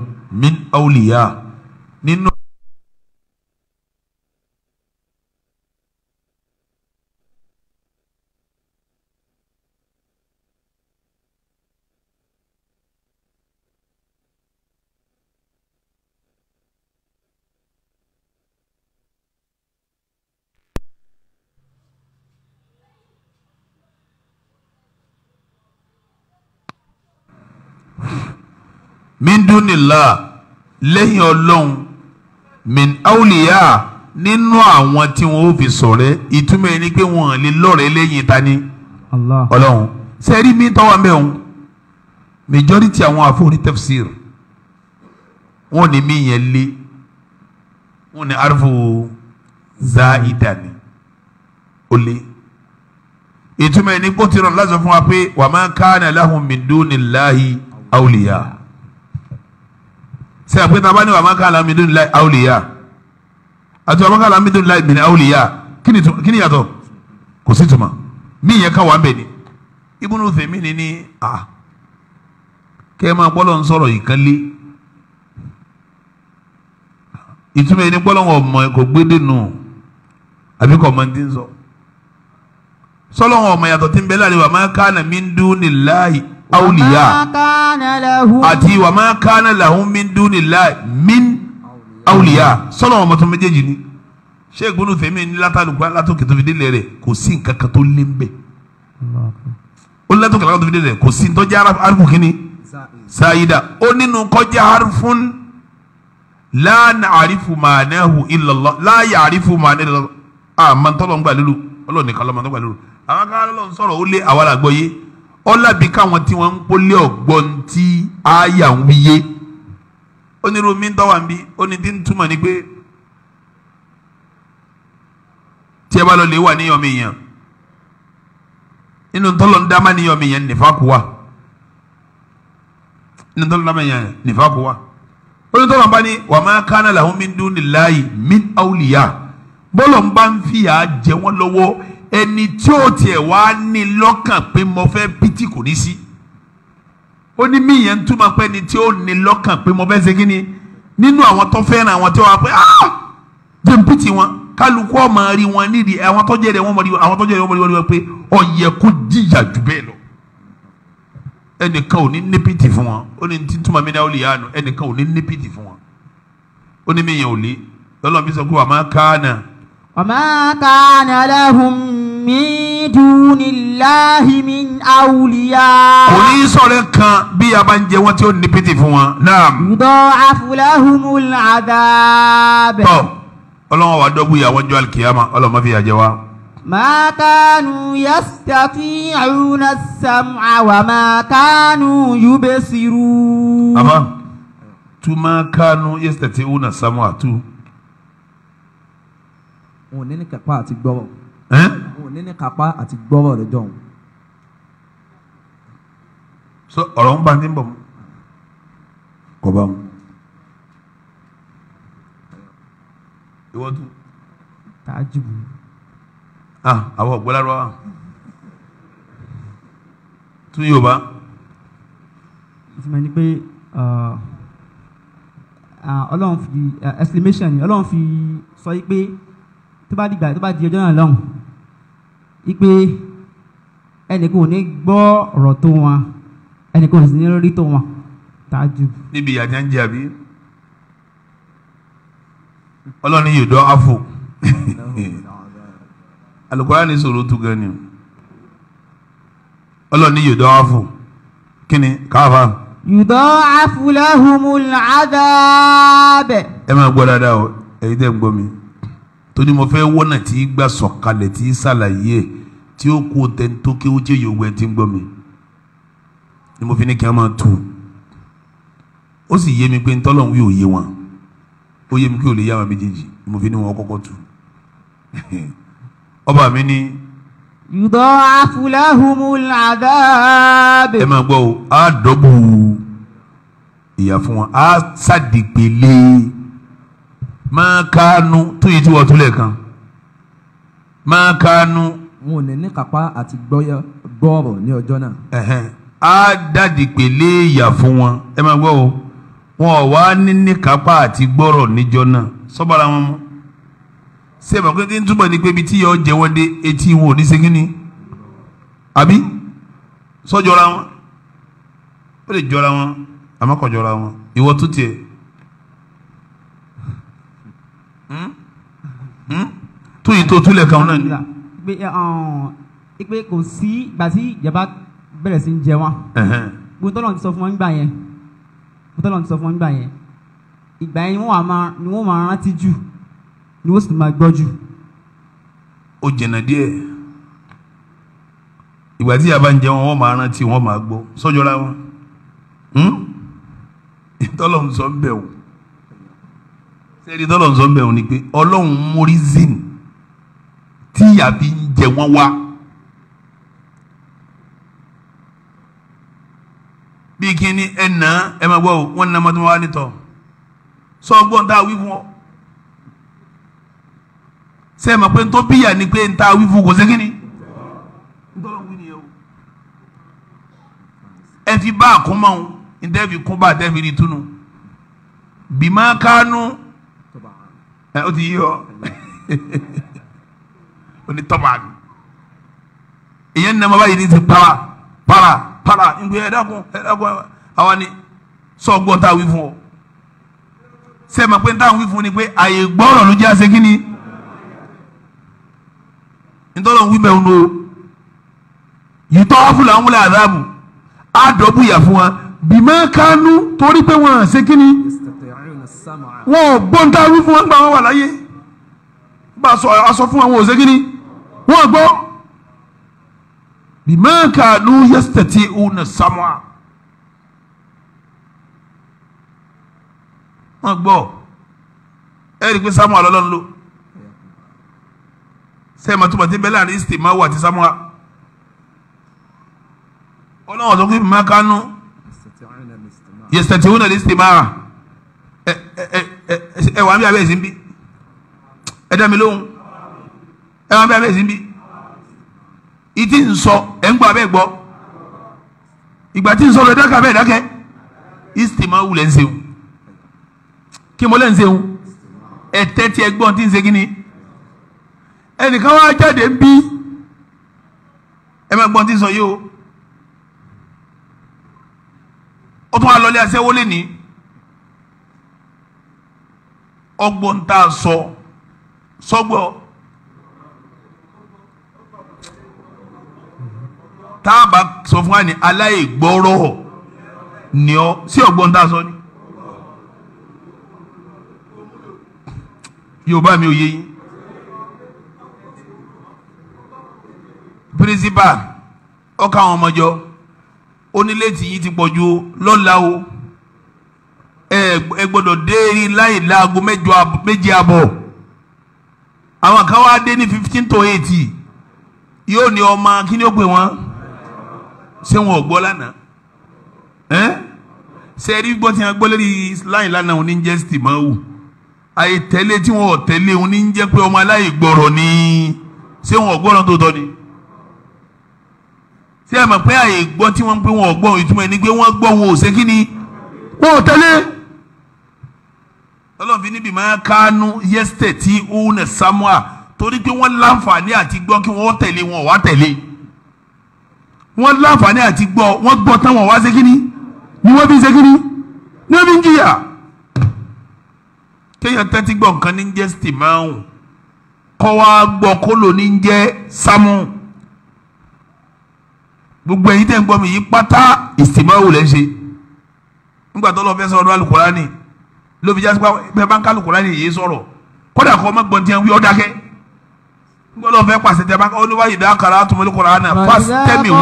min awliya nínú. min dunila lẹ́yìn ọlọ́run min awliya nínú àwọn tí wọn ò fi ṣọ̀rẹ́ ìtumọ̀ ẹni pé wọn lè lọ́rẹ̀ẹ́ lẹ́yìn tani ọlọ́run sẹ́rí mi tọ́wọ́ mẹ́wọ́n majority àwọn àfọwọ́rí tafsir wọn ni mí yẹn lé wọn ni arfu zaida ni ó ìtumọ̀ ẹni pé ó fún wa pé wa ma kana lahum min dunillahi awliya sẹ àpè tá a bá ní wàmà kàlà mi dùn láì àwòlìyà àti wàmà kàlà mi dùn láì mi ní àwòlìyà kí ni yàtọ̀ kò sí tuma mí yẹ ká wà ń bẹ ni ibùdó fèmí ni ní a kẹ́ ẹ máa gbọ́dọ̀ ń sọ̀rọ̀ yìí kan ni gbọ́dọ̀ wọn ọmọ kò gbé dénú àbí kò mọ ti ń sọ sọlọ́ wọn ọmọ yàtọ̀ tí ń bẹ láàrin wàmà kàlà mi dùn ní awuliya àti wà má kánà làwọn min dúnilá min awuliya sọlọ wọn mọtò méjèèjì ni sheikh bunu fèmí ní látàlùkọ látòkè tó fi délé rẹ kò sí nǹkan kan tó lé ń bẹ ó látòkè látòkè tó fi délé rẹ kò sí ntọ́jà arákùn kínní sayida ó nínú kọjá harfun láàánà àrífù màánàhù illallah láàyè àrífù màánàhù illallah àmọ́ ntọ́lọ́ ń gbà lólu ọlọ́ọ̀nìkan lọ́mọ tó gbà lólu àwọn kan lọ́n sọ̀rọ̀ ó lé àwa làgbọ́ yé ọlábì káwọn tí wọ́n ń pólé ọ̀gbọ́n tí àyà ń wíyé onírúurú mi ń tọ́wà ń bí oní tí ń túmọ̀ ni pé tí ẹ bá lọ lè wà níyàn mi yẹn nínú tọ́lọ̀ ń dá má níyàn mi yẹn nìfà kú wa nínú tọ́lọ̀ ń dá má yẹn nìfà kú ń bá ní wà má kánà làwọn mi ń dún níláyìí min awliya bọ́lọ̀ ń bá ń fìyà jẹ wọ́n lọ́wọ́ ẹni tí ó tiẹ̀ wá ní lọ́kàn pé mo fẹ́ bìtì kò ní sí ó ní mí yẹn ń túmọ̀ pé ẹni tí ó ní lọ́kàn pé mo fẹ́ ṣe kí ni nínú àwọn tó fẹ́ràn àwọn tó wà pé ah jẹ́ ń bìtì wọn kálukú ọmọ rí wọn nídìí àwọn tó jẹ́ rẹ̀ wọ́n mọ̀ rí wọn àwọn tó jẹ́ rẹ̀ wọ́n mọ̀ rí wọn pé ó yẹ kó jìyà jù bẹ́ẹ̀ lọ ẹnìkan ò ní ní pìtì fún wọn ó ní tí túmọ̀ mi náà ó lè yá àná ẹnìkan ò ní ní pìtì fún wọn ó ní mí lahum min dunillahi min awliya. kò ní sọ̀rọ̀ kan bí a bá ń jẹ wọ́n tí ó ní pété fún wọn. naam. yudaa'afu lahumul adhab. tọ́ ọlọ́wọ́n wa dọ́gbù yà wọ́n jọ alikiyama ọlọ́wọ́n ma fi yà jẹ wa. ma kanu yastati'una as-sam'a wa ma kanu yubsiru. àmọ́ tuma kanu yastati'una as-sam'a tu. wọn ò ní ní kápá àti gbọ́rọ̀ òun ní ní kápá àti gbọ́rọ̀ rẹ̀ dọ̀hún. so ọ̀rọ̀ ń bá ní bọ̀ kọ́ bá mu. ìwọ́dún. tààjùbù. ah àwọn ọ̀gbọ́lárọ̀ wa tún Yorùbá. ìtumọ̀ ni pé ọlọ́run fi exclamation ni ọlọ́run fi sọ yí pé tó bá dìgbà tó bá di ọjọ́ náà lọ́hùn. Ipe, ẹnìkan ò ní gbọ́ ọ̀rọ̀ tó wọn ẹnìkan ò sì ní rí tó wọn tájú. níbi ìyá tí ń jẹ àbí ọlọ́run ní yòdó afọ alukora ní sọ̀rọ̀ tó gan ni ọlọ́run ní yòdó afọ kí ni káfa. yòdó afọ lahumul adab. ẹ máa gbọ́ dáadáa o èyí tẹ́ ń gbọ́ mi tó ní mo fẹ́ wọ́nà tí gbà sọ̀kalẹ̀ tí sàlàyé ẹ̀ tí ó kú tẹ́ni tó kéwú tí yòówù ẹ ti ń gbọ́ mi ni mo fi ní kí a máa tù ó sì yé mi pé ntọ́lọ́hún yóò yé wọn ó yé mi pé ò lè yá wọn méjèèjì ni mo fi ní wọn kọ́kọ́ tù ọba mi ní. yudha'afu lahumul adhab. ẹ máa gbọ́ o á dọ́bù ìyà fún wọn á sàdìpele máa kánú tún yìí tí wọ́n tún lẹ̀ kan máa kánú. wọn ò ní ní kápá àti gbọ́ọ̀rọ̀ ní ọjọ́ náà. á dàdí pèlè ìyà fún wọn ẹ máa gbọ́ o wọn ò wá ní ní kápá àti gbọ́ọ̀rọ̀ níjọ́ náà sọ́bàrà wọn mú. sẹ́ẹ̀bà pé ní túbọ̀ ni pé ibi tí yọ jẹ́wọ́ dé etí wọn ò ní segin ni àbí sọ́jọ́ra wọn ó lè jọra wọn àmọ́ kò jọra wọn ìwọ tún tiẹ̀. Hmm? tún yìí tó túlẹ̀ kan náà ni. pé pé kò sí ìgbà tí ìjọba bẹ̀rẹ̀ sí ń jẹ wọn gbogbo tọ́lọ̀ ti sọ fún wọn nígbà yẹn gbogbo tọ́lọ̀ ti sọ fún wọn nígbà yẹn ìgbà yẹn ni wọ́n máa rántí jù ni wọ́n sì máa gbọ́ jù. ó jẹ̀nà díẹ̀ ìgbà tí yàrá ń jẹ wọn wọ́n máa rántí wọ́n máa gbọ́ sọ́jọ́ra wọn hmm? tọ́lọ̀ ń sọ ń bẹ̀ wọ́n sẹ́rí tọ́lọ̀ ń sọ ń bẹ̀ wọ́n ni pé ọlọ́run mórí zin tí ìyá fi ń jẹ wọ́n wá. bí kíni ẹ nà ẹ máa gbọ́ wọn nà mọ́tò wá nítọ̀ sọ gbọ́n tá wí fún ọ. sẹ́ ẹ̀ mọ̀ pé ntọ́ bíyà ni pé ntá a wí fún kò sí kíni. ẹ fi bá a kún mọ́ ọ́n ntẹ́ fi kún bá a tẹ́ fi rí túnú. bìmọ̀ kánú ẹ o ti yí ọ o ìyẹn nínú ọba yìí ní ti para para para ngbé ẹ dákun ẹ dákun àwọn ni sọ gbọ́ tá a wí fún ọ sẹ́ẹ̀ pé tá wí fún ni pé àyè gbọ́rọ̀ ló jẹ́ àṣẹ kí ni ntọ́lọ̀ ń wí bẹ́ẹ̀ nù o yìí tọ́ wá ń wúlẹ̀ àdáàbò á yà fún wa bìmọ̀ kánú torí pé wọ́n àṣẹ ni wọn ò gbóǹtarú fún wọn gbà wọn wà láyé bá a sọ fún àwọn òṣèkí ni wọn gbọ́ bìmọ́ǹkà ló yẹ́sítẹ̀tì ọ̀nà sámúà wọn gbọ́ ẹ̀rí pé sámúà lọ́lọ́run ló sẹ́yìn mọ́tò mọ́tò bẹ́ẹ̀ láàrin ìsìtìmáwò ti Samoa ọlọ́run tó kí bìmọ́ǹkà nù yẹ́sítẹ̀tì ọ̀nà ìsìtìmáwò ẹ wà mí abẹ́ ìsìn bí ẹ dá mi lóhùn ẹ wà mí abẹ́ ìsìn bí ìdí ń sọ ẹ̀ ń gbọ́ abẹ́ gbọ́ ìgbà tí ń sọ̀rọ̀ ẹ̀dá kàbẹ́ ẹ̀dá kẹ́ ìsìtì máa wù lẹ́ ń sẹ́wọ̀n kí mo lẹ́ ń sẹ́wọ̀n ẹ̀tẹ́ tí ẹ gbọ́n tí ń segin ni ẹnìkan wá jáde ń bí ẹ máa gbọ́n tí ń sọ yìí o ó tún wá lọlé aṣẹ́wó lé nìí ọgbọ́n tá a sọ sọgbọ́ tá a bá sọ fún wa ní aláìgbọ́rọ̀ ni ọ sí ọgbọ́n tá sọ ni. Yorùbá mi ò yé yín principal ọkà àwọn ọmọjọ onílé tìyí ti pọ̀ ju lọ́la o. ẹ gbọ́dọ̀ dé láì láago méje àwọn kan ní fifteen to eighty yóò kí ni ó pè ṣé wọn ò lánàá ṣe rí gbọ́ tí wọn gbọ́ lórí láì lánàá òní ń jẹ́ stimawu àìtẹ́lé tí wọn ò òní ń jẹ́ pé ọmọ ni ṣé wọn ò tó tọ́ ni ṣé ẹ mọ̀ pé àyè gbọ́ tí wọ́n gbọ́ ìtumọ̀ ẹni pé wọ́n gbọ́ ṣe kí ọlọ́run fi níbi máa kánú yẹ́sítẹ̀ tí òun samuwa torí pé wọ́n láǹfààní àti gbọ́ kí wọ́n tẹ̀lé wọn wá tẹ̀lé wọ́n láǹfààní àti gbọ́ wọ́n gbọ́ tán wá ṣe kíní ni wọ́n fi ṣe kíní ni wọ́n fi ń jìyà kéèyàn tẹ́tí gbọ́ nǹkan ní jẹ́ stimáhùn kọ́ wa gbọ́ kólò ní jẹ́ sámú gbogbo ẹ̀yin tẹ́ ń gbọ́ mi yí pátá ìstimáhùn lẹ́ ṣe nígbà tó lọ fẹ́ sọ̀rọ̀ Al-Kùránì ló fi jásí pé bá ń ká Al-Kùránì yìí sọ̀rọ̀ kódà kó ọmọ gbọ̀ntì ẹ̀wí ọ̀dà kẹ́ gbọ́dọ̀ fẹ́ pàṣẹ tẹ́ bá ń ká olúwa yìí dá kàrà tó mọ́lẹ́ Kùránì pàṣẹ tẹ́mi wú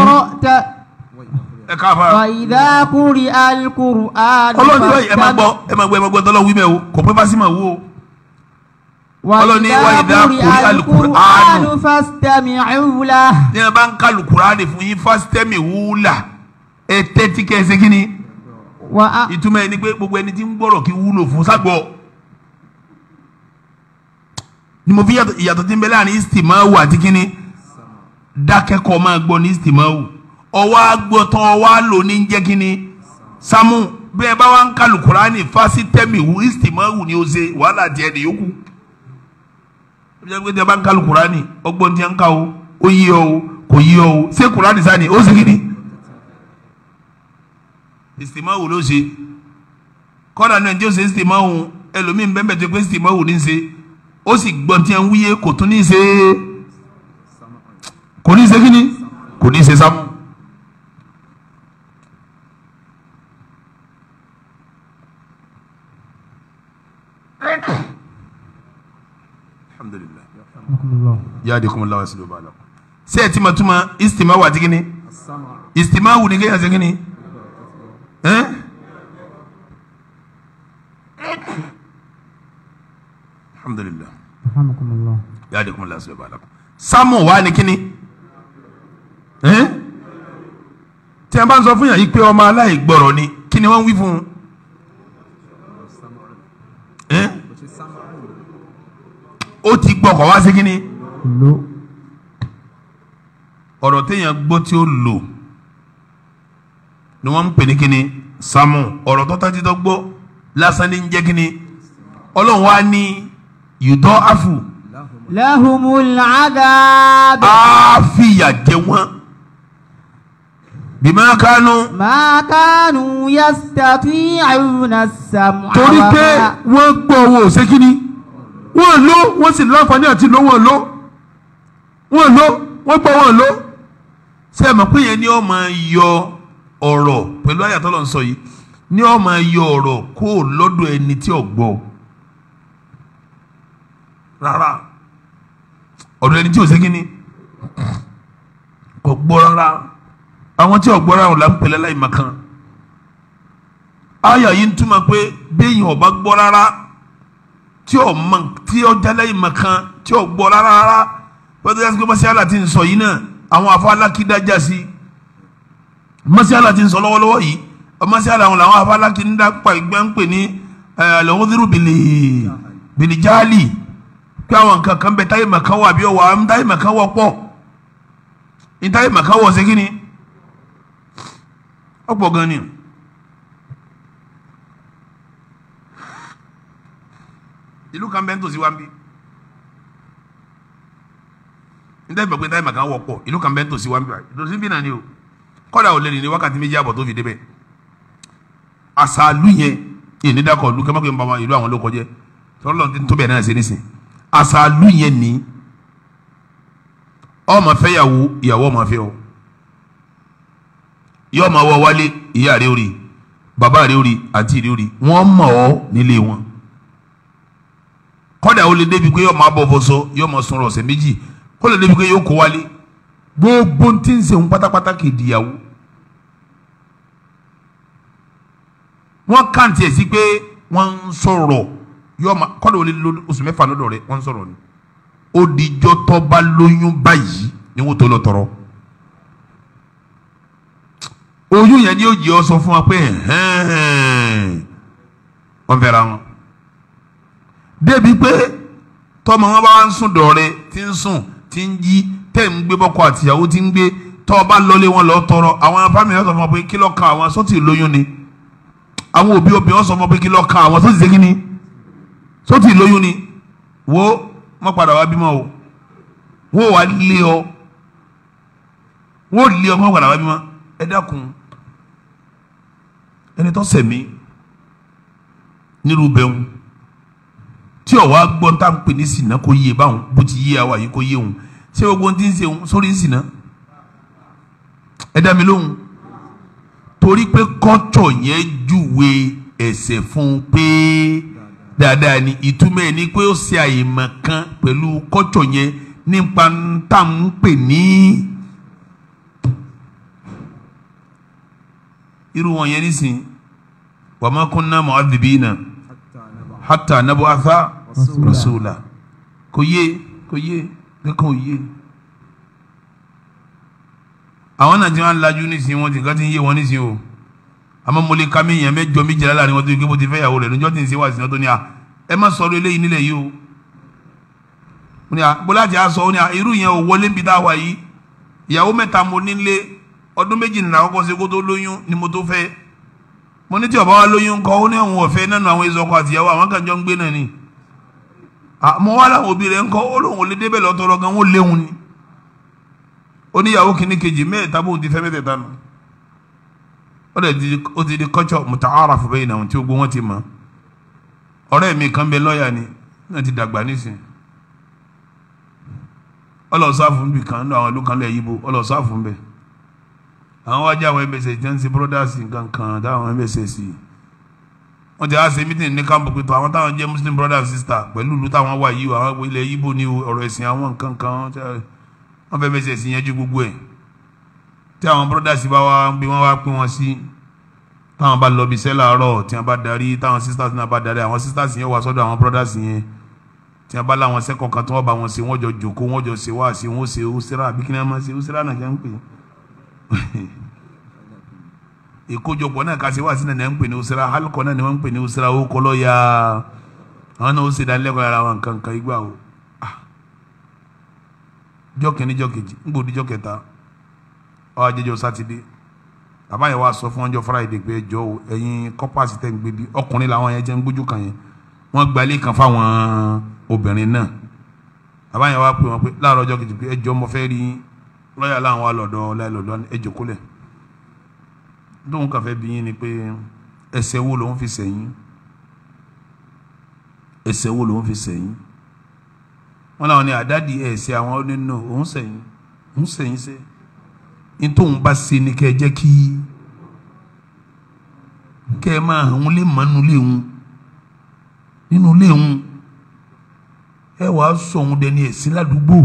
ẹ ká fara. ọ̀yìnbá kúrì Al-Kùránì. ọlọ́run ti báyìí ẹ máa gbọ́ ẹ máa gbọ́ ẹ máa gbọ́ tọ́lọ́ wí mẹ́ o kò pé fásí máa wú o ọlọ́ni wa ìdá kúrì alukuraanu ní a bá ń ká alukuraani fún yín fásitẹ́mi wúlà ẹ tẹ́tí kẹ́ ẹ segin ni ìtumọ̀ ẹni pé gbogbo ẹni tí ń gbọ́rọ̀ kí wúlò fún ságbọ́ ni mo fi ìyàtọ̀ tí ń bẹ láàrin istimawu àti kínní dákẹ́kọ̀ọ́ máa gbọ́ ní istimawu ọwọ́ agbọ́tọ̀ ọwọ́ àlò ní jẹ́ kínní samu bẹ́ẹ̀ bá wà ń kálù kúránì fásitẹ́mì wù istimawu ni ó ṣe wàhálà tiẹ̀ ní yókù ọjọ́ pé bá ń kálù kúránì ọgbọ́n tí ń kà ó ó yí ọ o kò yí ọ o ṣé kúránì sani ó sì kí ìsìmáwò ló ṣe kọ́dà náà jẹ́ òṣè ìsìmáwò ẹlòmíín bẹ́ẹ̀ bẹ́ẹ̀ tó pé ìsìmáwò ní í ṣe ó sì gbọ́n tí ẹ ń wúyé kò tún ní ṣe kò ní ṣe kíni kò ní ṣe sámú. alhamdulillah yaadikumulawo silobaala. sẹ́ẹ̀ tí ma túmọ̀ ìsìmáwò àti kíni ìsìmáwò ni kéèyàn ṣe kíni. jáde kún lásìkò ìbálòpọ̀ sámù wà ní kínní tí a bá ń sọ fún yàn yìí pé ọmọ aláìgbọ̀rọ̀ ni kí ni wọ́n ń wí fún un. ó ti gbọ́kọ̀ wá sí kínní. ọ̀rọ̀ téèyàn gbọ́ tí ó lò ni wọ́n ń pè ní kínní sámù ọ̀rọ̀ tó tájí tó gbọ́ lásán ní ń jẹ́ kínní ọlọ́run wá ní yìí tọ́ àfù lahumul adab. a fìyà jẹ wọ́n bìmá kánú. máa kánú yasitati ayuna samu. torí pé wọ́n gbọ́ owó òsèkínní wọ́n ló wọ́n sì láǹfààní àti ló wọ́n ló wọ́n ló wọ́n gbọ́ wọ́n ló. ṣé ẹ mọ̀ pé yẹn ni ó máa yọ ọ̀rọ̀ pẹ̀lú àyàtọ̀ lọ́n sọ yìí ni ó máa yọ ọ̀rọ̀ kó lọ́dọ̀ ẹni tí ò gbọ́ rárá ọ̀dọ̀ ẹni tí ò ségin ni kò gbọ́ rárá àwọn tí ò gbọ́ rárá là ń pèlè láì màkàn àyà yìí ń túmọ̀ pé béèyàn ọba gbọ́ rárá tí ò mọ̀ tí ò já láì màkàn tí ò gbọ́ rárá rárá wọ́n ti dá sí pé mọ́sálà ti ń sọ yìí náà àwọn afọ alákìdájà sí mọ́sálà ti ń sọ lọ́wọ́lọ́wọ́ yìí mọ́sálà àwọn làwọn afọ alákìdájà ń pè ní eh, alẹ́ òun dúró bìlì bìlì jáàlì pé àwọn nǹkan kan bẹ táyé màkàn wà bí ọwọ́ àwọn táyé màkàn wọ pọ̀ ní táyé màkàn wọ segin ni ọ̀pọ̀ gan ni. ìlú kan bẹ ń tòsí wa ń bí ní táyé màkàn táyé màkàn wọ pọ̀ ìlú kan bẹ ń tòsí wa ń bí wa tòsí bí nàní o kọ́dà ò lè rìn ní wákàtí méjì àbọ̀ tó fi débẹ̀ àṣà àlù yẹn ìnídàkọ̀ ìlú kẹ́mọ́kẹ́ ń bá wọn ìlú àwọn ló kọjẹ́ tọ́lọ́ ti ń tó bẹ̀ náà ṣe nísìnyí àṣàlù yẹn ní ọmọ fẹ́ yàwó ìyàwó ọmọ fẹ́ o yóò máa wọ wálé ìyá rẹ orí bàbá rẹ orí àǹtí rẹ orí wọ́n mọ̀ ọ́ nílé wọn kọ́dà ó lè débi pé yóò máa bọ̀ fọṣọ yóò máa sunrọ̀ ọ̀sẹ̀ méjì kó lè débi pé gbogbo tí ń sèwọn pátápátá kì í dìyàwó wọ́n kàǹtì ẹ̀ sí pé wọ́n So yóò ma kọ́dọ̀ olè lórí oṣù mẹ́fà lọ́dọ̀ rẹ̀ wọ́n ń ni ó dijọ́ tọ́ba lóyún báyìí ni wọ́n tó lọ tọrọ oyún yẹn ni ó jẹ́ ọ sọ fún wa pé wọ́n fẹ́ra wọn débi pé tọ́mọ wọn bá ń sùn dọ̀rẹ́ tí ń sùn tí ń jí tẹ̀ ń gbé bọ́kọ àtìyàwó tí ń gbé tọ́ba lọlé wọn lọ tọrọ àwọn apámi yẹn sọ fún wa pé kí lọ́ọ́ kan àwọn sọ́tì lóyún ni àwọn òbí obìnrin sọ fún wa pé kí lọ́ọ́ kan àwọn sọ́tì ṣe kí ni sótì lóyún ni wo mọ́ padà wá bímọ o wo wá lé ọ wo lé ọ mọ́ padà wá bímọ ẹ dákun ẹni tó sẹ̀mí nílùú bẹ́ẹ̀ tí ọ̀ wá gbọ́ tá à ń pè ní sìnà kó yé e báwọn bó ti yé àwa yìí kó yé òun ṣé gbogbo ti ń ṣe sórí sìnà ẹ dá mi lóhùn torí pé kọ́tọ̀ yẹn júwe ẹ̀ṣẹ̀ fún pé dáadáa ni ìtumọ̀ ẹ̀ ni pé ó ṣe àyèmọ̀ kan pẹ̀lú kọ́tọ̀ yẹn nípa tá à ń pè ní. irú wọn yẹn nísìnyí wa ma kunna mu'adhibina hatta nab'atha rasula kò yé kò yé kankan ò yé àwọn nàìjíríà ń lajú nísìnyí wọn ti ká ti ń yé wọn nísìnyí o àmọ́ mo lè ka mí yẹn mẹ́jọ mi jẹ́lá láàrin wọn tó yẹ kí mo ti fẹ́ yàwó rẹ̀ níjọ́ tí n ṣe wà sí tó ní à ẹ má sọ̀rọ̀ eléyìí nílẹ̀ yìí o mo ní à bọ́lá ti à ó ní à irú yẹn ò wọlé níbi tá a wà yìí ìyàwó mẹ́ta mo nílé ọdún méjì nìlá kọ́kọ́ ṣe kó tó lóyún ni mo tó fẹ́ mo ní tí ọba wa lóyún kọ́ ó ní àwọn ọ̀fẹ́ nánú àwọn ìzọkọ àtìyàwó àwọn kan jọ ń gbé náà ni àmọ́ wà láwọn òbí rẹ̀ ń kọ́ ó lóun ò lè débẹ̀ lọ́tọ́rọ́ gan wọ́n léwu ni oníyàwó kìíní kejì mẹ́ẹ̀ẹ́ta bóun ti ó dẹ̀ di ó ti di culture mutaarafu bẹ́yìn náà tí gbogbo wọn ti mọ̀ ọ̀rẹ́ mi kan bẹ lọ́ọ̀yà ni náà ti dàgbà nísìn ọlọ́ọ̀sáfù ń bì kan ní àwọn ìlú kan lẹ̀ yíbo ọlọ́ọ̀sáfù ń àwọn wájú àwọn ẹ̀mẹ̀sẹ̀ tí wọ́n ti brothers nǹkan kan táwọn ẹ̀mẹ̀sẹ̀ sí wọ́n ti á ṣe ní kámbó pé tó àwọn táwọn jẹ́ muslim brother and sister pẹ̀lú ìlú táwọn wà yìí àwọn ilẹ̀ yíbo ni ọ̀rọ̀ ẹ̀sìn àwọn nǹkan kan wọ́n fẹ́ mẹ̀sẹ̀ sí yẹn ju gbogbo ẹ̀ tí àwọn brothers bá wá bí wọ́n wá pín wọn sí táwọn bá lọ bí iṣẹ́ làárọ̀ tí wọ́n bá darí táwọn sisters náà bá darí àwọn sisters yẹn wá sọ́dọ̀ àwọn brothers yẹn tí wọ́n bá láwọn sẹ́kọ̀ọ́ kan tí wọ́n bá wọn ṣe wọ́n jọ jòkó wọ́n jọ ṣe wá sí wọ́n ṣe usera àbí kí ni wọ́n máa ṣe usera náà jẹ́ ń pè ìkójọpọ̀ náà kà sí wá sí náà ní ń pè ní usera alukọ náà ni wọ́n ń pè ní usera ó kọ́ lọ́ọ́ ya àwọn náà ó ṣe dánilẹ́kọ̀ọ́ ara wọn kankan igbá o ah. jọ́kìnní jọ́kejì ń gbòdì jọ́kẹta wàá jẹjọ sátidé bàbá yẹn wàá sọ fún ọjọ́ friday pé ẹjọ o ẹ̀yin kọpàsì tẹ ń gbé bi ọkùnrin làwọn yẹn jẹ ń gbójú kan yẹn wọ́n gba ilé kan fáwọn obìnrin náà bàbá yẹn wàá pè wọ́n pé láàárọ̀ ọjọ́ kejì pé ẹjọ mo fẹ́ rí lọ́yà láwọn wa lọ́dọ̀ láìlọ́dọ̀ ẹjọ kólẹ̀ tóun kàfẹ́ bí yín ni pé ẹ̀ṣẹ̀ wo lòun fi sẹ́yìn ẹ̀ṣẹ̀ wo lòun fi sẹ́yìn wọ́n làwọn ni àdádi ẹ̀ṣẹ̀ àwọn onínú òun sẹ́yìn òun sẹ́yìn sẹ́yìn ntòun bá ṣe ni kẹ́ ẹ jẹ́ kí kẹ́ ẹ máa hàn lé mọ́nú léwu nínú léwu ẹ wàá sọ òun dẹni ẹ̀sìn ládùúgbò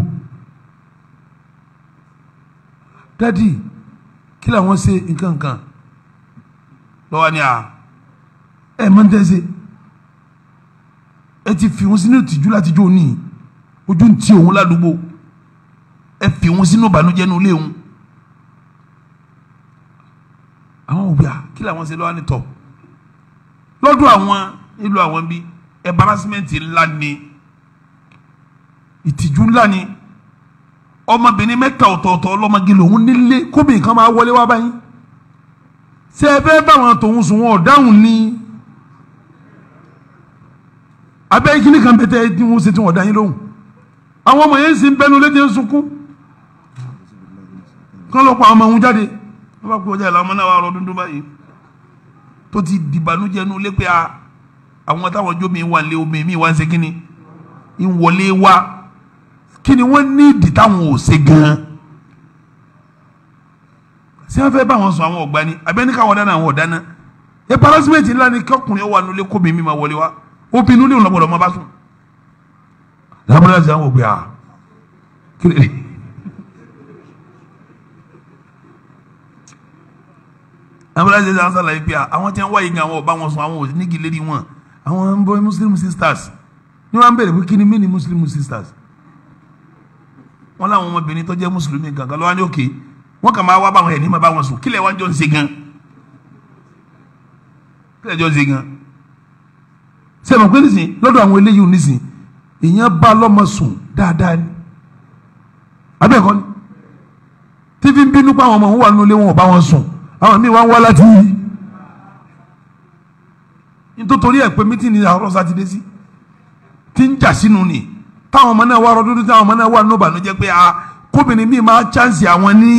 dádì kí làwọn ṣe nǹkan kan lọ́wọ́ ni à ẹ máa ń tẹ́sẹ̀ ẹ ti fi wọn sínú ìtìjú láti jó ní ojú ti òun ládùúgbò ẹ fi wọn sínú ìbànújẹ́ nínú léwu. àwọn òwúyà ah, kí làwọn ṣe lọ́wọ́ nítọ̀ lọ́dún àwọn ìlú àwọn bíi embarrassment ńlá ni ìtìjú ńlá ni ọmọbìnrin mẹ́ta ọ̀tọ̀ọ̀tọ̀ ọlọ́mọge lòun nílé kóbìnrin kan máa wọlé wá báyìí ṣé ẹ fẹ́ báwọn tòun sùn wọn ọ̀dáhùn ni abẹ́ ìkíní kan bẹ́tẹ̀ tí wọ́n ṣe tí wọ́n dá lóhùn àwọn ọmọ yẹn ń sin bẹ́nu lédè ń kán lọ́pọ̀ àwọn ọmọ òun jáde wọ́n bá kọjá ìlànà ọmọ náà wà rọ dúndún báyìí tó ti dìbànújẹ́ nu lé pé ah, àwọn táwọn jó mi wà lé omi mi wà ń ṣe kíni ìwọlé wa kíni wọ́n ní ìdí táwọn ò ṣe gan-an ṣé wọ́n fẹ́ bá wọn sọ àwọn ọ̀gbá ni abẹ́ni káwọn dáná àwọn ọ̀dáná ẹ parasímẹ́ǹtì ńlá ni kọkùnrin wà nulẹ̀ kó mi mi máa wọlé wa obìnrin ló lè lọ́gbọ̀dọ̀ máa bá sùn làbúrò àti àwọn ògbé à kíni. abúlé ṣe ṣàlàyé pé àwọn tí wọ́n wáyé gan àwọn ọba wọn sùn àwọn ò nígi lérí wọn àwọn ń bọ muslim sisters ní wọ́n bèrè pé kí ni mí ni muslim sisters wọ́n láwọn ọmọbìnrin tó jẹ́ mùsùlùmí gangan lọ́wọ́ ní òkè wọ́n kàn máa wá báwọn ẹni máa bá wọn sùn kílẹ̀ wọ́n jọ ń ṣe gan kílẹ̀ jọ ń ṣe gan sẹ́mi pé nísìn lọ́dọ̀ àwọn eléyìí nísìn èèyàn bá lọ́mọ sùn dáadáa ni abẹ́ẹ̀kọ́ ni tí fi ń bínú pa àwọn ọmọ òun wà nínú ilé wọn ò bá wọn sùn àwọn míì wá ń wá láti nítorí ẹ̀ pé mítìnì àárọ̀ sátidé sí ti ń jà sínú ni táwọn ọmọ náà wá rọ dúdú táwọn ọmọ náà wà ní ìbànújẹ́ pé a ah, kóbìnrin míì máa chance àwọn ní.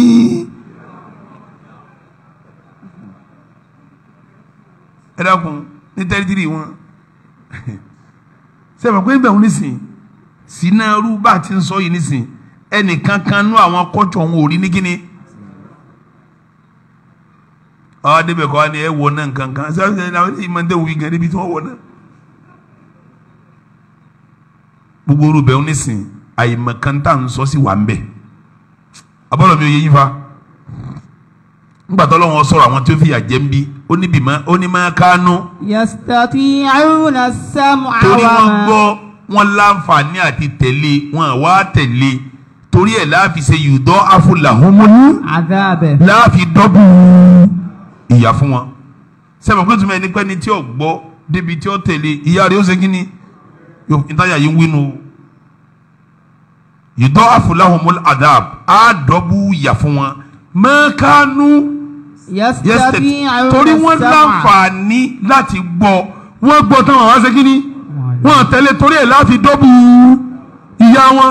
ẹ dákun ní tẹ́rìtìrì wọn sẹ́fọ̀ pé bẹ̀rù nísìn sínú ẹrú bá ti ń sọ yìí nísìn ẹnìkan kan nú àwọn kọ́tù ọ̀hún ò rí ní kíni àwọn ah, adébẹ̀ kọ́ ni ẹ wọ náà nkankan sáfìsẹ́ ní àwọn ìmọ̀ ndé wí gan níbi tí wọ́n wọ náà. gbogbo orúbẹ̀ ń nísìn àyèmọ̀kàntà ń sọ sí wà ń bẹ̀ abọ́lọ̀ mi ò yé yí fa ngbàtọ́ lọ́wọ́ sọ̀rọ̀ àwọn tí ó fìyà jẹ ń bí ó ní bìmọ́ ó ní máa kánú. yastati aruna samu awa. torí wọn gbọ́ wọn láǹfààní àti tẹ̀lé wọn wá tẹ̀lé torí ẹ̀ láàfin ṣe yùdọ́ afúláhùnmọ́. àdáàbẹ̀. láàfin dọ́bù ìyà fún wọn sẹ́mi pé tùmọ̀ ẹnikẹ́ni tí ò gbọ́ débi tí ó tẹ̀lé ìyá rẹ̀ ó ṣe kíni ìtajà yìí ń wínú ìdọ́ àfúláhùnmọ́lá adab á dọ́bù ìyà fún wọn mẹ́kánú torí wọ́n láǹfààní láti gbọ́ wọ́n gbọ́ táwọn wá ṣe kíni wọ́n tẹ̀lé torí ẹ̀ láti dọ́bù ìyá wọn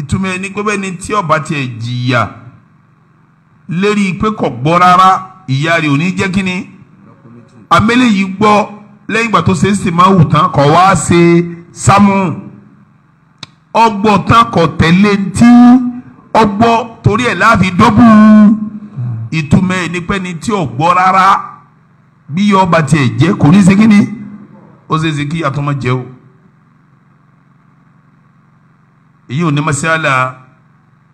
ìtumọ̀ ẹni pé bẹ́ẹ̀ ni tí ọba tiẹ̀ jìyà lérí pé kò gbọ́ rárá ìyá rẹ̀ ò ní jẹ́ kínní amẹ́lẹ́ yìí gbọ́ lẹ́yìn ìgbà tó ṣe é sì máa wù tán kọ́ wá ṣe sámú ọgbọ́n tán kọ́ tẹ̀lé ntí ọgbọ́n torí ẹ̀ láàfin dọ́bù ìtumọ̀ ẹ̀ ni tí ò gbọ́ rárá bí ọba tiẹ̀ jẹ́ kò ní ṣe kínní ó ṣe é ṣe kí àtọmọ jẹ́ o èyí ò ní masala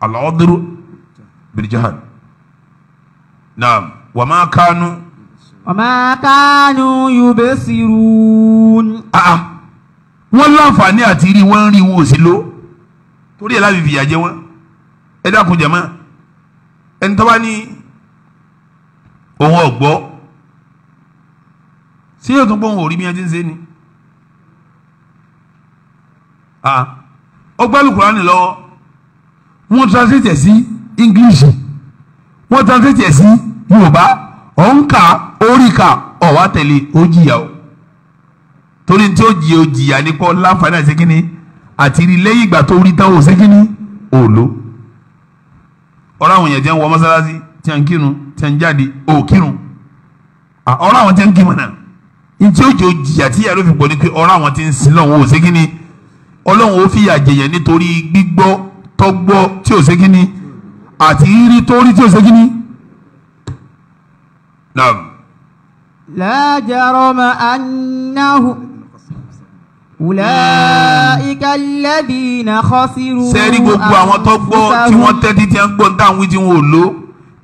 alọ́dúró bìrìjáhàn naam wàmà kánú. wàmà kánú yubesirun. Ah, ah. wọ́n láǹfààní àti rí wọ́n rí wọn ò sí ló torí ẹ̀ láti fìyà jẹ wọ́n ẹ dákun jẹ̀ mọ́ ẹni tó bá ní òun ọ̀gbọ́ sí yóò tún òun ò rí bí wọ́n ń ṣe ni ọgbẹ́ ah, alukurani lọ́wọ́ wọ́n translate ẹ̀ sí English wọ́n translate ẹ̀ sí yorùbá òǹkà oríkà ọ̀wá tẹ̀lé ó o torí tí ó jìyà ó jìyà nípa láǹfààní àti kíni àti rí lẹ́yìn ìgbà tó rí tán ó ṣe kíni òòló ọ̀rọ̀ àwọn èèyàn jẹ́ ń wọ mọ́sálásí tí a ń kírun tí a ń jáde ò kírun ọ̀rọ̀ àwọn tí a ń kírun náà ntí ó jẹ́ ó jìyà tí yàrá òfin pọ̀ ni pé ọ̀rọ̀ àwọn tí ń sin lọ́wọ́ ò ṣe kíni ọlọ́run ó fìyà jẹ̀yẹ̀ nítorí gbígbọ́ tọ́gbọ́ tí ò ṣe kíni àti rírí tó rí tí ò ṣe kíni نعم لا جرم أنه أولئك الذين خسروا sẹ́rí gbogbo àwọn tó gbọ́ tí wọ́n tẹ́tí tí wọ́n gbọ́ ní táwọn wí tí wọ́n ò lò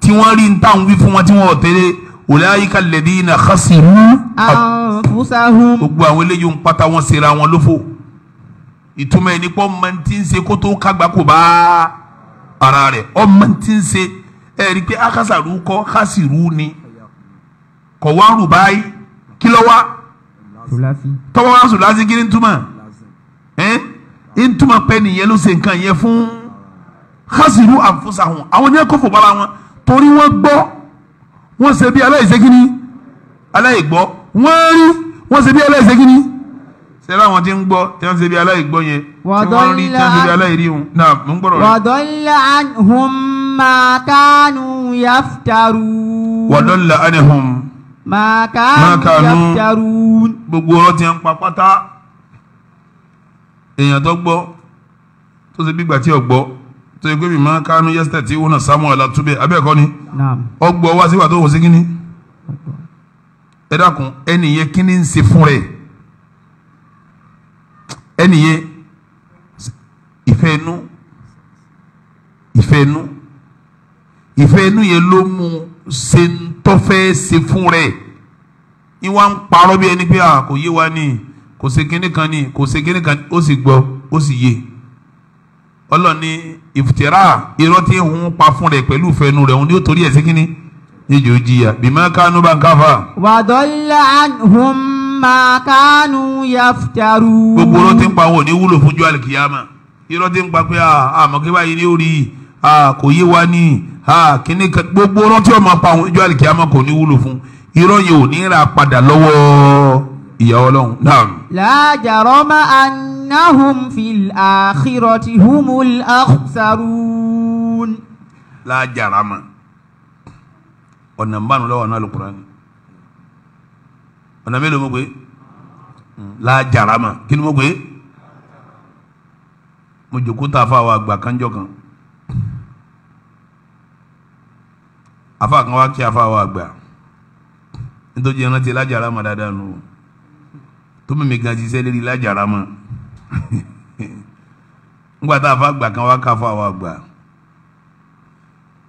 tí wọ́n rí ní táwọn wí fún wọn tí wọ́n ò tẹ́lẹ̀ أولئك gbogbo àwọn eléyìí ń pátá wọn ṣera wọn ìtumọ̀ ẹni pọ́ ọmọ tí ń ṣe kó tó kágbá kò bá ara rẹ̀ ọmọ tí ń ṣe ẹ̀rí pé akásàrú kọ́ kásìrú ni kọ̀ wá rùbáì kí ló wá tọ́wọ́ wá sùlásì kí ni túmọ̀ ẹ́ ń túmọ̀ pẹ́ nìyẹn ló ṣe nǹkan yẹn fún khasiru àfúsàhùn àwọn yẹn kó fòbára wọn torí wọ́n gbọ́ wọ́n ṣe bí aláìsẹ́kíní aláìgbọ́ wọ́n rí wọ́n ṣe bí aláìsẹ́kíní sẹ́rẹ́ àwọn tí ń gbọ́ tí wọ́n ṣe bí aláìgbọ́ yẹn tí wọ́n rí tí wọ́n ṣe bí aláìrí wọn náà mò ń gbọ́dọ̀ rẹ. wàdọ́lá anhum ma kanu yaftaru. wàdọ́lá anhum mákàánú gbogbo ọ̀rọ̀ tí ń pa pátá èèyàn tó gbọ́ tó ṣe gbígbà tí ò gbọ́ tó ṣe pé mi mákàánú yẹ́sítẹ̀ tí wọ́n náà samuel atúbẹ̀ abẹ́ẹ̀kọ́ ni ọgbọ́ wá síwà tó wò sí kínní ẹ dákun ẹnì yẹn kínní ń ṣe fún rẹ̀ ẹnì yẹn ìfẹ́ inú ìfẹ́ inú ìfẹ́ inú yẹn ló mú ṣe ń tó fẹ́ ṣe fún rẹ̀ ìwà ń parọ́ bí ẹni pé kò yé wa ni kò ṣe kíní kan ni kò ṣe kíní kan ni ó sì gbọ́ ó sì yé ọlọ́ni ìfùtẹ́rà irọ́ tí ń pa fún rẹ̀ pẹ̀lú ìfẹ́nu rẹ̀ òun ni ó torí ẹ̀ sí kíní níjó jìyà bímọ kánú bá ń káfà. wàdọ́lá anhum ma kánú yaftaru. gbogbo irọ́ tí ń pa wọn ò ní wúlò fún jọ́ àlìkìyàmà irọ́ tí ń pa pé àmọ́ kí báyìí ni ó rí kò yé wa ní ha kíní gbogbo ọ̀rọ̀ tí wọ́n máa pa àwọn ìjọ àlìkíyàmá kò ní wúlò fún irọ́ yẹn ò ní ra padà lọ́wọ́ ìyà ọlọ́run náà. la jarama annahum fil akhirati humul akhsarun. la jarama ọ̀nà mbánu lọ́wọ́ náà Al-Qur'ani ọ̀nà mélòó mo gbé la jarama kí ni mo gbé mo jòkó tàfà wa gbà kánjọ kan. afa kan wa kí afa wa gbà nítorí ẹran ti lájàrá ma dáadáa nù tó mímí gan ṣiṣẹ́ lérí lájàrá ma ngbà tá afa gbà kan wa ká afa wa gbà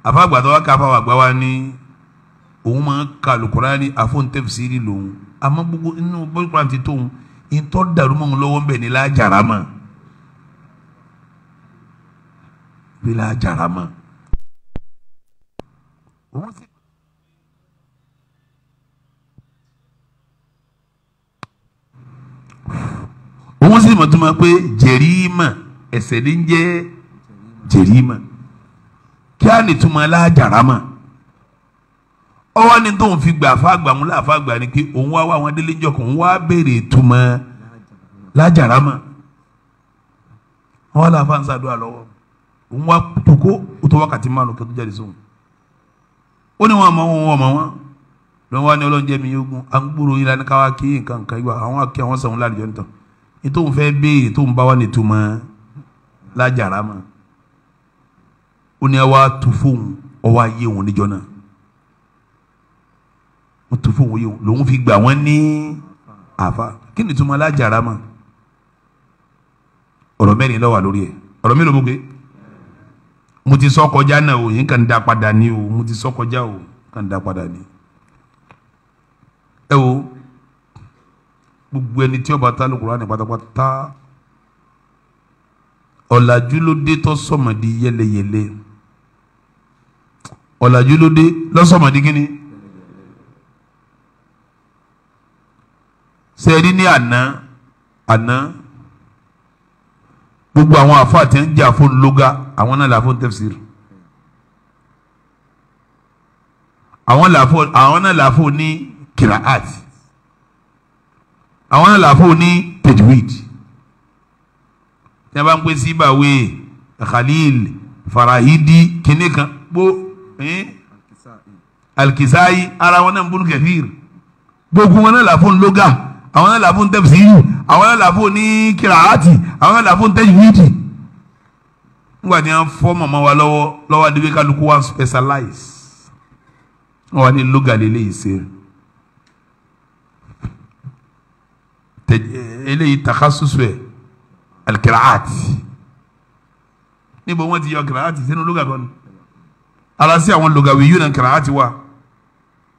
afa gbà tó wa ká afa wa gbà wa ní òun máa ka Al-Kùránì àfọ̀ǹtẹ̀fìsírì lòun àmọ́ gbogbo inú bóyá ti tóun ìtọ́ dàrú mọ́ òun lọ́wọ́ ń bẹ̀ ní lájàrá ma bí lájàrá ma òun sì. òun sì mọ̀túnmọ̀ pé jẹ̀rìímà ẹ̀ṣẹ̀ ní ń jẹ́ jẹ̀rìímà kí á nìtúmọ̀ alájàrámà ọwọ́ ni tó ń fi gbà fáàgbà mú láàfáàgbà ni pé òun wá wá àwọn délé jọkọ̀ òun wá béèrè ìtumọ̀ lájàrámà wọn láàfáà ń ṣàdúrà lọ́wọ́ òun wá tó kó tó wákàtí márùn kẹ́tọ́ jáde sóhun ó ní wọn mọ wọn wọn mọ wọn lọ́n wá ní ọlọ́njẹ́ mi yógun agbóró yìí lánàá káwá kí nǹkan kan ìwà àwọn akẹ́ àwọn sàn lálejò ń tàn ètò òun fẹ́ béèrè tó ń bá wà nítumọ̀ lájàrá mọ́ ó ní àwa tu fóun ọwọ́ ayé òun níjọ náà wọ́n tu fóun yìí lòun fi gbà wọ́n ní àfa kí ni lájàrá mọ́ ọ̀rọ̀ mẹ́rin ló wà lórí ẹ̀ ọ̀rọ̀ mélòó gbogbo mo ti sọ kọjá náà o yín kàn ń da padà ní o mo ti sọ kọjá o kàn ń da padà ní. ẹ wo gbogbo ẹni tí ó bá ta pátápátá ọ̀làjú ló dé tó sọ̀mọ̀dí yẹlẹyẹlẹ ọ̀làjú ló dé lọ́sọ̀mọ̀dí kínní. sẹ́ẹ̀rí ní àná àná gbogbo àwọn àfáà tí ń jà fún àwọn náà làá fún tafsir àwọn làá fún àwọn náà làá ní kiraat àwọn náà làá fún ní tajwid tí a bá ń pè sí ìbàwé Khalil Farahidi kìnìkan gbó Alkisai ara wọn náà ń bún kẹfìr gbogbo wọn náà làá fún àwọn náà làbó ń tẹ̀ sílù àwọn náà làbó ní kìrààtì àwọn náà làbó ń tẹ̀ yìídì. nígbà tí wọ́n fọ́ màmá wa lọ́wọ́ lọ́wọ́ adébí kálukú wa specialize wọ́n wá ní lóga lélẹ́yìí ṣe eléyìí takasusu ẹ̀ alikiraati níbo wọ́n ti yọ kìrààtì sínú lóga kan alasi àwọn lóga wíyú náà kìrààtì wa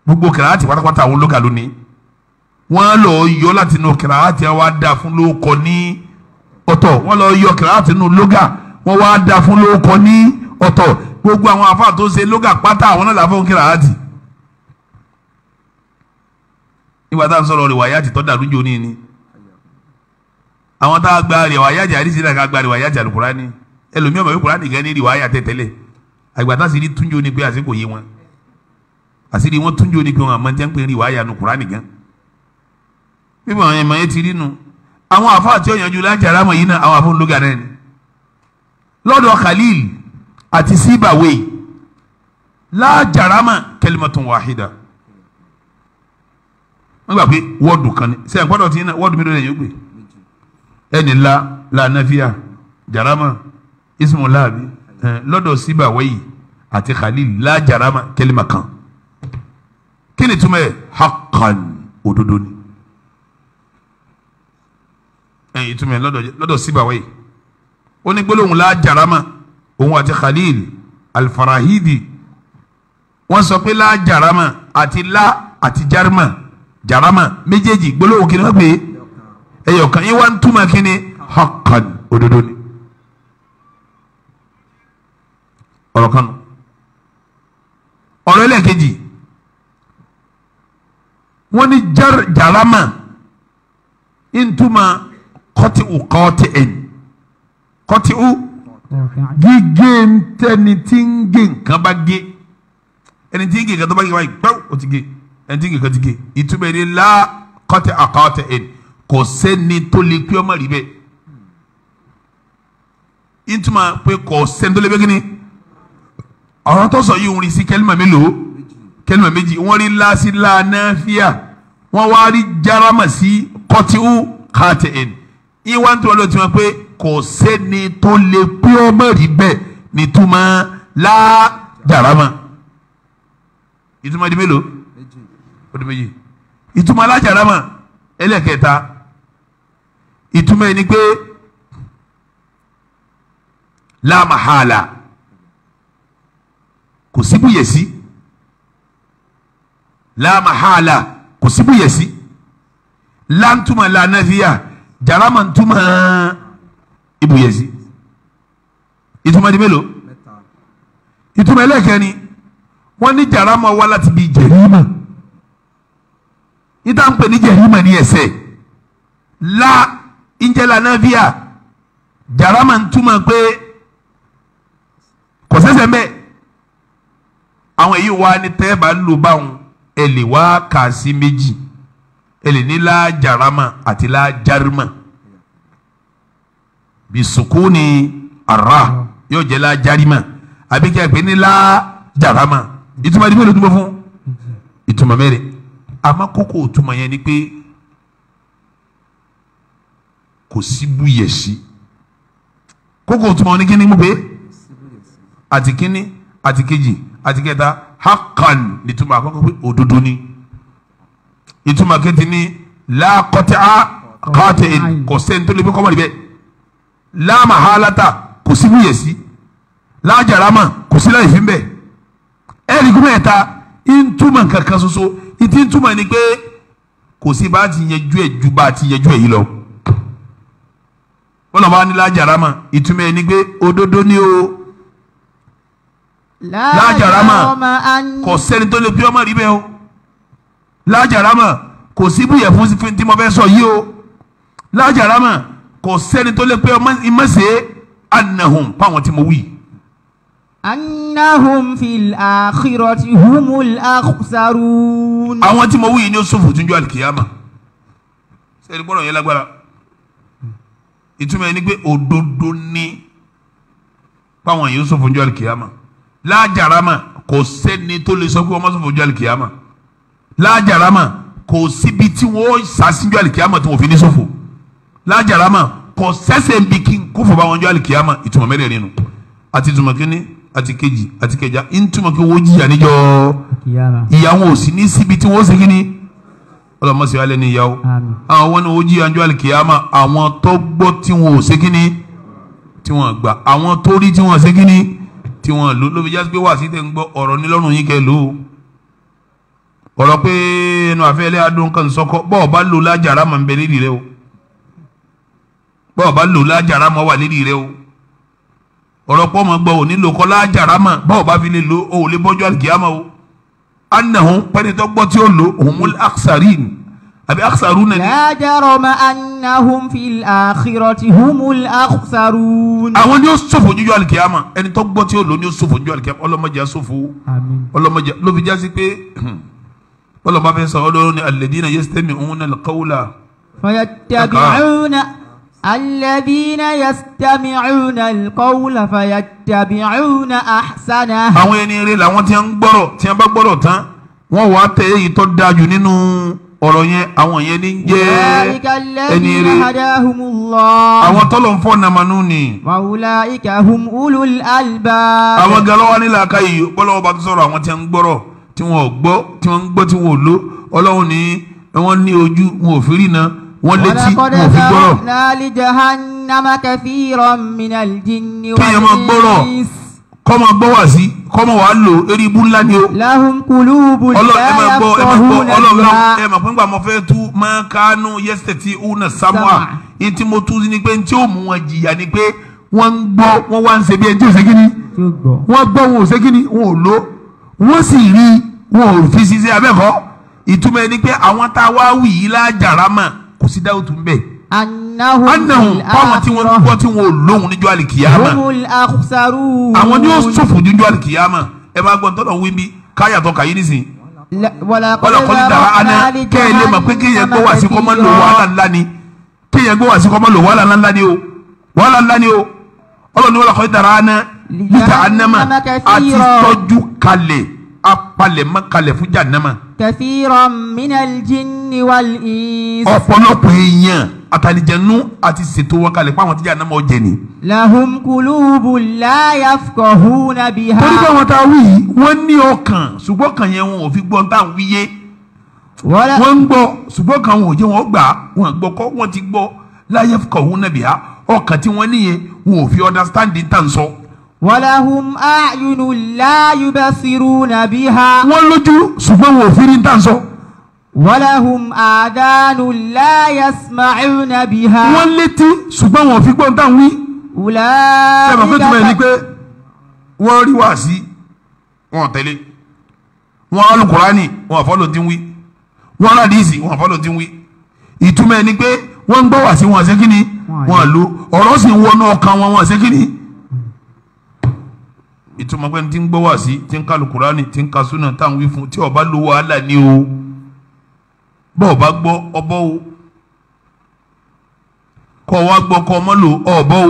gbogbo kìrààtì pátápátá àwọn lóga lónìí wọ́n lọ yọ láti inú kìrààtì wa dà fún lóòkọ ní ọ̀tọ̀ wọ́n lọ yọ kìrààtì inú lóga wọ́n wá dà fún lóòkọ ní ọ̀tọ̀ gbogbo àwọn àfáà tó ṣe lóga pátá àwọn náà là fún kìrààtì. nígbà tá à ń sọ̀rọ̀ rẹ̀ wáyà ti tọ́jà lójú ni àwọn tá a gba rẹ̀ wáyà jẹ́ àdìsí náà ká gba rẹ̀ wáyà àlùkùránì ẹlòmíràn mọ̀ kùránì gan ní ni pé àsìkò yé bíbọn àwọn ẹ̀mọ̀ yẹn ti rí nu àwọn àfáà tí ó yanjú láti aramọ̀ yìí náà àwọn àfọ̀ ńlógà náà ni lọ́dọ̀ Khalil àti Sibawe lájàrámà kẹlímọ̀tún wàhídà wọ́n gbà pé wọ́ọ̀dù kan ní sẹ́yìn gbọ́dọ̀ tí wọ́ọ̀dù mi ló lè yẹn gbé ẹni la la nafiya jarama ismu laabi lọ́dọ̀ Sibawe àti Khalil lájàrámà kẹlímọ̀ kan kí ni túmọ̀ ẹ̀ haqqan òdodo ni ẹ̀yìn eh, ìtumọ̀ lọ́dọ̀ síbàwẹ́yì ó ní gbólóhùn la jarama òun àti Khalil alfarahidi wọ́n sọ pé la jarama àti la àti jarima jarama méjèèjì gbólóhùn kí ni wọ́n pè é ẹ̀yọ̀kan yín wá ń túmọ̀ kí ni haqqan òdodo ni ọ̀rọ̀ kan ọ̀rọ̀ ẹlẹ́ẹ̀kejì wọ́n ní jarama ń túmọ̀ kọ́tí u kọ́tí ẹ̀yìn kọ́tí ù gígé ntẹni tí ń gé nǹkan bá gé ẹni tí ń gé nǹkan tó bá gé báyìí gbáwó ó ti gé ẹni tí ń gé nǹkan ti gé ìtumọ̀ ẹni lá kọ́tí àkọ́tí ẹ̀yìn kò sẹ́ni tó lè pé ọmọ rí bẹ́ẹ̀ ìtumọ̀ pé kò sẹ́ni tó lè pé kí ni ọ̀rọ̀ tó sọ yìí ń rí sí kẹ́límà mélòó kẹ́límà méjì wọ́n rí láásí láà náà fíà wọ́n wá rí jarama sí kọ́tíù kàtẹ́ẹ̀n ìwà ń tún ọlọ́ọ̀tì wọn pé kò sẹ́ni tó lè pé ọmọ rí bẹ́ẹ̀ nítumọ̀ lájàrámà ìtumọ̀ di mélòó ọdún méjì ìtumọ̀ alájàrámà ẹlẹ́kẹta ìtumọ̀ ẹni pé lámàhálà kò síbúyèsí lámàhálà kò síbúyèsí láǹtúmọ̀ lánàfíà. La jarama ntuma ibuyezi ìtumọ̀ di mélòó ìtumọ̀ ẹlẹ́kẹ̀ẹ́ni wọ́n ní jarama wá láti bi jẹ̀rìmà ìta ń pè ní jẹ̀rìmà ní ẹ̀ṣẹ̀ la ìjẹ̀lá náà fíà jarama ntuma pé kò sẹ́sẹ̀ mbẹ́ àwọn èyí wá ní tẹ́ẹ̀bà ń lò báwọn ẹ̀ lè wá kà sí méjì ele jarama ati àti jarima bisukuni ara yóò jẹ́ láàjárìmà àbí kí a pè ní láàjàrámà ìtumọ̀ ẹni mélòó tó tuma fún ìtumọ̀ mẹ́rin àmọ́ kókó ìtumọ̀ yẹn ni pé kò sí búyẹ̀sí kókó ìtumọ̀ ní kíní mú pé àti kíní àti kejì àti kẹta hakan ìtumọ̀ àkọ́kọ́ pé òdodo ni ìtumọ̀ kẹ́tì ni láàkọ́tì á kọ́tì ẹ̀ kò sẹ́ni tó lè fi kọ́mọ́lì bẹ́ẹ̀ láàmà hálàtà kò sí wúyẹ̀sí láàjàrámà kò sí láì fi bẹ́ẹ̀ ẹ̀rí kúmọ̀ ẹ̀ta ìtumọ̀ kankan ṣoṣo ìtì ìtumọ̀ ni pé kò sí bá ti yẹjú ẹ̀ ju bá ti yẹjú ẹ̀ yìí lọ wọn náà bá ní lájàrámà ìtumọ̀ ẹni pé òdodo ni o lájàrámà kò sẹ́ni tó lè bí ọmọ rí lájàrámà kò sí búyẹ̀ fún tí mo fẹ́ sọ yìí o lájàrámà kò sẹ́ni tó lè pé ìmọ̀sẹ̀ anahum páwọn tí mo wí. anahum fil akhirati humul akhsarun. àwọn tí mo wí ni Yusuf tún jọ alikiyama sẹ́ni gbọ́dọ̀ yẹn lágbára ìtumọ̀ yẹn ni pé òdodo ni páwọn Yusuf tún jọ alikiyama lájàrámà kò sẹ́ni tó lè sọ pé wọ́n mọ̀ jọ alikiyama lájàrámà kò síbi tí wọ́n sàṣíjú àlìkíyàmà tí wọ́n fi ní sòfò lájàrámà kò sẹ́sẹ̀ ń bi kí n kó fọba wọn jọ àlìkíyàmà ìtumọ̀ mẹ́rẹ̀ẹ̀rin nu àti ìtumọ̀ kíní àti kejì àti kẹjà ìtumọ̀ kí wọ́n jìyà níjọ́ ìyàwó ò sí ní síbi tí wọ́n segin ní ọlọmọsí alẹ́ ní ìyàwó àwọn wọn ni wọ́n jìyà níjọ́ àlìkíyàmà àwọn tó gbọ́ tí wọ́n ò segin ní tí wọ́n gbà àwọn tó rí tí wọ́n segin ní tí wọ́n lò lóbi jásí pé wàásù tẹ̀ ń gbọ́ ọ̀rọ̀ nílọ́rùn yín kẹ́ lò ọ̀rọ̀ pé ẹnu àfẹ́ ilé adùn kan sọ́kọ́ bọ́ bá lò lájàrá mọ̀ ń bẹ rẹ o bọ́ bá lò lájàrá mọ̀ wà lédi rẹ o ọ̀rọ̀ pọ́ mọ̀ gbọ́ ò nílò kọ́ lájàrá mọ̀ bọ́ bá fi lè lo o lè bọ́jú àlùkìyàmà o anahun pẹ́nitọ́ gbọ́ tí ó lò òun mú aksarin àbí aksarun náà ni. la jarama annahum fil akhirati humul aksarun. àwọn ni ó ṣòfò níjọ́ àlùkìyàmà ẹnitọ́ gbọ́ tí ó lò ni ó ṣòfò níjọ́ àlùkìyàmà ọlọ́mọdé aṣòfò ọlọ́mọdé ló jásí pé bọ́lá bá fẹ́ sọ ọlọ́run ni alladhina yastami'una al-qawla. fayattabi'una alladhina yastami'una al-qawla fayattabi'una ahsana. àwọn ẹni rẹ làwọn tí ń gbọ́rọ̀ tí ń bá gbọ́rọ̀ tán wọ́n wàá tẹ èyí tó dáa nínú ọ̀rọ̀ yẹn àwọn yẹn ní jẹ́ ẹni rí àwọn tọ́lọ̀ ń fọ́ nàmánú ni. wàhùlà ìkà hum ulul àwọn galọ́wà nílà ká yìí bọ́lá wọn bá tó sọ̀rọ̀ àwọn tí ń gbọ́rọ̀ tí wọn ò gbọ́ tí wọn ń gbọ́ tí wọn ò lò ọlọ́run ní wọn ní ojú wọn ò fi rí na wọn létí wọn ò fi gbọ́rọ̀. kéèyàn máa gbọ́rọ̀ kọ́ máa gbọ́ wá sí kọ́ máa wà á lò eré ibú ńlá ni o. lahum qulubun la yafqahuna biha ọlọ́run ẹ mà pín gbà mọ́ fẹ́ tú máa kánú yẹ́sítẹ̀tì una samoa ní tí mo tú ni pé ní tí ó mú wọn jìyà ni pé wọ́n ń gbọ́ wọ́n wá ń ṣe bí ẹni tí ò ṣe kí ni wọ́n gbọ́ wọn ò ṣe kí ni wọn ò lò wọ́n sì rí i wọn ò fi ṣiṣẹ́ abẹ́kọ́ ìtumọ̀ ẹni pé àwọn tá a wá wì í lájàrá mà kò sí dáwùtú ń bẹ̀. anahun báwọn tí wọn gbọ́ tí wọn ò lóhun níjọ́ àlìkìyàmà àwọn ni ó ṣòfò níjọ́ àlìkìyàmà ẹ máa gbọ́n tọ́lọ̀ wí bí káyàtọ̀ kàyé nísìnyí wọlọkọlì dara ana kẹ́ẹ̀ lè pé kéèyàn gbọ́ wá sí kọ́mọ́ lò wàhálà ńlá ni kéèyàn gbọ́ wá sí kọ́mọ́ lò wàhálà ńlá ni o wàhálà ńlá ni o ọlọ́ni wọlọkọlì dara ana níta anama àti tọ́jú kalẹ̀ apalẹ̀mọ́ kalẹ̀ fún jànàmà. kathiran minal jinni wal is. ọ̀pọ̀lọpọ̀ èèyàn àtàlìjẹ̀nu àti ṣètò wọn kalẹ̀ fún àwọn tí jànàmà ọ̀jẹ̀ ni. lahum kulubu la yafqahuna biha. torí pé wọn ta wí wọn ní ọkàn ṣùgbọ́n kan yẹn wọn ò fi gbọ́n tá à ń wíyé. wọ́n ń gbọ́ ṣùgbọ́n kan wọn ò jẹ́ wọn gbà wọn gbọ́ kọ́ wọn ti gbọ́ la yafqahuna biha ọkàn tí wọ́n níyẹn wọn ò fi understand tá à ń wàláhùn àyùnú láyùbẹ̀ sírù nàbí ha. wọ́n lójú ṣùgbọ́n wò fi rí ń tàn sọ. wàláhùn àdánù láyàsmáìlú nàbí ha. wọ́n létí ṣùgbọ́n wọ́n fi gbọ́n tàn wí. wùlá ìgbà sẹ́wọ̀n pé tùmọ̀ ẹ̀ ni pé wọ́n rí wá sí wọn tẹ́lẹ̀ wọn alukurani wọn àfọlò dín wí wọn aládìsí wọn àfọlò dín wí ìtumọ̀ ẹ̀ ni pé wọ́n ń gbọ́ wá sí wọn àṣẹ́kíní wọn àlò ọ̀rọ̀ sì wọnú ọkàn wọn wọn àṣẹ́kíní ìtumọ̀ pé ti ń gbọ́ wá sí ti ń kalu kurani ti ń ka súnà tá à ń wí fún tí ọba lo wàhálà ni o bọ́ ọba gbọ́ ọbọ̀ o kọ́ wa gbọ́ kọ́ ọmọ lò ọbọ̀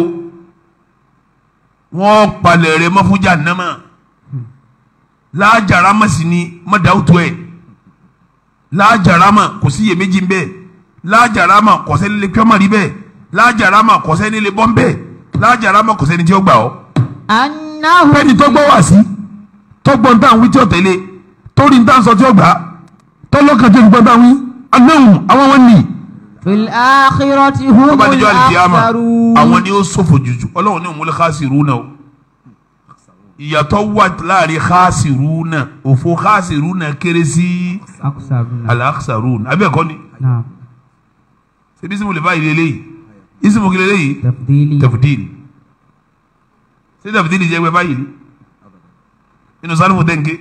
o wọ́n palẹ̀ rẹ mọ́ fún jàǹnàmà láàjàrá mà sí ni má dáwùtò ẹ̀ láàjàrá mà kò sí iyèméjì ń bẹ́ẹ̀ láàjàrá mà kọ́sẹ́ nílé pẹ́ọ́mà rí bẹ́ẹ̀ láàjàrá mà kọ́sẹ́ nílé bọ́ńbẹ́ẹ̀ láàjàrá mà kọ́sẹ́ ní tí ó gbà ọ́ náà. ẹni tó gbọ́ wá sí tó gbọ́ nta àwọn ìjọ tẹ̀lé tó rí nta sọ tí ó gbà á tó lọ́kàn tó gbọ́ nta wí anáhùn àwọn wọn nì. fil ìyàtọ̀ wà láàrin khasiruna òfò khasiruna kéré sí al-akhsarun ni ṣe bí sìnkú lè bá ìlélẹ́yìí ìsìnkú lè lẹ́yìí tafdili ṣé dàbídì lè jẹ ẹgbẹ́ báyìí ni inú sálùmù dẹ́nke.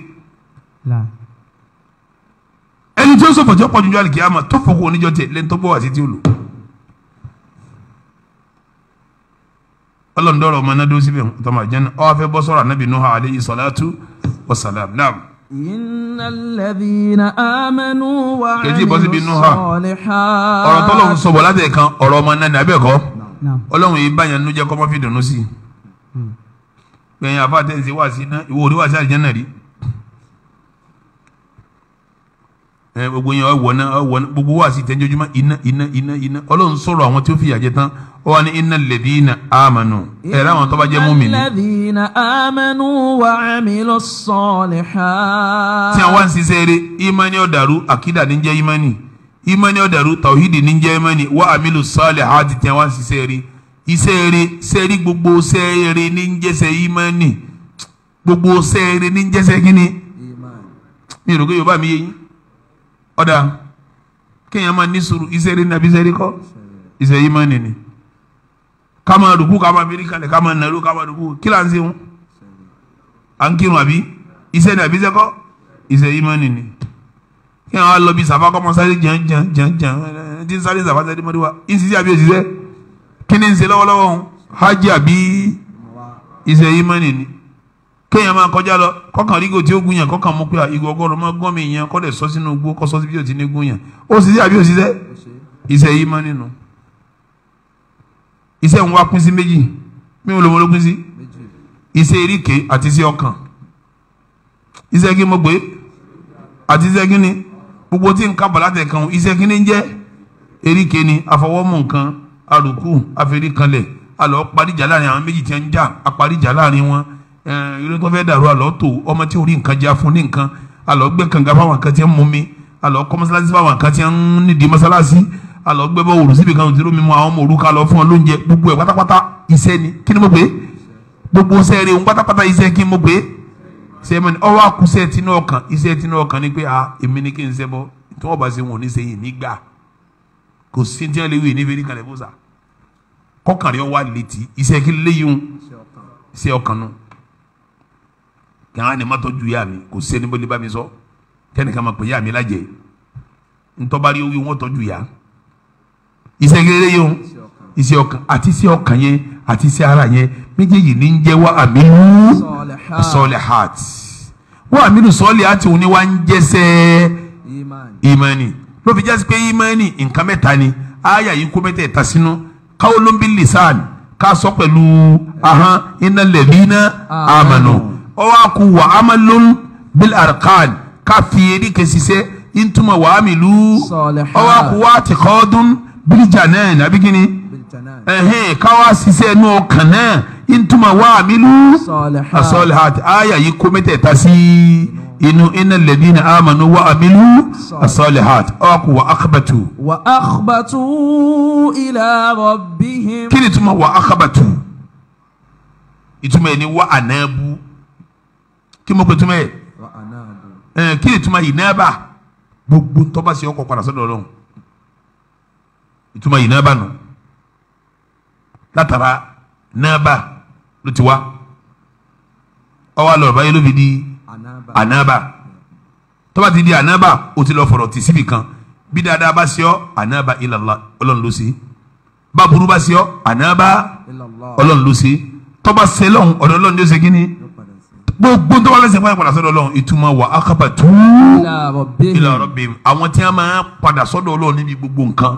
ẹni tí ó sọ fọjọ́ pọ̀jù jọ àlìkíyàmà tó fọwọ́ oníjọ tẹ̀ lẹ́ni tó bọ̀ wá sí tí ó lò. ọlọ́ndọ́rọ̀ ọmọ náà dúró síbẹ̀ tọ́mọ̀ jẹ́ni ó wá fẹ́ bọ́ sọ́rọ̀ ànábì Nuhu alayhi salatu wa salam naam. innal ladhina amanu wa amilu salihat ọ̀rọ̀ tọ́lọ́hún sọ̀bọ̀ látẹ̀ kan ọ̀rọ̀ ọmọ náà ní abẹ́ẹ̀kọ́ ọlọ́hún yìí báyẹn nu jẹ́ kọ́mọ́fì dùnú sí i gbẹ̀yìn afáàtẹ̀sí wà sí náà ìwọ orí wà sí àlìjẹ́nà rí ẹ gbogbo yẹn ọwọ náà ọwọ náà gbogbo wà sí tẹjọjúmọ iná iná iná iná Ọlọ́run sọ̀rọ̀ àwọn tí ó fìyà jẹ tán ó wà ní iná lẹdínà àmànù ẹ láwọn tó bá jẹ mú mi ní. lẹdínà àmànù wà mí lọ sọọlẹ ha. tí àwọn àṣìṣe eré imani ọ̀dàrú àkídà ní jẹ́ imani imani ọ̀dàrú tàwídì ní jẹ́ imani wà mí lọ sọọlẹ ha ti tí àwọn àṣìṣe eré iṣẹ́ eré sẹ́rí gbogbo iṣẹ́ eré ní ń jẹ́sẹ̀ ìmánì gbogbo iṣẹ́ eré ní ń jẹ́sẹ̀ kínní mi rò pé yorùbá mi yé yín ọ̀dà kéèyàn máa ní sùúrù iṣẹ́ eré nàbí iṣẹ́ eré kọ́ iṣẹ́ ìmánì ni ká máa rùkú ká máa mérí kalẹ̀ ká máa nàró ká máa rùkú kí là ń sehun à ń kírun àbí iṣẹ́ nàbí iṣẹ́ kọ́ iṣẹ́ ìmánì ni kéèyàn á lọ bí sàfà kọ́ mọ́ sáré jàn jàn jàn jàn tí ń sáré sàfà sáré kí ni ń ṣe lọ́wọ́lọ́wọ́ ń hajj àbí iṣẹ́ imani ni kéèyàn máa kọjá lọ kọkàn rígò tí ó gún yàn kọkàn mú pé ìgò ọgọ́rùn máa gán mi yàn kọ́dẹ̀ sọ sínú gbó kọ́ sọ sí bí o ti ní gún yàn ó sì sí àbí ó sì sẹ́ iṣẹ́ yìí máa nínú iṣẹ́ ń wá pín sí méjì mi ò lò ló pín sí iṣẹ́ eríkè àti iṣẹ́ ọkàn iṣẹ́ kí mo gbé àti iṣẹ́ kí ni gbogbo tí n kábàlá tẹ̀ kan kí ni jẹ́ eríkè ni àfọwọ́mù nǹkan arùkù àfẹríkanlẹ̀ alọ́ paríjà láàrin àwọn méjì tí ń jà àparíjà láàrin wọn eré tó fẹ́ dàrú alọ́ tó ọmọ tí orí nǹkan já fún ní nǹkan alọ́ gbẹ́ kànga fáwọn kan tí ń mú mi alọ́ kọ́ mọ́sálásí fáwọn kan tí ń nídìí mọ́sálásí alọ́ gbẹ́ bọ́ òrùsí bìkan tí ló mímú àwọn ọmọ òrùka lọ fún ọ lóúnjẹ gbogbo ẹ̀ pátápátá iṣẹ́ ni kí ni mo gbé gbogbo sẹ́ẹ̀rì òun pátápátá iṣẹ́ kí ni mo gbé sẹ́ẹ̀mẹ́ni ọwọ́ àkúṣẹ́ tinú ọkàn iṣẹ́ tinú ọkàn ni pé ah èmi ni kí n ṣẹbọ tí wọ́n bá ṣe wọn ò ní ṣe nígbà kò sí ní ẹlẹ́wì níbi ní kalẹ̀ bósa kọkànlẹ́ wa létí iṣẹ́ kí léyìn iṣẹ́ ọkàn nù kí àwọn ànìmọ́ tọ́jú yá mi kò sí ẹni bó lè bá mi sọ kẹ́nìkan máa pè yá mi lájẹ ntọ́bárí owó wọn tọ́jú yá iṣẹ́ kí léyìn iṣẹ́ ọkàn àti iṣẹ́ ọkàn yẹn àti iṣẹ́ ara yẹn méjèèjì ní ń jẹ́ wá àmì sọ́ọ̀lẹ̀ heart wá àmì sọ́ọ̀lẹ̀ heart òun ni wá ń jẹ́sẹ̀ imani. imani ló fi jásí pé ìmọ̀ẹ́nì nǹkan mẹ́ta ni àyà yìí kó mẹ́tẹ̀ẹ̀ta sínú qawlun bil lisan ká sọ pẹ̀lú ahọ́n innal ladhina amanu ọwọ́ àkú wa amalun bil arkan ká fi eré kẹsíṣẹ́ ìtumọ̀ wa amilu ọwọ́ àkú wa àtìkọ́dún bil janan àbí kíni ẹ̀hìn káwá ṣiṣẹ́ inú ọkàn náà ìtumọ̀ wa amilu asọ́lẹ̀ àti àyà yìí kó mẹ́tẹ̀ẹ̀ta sí inú iná lẹ́bínà amanu wa amilu asalihat ọkù wa akhbatu. wa akhbatu ila rabbihim. kí ni ìtumọ̀ wa akhbatu ìtumọ̀ yẹn ni wa anabu kí mo pè túmọ̀ yẹ ẹ kí ni gbogbo tọ́ba sí ọkọ̀ padà sọ́dọ̀ ọlọ́run ìtumọ̀ yìí náà bá nù látara náà bá ló ti wá di. Anaba, tó bá ti di ànábà o ti lọ fọ̀rọ̀ tì síbi kan bí dáadáa bá ṣe ọ́ ànábà ilallah ọlọ́run ló ṣe bá burú bá ṣe ọ́ ànábà ọlọ́run ló ṣe tó ṣe lọ́hùn ọ̀dọ̀ ọlọ́run ló ṣe kí ni gbogbo tó bá fẹ́ ṣe fún ìpadà sọ́dọ̀ ọlọ́run ìtumọ̀ wà ákàbà tú ila rabbihim àwọn tí wọ́n máa padà sọ́dọ̀ ọlọ́run níbi gbogbo nǹkan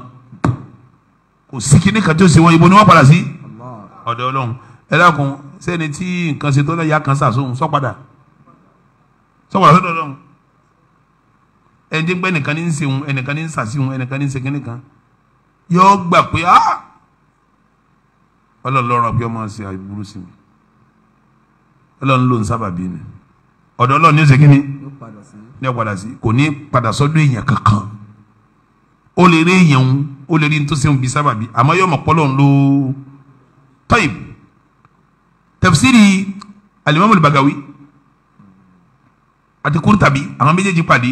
kò sí kíní kan tó ṣe wọ́n ibo ni wọ́n padà sí ọ̀dọ̀ ọlọ́run ẹ dákun sẹ́ni tí nǹkan ṣe tó lọ́ọ́ yá kan sàṣóhun sọ́ sọwọ àlọ dọdọ ẹdín pé ẹnìkan ní ń sehun ẹnìkan ní ń sàsihun ẹnìkan ní ń segin nìkan yóò gbà pé á ọlọlọrọ pé ọmọ ṣe àbúrú sí mi Ọlọ́run ló ń sábà bí ni ọ̀dọ̀ Ọlọ́run ní ó segin ni ní ó padà sí kò ní padà sọ́dọ̀ èèyàn kankan ó lè rí èèyàn ń ó lè rí ní bí sábà bí àmọ́ yóò mọ pọlọ ń lo tọyìn tafsiri alimami Bagawi àti kúrútàbí àwọn méjèèjì pàdé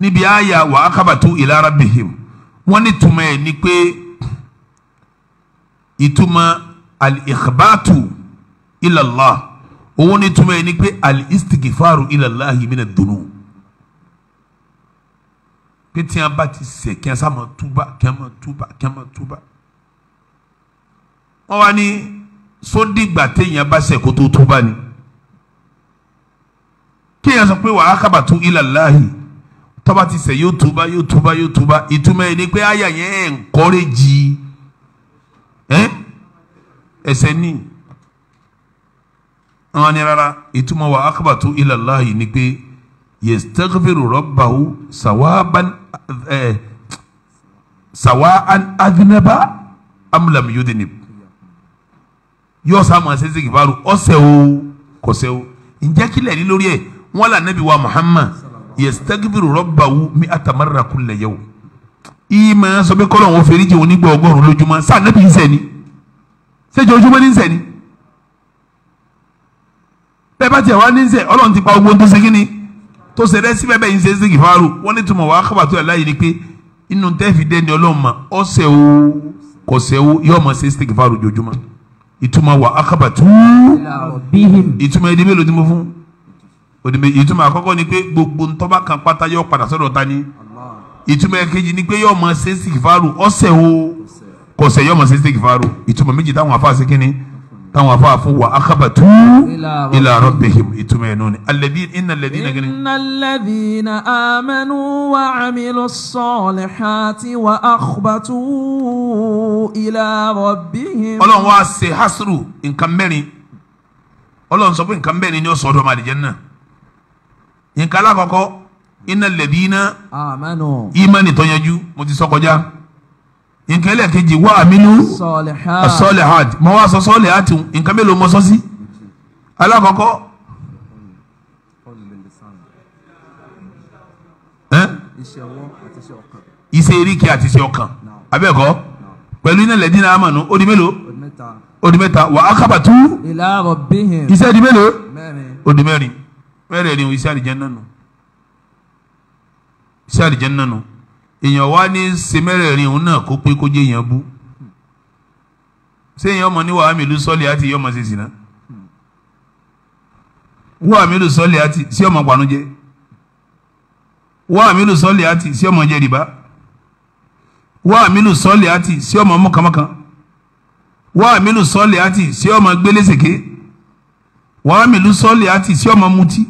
níbi àyà wà á kábàtú ila rabbihim wọ́n ní túmọ̀ ẹ̀ ni pé ìtumọ̀ al-ikhbatu ila Allah òun ní túmọ̀ ẹ̀ ni pé al-istighfaru ila Allahi mina dunub pé tí a bá ti ṣẹ̀ kí a sá máa túbà kí a máa túbà kí a máa túbà wọ́n wá ní sódìgbà téèyàn bá ṣẹ̀ kó túbà ni kéèyàn sọ pé wàá kábàtú ilallahi tọ́ba ti sẹ̀ yóò túbá yóò túbá yóò túbá ìtumọ̀ ẹni pé àyà yẹn ẹ̀ńkọ́rẹ́jì ẹsẹ̀ ní wọn ni rárá ìtumọ̀ wàá kábàtú ilallahi ni pé yastaghfiru rabbahu sawaban ẹ̀ sawa'an adinaba amlam yudinib yóò sá màá sẹ́sẹ́ kìfàrù ọ̀sẹ̀ o kọ̀sẹ̀ o ǹjẹ́ kílẹ̀ ní lórí ẹ̀ wọn là nabi wa muhammad yastaghfiru rabbahu mi'ata marra kulla yawm ìmọ̀ sọ pé kọ́lọ̀ wọn fèrè jẹ́ onígbà ọgọ́rùn lójúmọ́ sáà nabi ń sẹ́ni sẹ́jọ́ ojúmọ́ ní ń sẹ́ni bẹ́ẹ̀ bá tiẹ̀ wá ní ń sẹ́ ọlọ́run ti pa ogun tó ṣe kí ni tó ṣe rẹ́ síbẹ̀ bẹ́ẹ̀ ń ṣe ṣe kìfàrù wọ́n ní tùmọ̀ wá kábàtú aláyé ni pé inú O dẹ́ni o mọ̀ ọ̀sẹ̀ o kọ̀sẹ̀ se yóò mọ̀ ṣe ṣe kìfàrù jojúmọ́ ìtumọ̀ wà ákábàtú Ituma ẹni mélòó ti mú fún òdìmẹ ìtumọ̀ àkọ́kọ́ ni pé gbogbo ntọ́ba kan pátá yóò padà sọ́dọ̀ ta ni ìtumọ̀ kejì ni pé yóò mọ ṣe sìkìfàrù ọ̀sẹ̀ o kọ̀sẹ̀ yóò mọ ṣe sìkìfàrù ìtumọ̀ méjì táwọn afa ṣe kínní táwọn afa fún wa akabatu ila rabbihim ìtumọ̀ ẹ̀ nùní iná lẹ́dí iná kínní. iná lẹ́dí iná amẹ́nu wa amilu sọ̀lẹ̀hàtì wa akabatu ila rabbihim. ọlọ́run wá ṣe hasru nǹkan mẹ́rin ọlọ́run sọ pé nǹkan mẹ́rin ni ó sọ ọdọ́ nǹkan alákọ̀ọ́kọ́ iná lẹ̀dí iná ìmánì tó yanjú mo ti sọ kọjá nǹkan ẹlẹ́ẹ̀kejì wà àmínú sọ́ọ̀lẹ̀hàd mo wá sọ sọ́ọ̀lẹ̀hàd nǹkan mélòó mo sọ sí alákọ̀ọ́kọ́ iṣẹ́ eríkì àti iṣẹ́ ọkàn abẹ́ẹ̀kọ́ pẹ̀lú iná lẹ̀dí iná àmánù mélòó ó mẹ́ta wà á kábàtú iṣẹ́ mélòó ó mẹ́rin mẹ́rẹ̀ẹ̀rin iṣẹ́ àlìjẹ́nà nù iṣẹ́ àlìjẹ́nà nù èèyàn wá ní ṣe mẹ́rẹ̀ẹ̀rin òun náà kó pé kó jẹ́ èèyàn bú ṣé èèyàn ọmọ ní wàá mìlú sọ́ọ̀lì àti ìyá ọmọ ṣe sì ná wàá mìlú sọ́ọ̀lì àti sí ọmọ pànújẹ́ wàá mìlú sọ́ọ̀lì àti sí ọmọ jẹ wàá mìlú sọ́ọ̀lì àti sí ọmọ mọ́kànmọ́kàn wàá mìlú sọ́ọ̀lì àti sí ọmọ gbélé sèké wàá mìlú sọ́ọ̀lì àti sí ọmọ mutí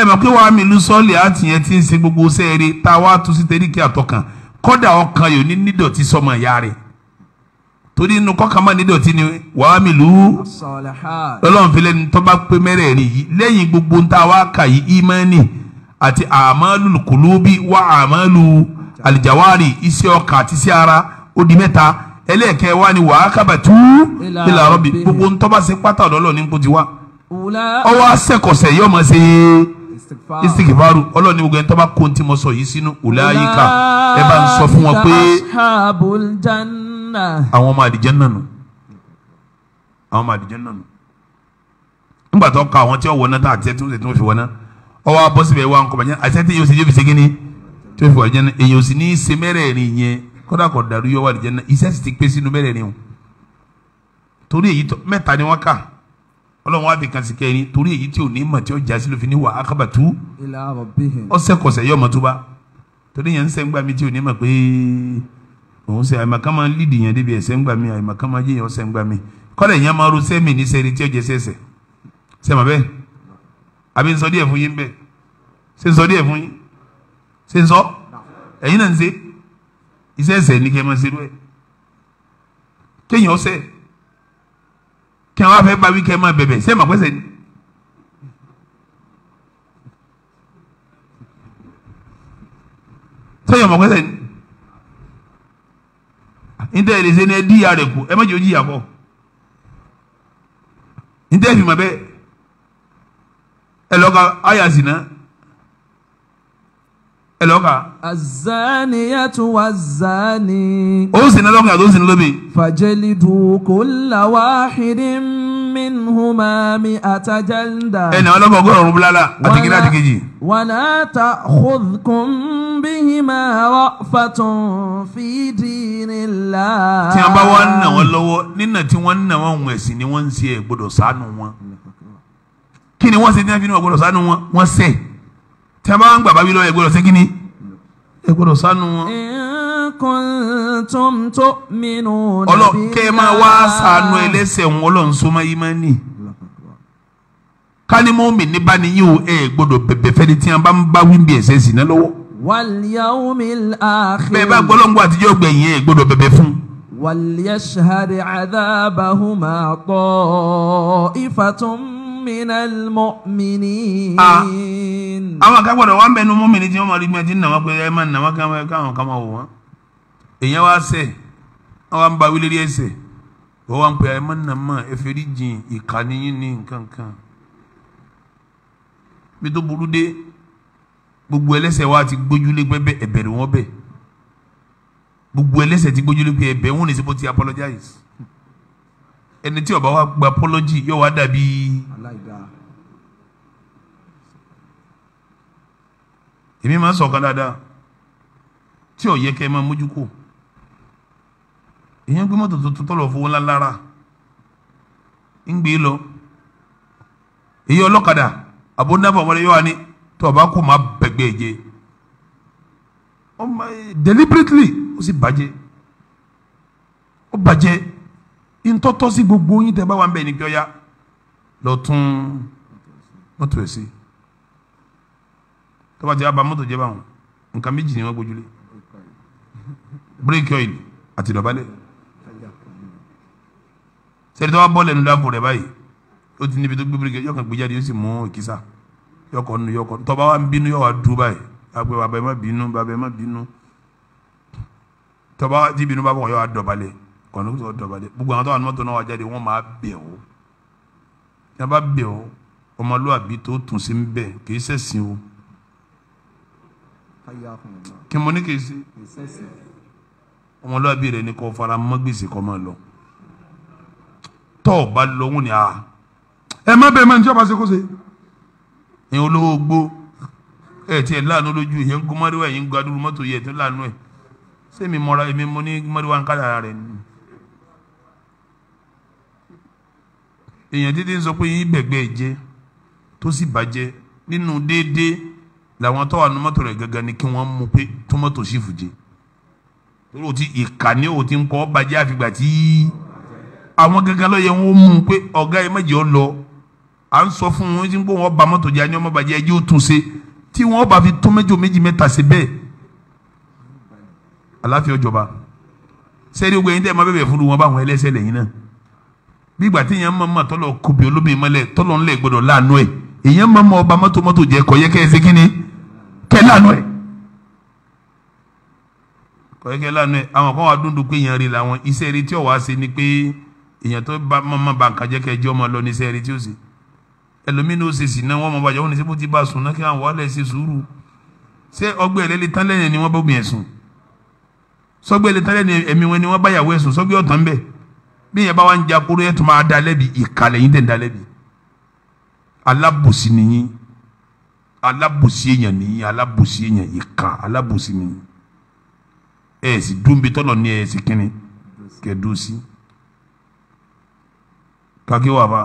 ẹ mọ̀ pé wàá mi lu sọ́ọ̀lì àtìyẹn ti ń ṣe gbogbo sẹ́ẹ̀rẹ́ tá a wá tu sí tẹ́ríkì àtọkàn kọ́dà ọkàn yòó ní nídọ̀tí sọmọ ìyá rẹ̀ torí inú kọ́kàn máa nídọ̀tí ni wàá mi lu ọlọ́run fi lẹ́ni tọ́ bá pé mẹ́rẹ̀ẹ̀rin yìí lẹ́yìn gbogbo tá a wá kà yìí ìmánì àti àmàlù kùlúbí wà àmàlù àlìjàwárì iṣẹ́ ọkàn àti iṣẹ́ ara ó di mẹ́ta ẹlẹ́ẹ̀kẹ́ wa ni wàá kábàtú ìlà rọ́bì gbogbo ntọ́ bá ṣe pátá ọ̀dọ́ ọlọ́ọ̀ni ń kó ti wá ọwọ́ asẹ́kọ̀ọ́sẹ̀ yọ̀ọ́ máa ṣe é istighfaru ọlọ́run ni gbogbo ẹni tó bá kó tí mo sọ yìí sínú ulaika ẹ bá ń sọ fún wọn pé àwọn ọmọ àdìjẹ́ náà nù àwọn ọmọ àdìjẹ́ náà nù nígbà tó ka àwọn tí ó wọ náà tá àti ẹtí ó fi wọ náà ọwọ́ abọ́ síbẹ̀ wà kọ́ bàjẹ́ àti ẹtí yóò sì yóò fi segin tí ó fi wọ àdìjẹ́ náà èyàn sì ní semẹ́rẹ̀ẹ́rin yẹn kódà kò dàrú yọ wà àdìjẹ́ náà iṣẹ́ ọlọ́run wa bìkan sí kẹrin torí èyí tí ò ní mọ̀ tí ó jásí ló fi ní wà ákábàtú ọsẹ kọsẹ yọmọ tó bá torí yẹn ń sẹ́ ń gbà mí tí ò ní mọ̀ pé òun sẹ àìmọ̀ká máa ń lídìí yẹn débi ẹ̀sẹ̀ ń gbà mí àìmọ̀ká máa yé yẹn ọsẹ̀ ń gbà mí kọ́lẹ̀ yẹn máa ro sẹ́mi ní sẹ́ni tí ó jẹ sẹ́sẹ̀ sẹ́mọ̀ bẹ́ẹ̀ àbí nsọ díẹ̀ fún yín bẹ́ẹ̀ ṣé nsọ díẹ̀ fún yín ṣé nsọ ẹ̀yin náà ń ṣe iṣẹ́ ẹ̀sẹ̀ ní kẹ́ máa ṣe rú ẹ̀ kéèyàn ọsẹ̀ kẹ́ wá fẹ́ bá wí kẹ́ máa bẹ̀bẹ̀ sẹ́ẹ̀ máa pẹ́sẹ̀ ni. sẹ́yìn máa pẹ́sẹ̀ ni. níta ẹ̀ lè ṣe ni ẹ dí ìyá rẹ̀ kù ẹ má jẹ́ ojú ìyá kọ́. níta ẹ̀ fi máa ẹ lọ́ka ayà sí ẹ lọ́ka. azaniyatu wazani. ó sì ní lọ́kàn àti ó sì ní lóbi. fajelidu kulla wahidin minhuma mi'ata jalda. ẹ nà wọn lọ́kàn ọgọ́rùn-ún bulala àti kìnnà àti kejì. wala ta'khudhkum bihima ra'fatun fi dinillah. tí a bá wá ń nà wọn lọ́wọ́ nínà tí wọ́n ń nà wọn wọ̀n ẹ̀sìn ni wọ́n ń ṣe ẹ̀ gbọ́dọ̀ ṣàánú wọn. kí ni wọ́n ṣe tí wọ́n fi ní wọ́n gbọ́dọ̀ ṣàánú wọn wọ́n ṣe tẹ́ bá ń gbà bá wí lọ ẹ gbọ́dọ̀ ṣe kíni ẹ gbọ́dọ̀ sánú wọn. kuntum tu'minuna billahi. ọlọ kẹ ẹ máa wá sànú ẹlẹ́ṣẹ̀ ń Ọlọ́run sọmọ yìí máa nì. kání mọ́mì ní bá ní yíò ẹ gbọ́dọ̀ bẹ̀bẹ̀ fẹ́ni tí wọn bá ń bá wíńbí ẹ̀ṣẹ̀ sí náà lọ́wọ́. bẹ́ẹ̀ bá gbọ́lọ́ngbọ́ àtijọ́ gbẹ̀yìn ẹ gbọ́dọ̀ bẹ̀bẹ̀ fún. wal yashhad adhabahuma ta'ifatun minal mu'minin. Ah, àwọn kan gbọ́dọ̀ wà ń bẹnu mọ́mìnì tí wọ́n máa rí gbẹ́ntì nà wọ́n pé ẹ máa nà wọ́n káwọn kan wò wọ́n. èèyàn wá sẹ̀ wọ́n wá ń ba wílérí ẹsẹ̀ wọ́n wá ń pè ẹ máa nà mọ́ ẹ jìn ìkànnì ní nǹkan bí tó burú dé gbogbo ẹlẹ́sẹ̀ wa ti gbójúlé pẹ́pẹ́ ẹ̀bẹ̀rẹ̀ wọn bẹ̀ gbogbo ẹlẹ́sẹ̀ ti gbójúlé pẹ́ ẹ̀bẹ̀ wọn ní sẹ́pọ̀ ti apologize ẹni tí ó bá wa gba apology yóò wá dàbí. èmi máa ń sọ̀kan dáadáa tí ò yẹ kẹ́ ẹ máa mójú kò èyàn gbé mọ́tò tuntun tọ́lọ̀ fowó ńlá lára ń gbé lọ èyí ọlọ́kadà àbónáfọ̀ wọlé yóò wá ní tó o bá kó máa bẹ̀gbẹ́ jẹ deliberately ó sì bàjẹ́ ó bàjẹ́ ntọ́tọ́ sí gbogbo yín tẹ́ bá wà ń bẹ̀ ní kí ọ ya lọ tún mọ́tò ẹ̀ sí tọ́ba tí a ba mọ́tò jẹ́ báwọn nǹkan méjì ni wọ́n gbójúlé bírèkì ọ̀yìn àti ìdọ̀bálẹ̀ sẹ́ni tọ́ba bọ́ lẹ́nu dáàbò rẹ̀ báyìí ó ti níbi tó gbé bírèkì yọkàn gbé jáde yóò sì mú ìkísà yọkọ̀ nù binu tọ́ba wa ń bínú yọ wá dúró báyìí àgbẹ̀ bàbá ẹ̀ má bínú bàbá ẹ̀ má bínú tọ́ba tí bínú bá bọ̀ yọ ọ̀nà kò sọ dọ̀bálẹ̀ gbogbo àwọn tó wà ní mọ́tò náà wà jáde wọ́n máa bẹ̀ ọ́ tí wọ́n bá bẹ̀ tó tún sí ń bẹ̀ kì o kí ní kì í ṣe rẹ ni kò fara mọ́ gbèsè kọ́ máa lọ tọ́ ọ bá lọ́wọ́ ni a ah, ẹ má bẹ̀rẹ̀ mẹ́rin tí wọ́n bá ṣe kó ṣe ní olówó gbó ẹ tiẹ̀ láàánú lójú ìyẹn ń kó mọ́ríwá ẹ̀yìn ń gbadúrú mọ́tò yẹ̀ tó láàánú ẹ̀ sẹ́mi mọ́ra èmi mo ní mọ́ríwá ń kádàrá rẹ̀ nìyí. èèyàn dédé ń sọ pé yín bẹ̀gbẹ́ jẹ́ tó sì bàjẹ́ nínú déédéé làwọn tó wà ní mọ́tò rẹ̀ gangan ni kí wọ́n mú pé tọ́mọ́tò ṣìfù jẹ́ torí o ti ìkànnì o ti ń kọ́ bàjẹ́ àfìgbà tí àwọn gangan ló yẹ wọ́n mú pé ọ̀gá ẹ mẹ́jọ lọ à ń sọ fún wọn tí ń pọ̀ wọ́n ba mọ́tò jẹ́ àní bàjẹ́ ẹjẹ́ ó tún ṣe tí wọ́n bá fi tó mẹ́jọ méjì mẹ́ta ṣe bẹ́ẹ̀ àláfíà ọjọba sẹ́ẹ̀dì ogun ẹ̀yin tẹ́ ẹ máa bẹ̀bẹ̀ fún wọn báwọn ẹlẹ́sẹ̀ lẹ́yìn náà bí ìgbà tí èèyàn máa ma tọ́lọ̀ kóbi olómi mọ́lẹ̀ tọ́lọ̀ ńlẹ̀ gbọ́dọ̀ láàánú ẹ̀ èèyàn máa ma ọba mọ́tò mọ́tò jẹ́ kọ́ yẹ kẹ́ ẹ ṣe kí ni kẹ́ láàánú ẹ̀ kọ́ yẹ kẹ́ láàánú ẹ̀ àwọn kan wà dúndùn pé èèyàn rí làwọn iṣẹ́ rí tí ọ̀wá ṣe ni pé èèyàn tó bá máa ba nǹkan jẹ́ kẹ́ ẹjọ́ máa lọ ní iṣẹ́ rí tí ó ṣe ẹlòmínú ṣe sì náà wọ́n mọ̀ ni wọ́n bá obìnrin sùn ni wọ́n bá yàwó ẹ̀ sùn bí yẹn bá wà ń jakuru yẹn tún máa da lẹ́bi ìkàlẹ̀ yín tẹ̀ ń da lẹ́bi alábòsí nìyí alábòsí èèyàn nìyí alábòsí èèyàn ìkà alábòsí nìyí ẹ ẹ sì dúnbi tọ́lọ̀ ní ẹ ẹ sì kínni kẹ dúró sí kàkí wà bá.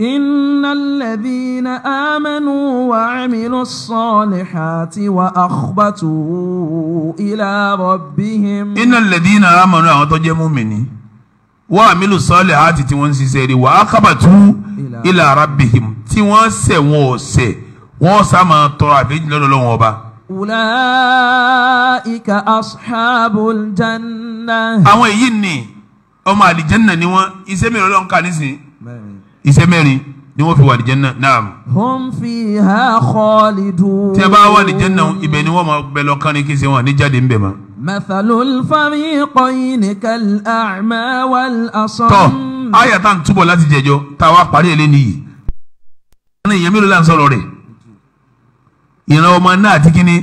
إن الذين آمنوا وعملوا الصالحات وأخبتوا إلى ربهم. إن الذين آمنوا àwọn tó wọ́n àmìlù sọ́ọ̀lì àti tí wọ́n ń ṣiṣẹ́ rí wàá kábàtú ilà arábìhìm tí wọ́n ṣẹ̀ wọ́n ò ṣẹ̀ wọ́n sá máa tọrọ àbẹ́jì lọ́dọ̀ lọ́wọ́ ọba. Ulaika ashabul janna. Àwọn èyí ni ọmọ àlìjẹ́nà ni wọ́n iṣẹ́ mẹ́rin ọlọ́run kà nísìn iṣẹ́ mẹ́rin ni wọ́n fi wà àlìjẹ́nà naam. Hum fiha khalidun. Tí a bá wà àlìjẹ́nà ibẹ̀ ni wọ́n máa bẹ lọ́kàn ní kí n ṣe wọn àníjáde ń bẹ̀ mọ́. مثل الفريقين كالأعمى والأصم. tọ́ àyà tá à ń túbọ̀ láti jẹjọ tá a wá parí ẹ̀ lẹ́nu yìí. ẹni ìyẹn mélòó la ń sọ̀rọ̀ rẹ̀ ìran ọmọ náà àti kínní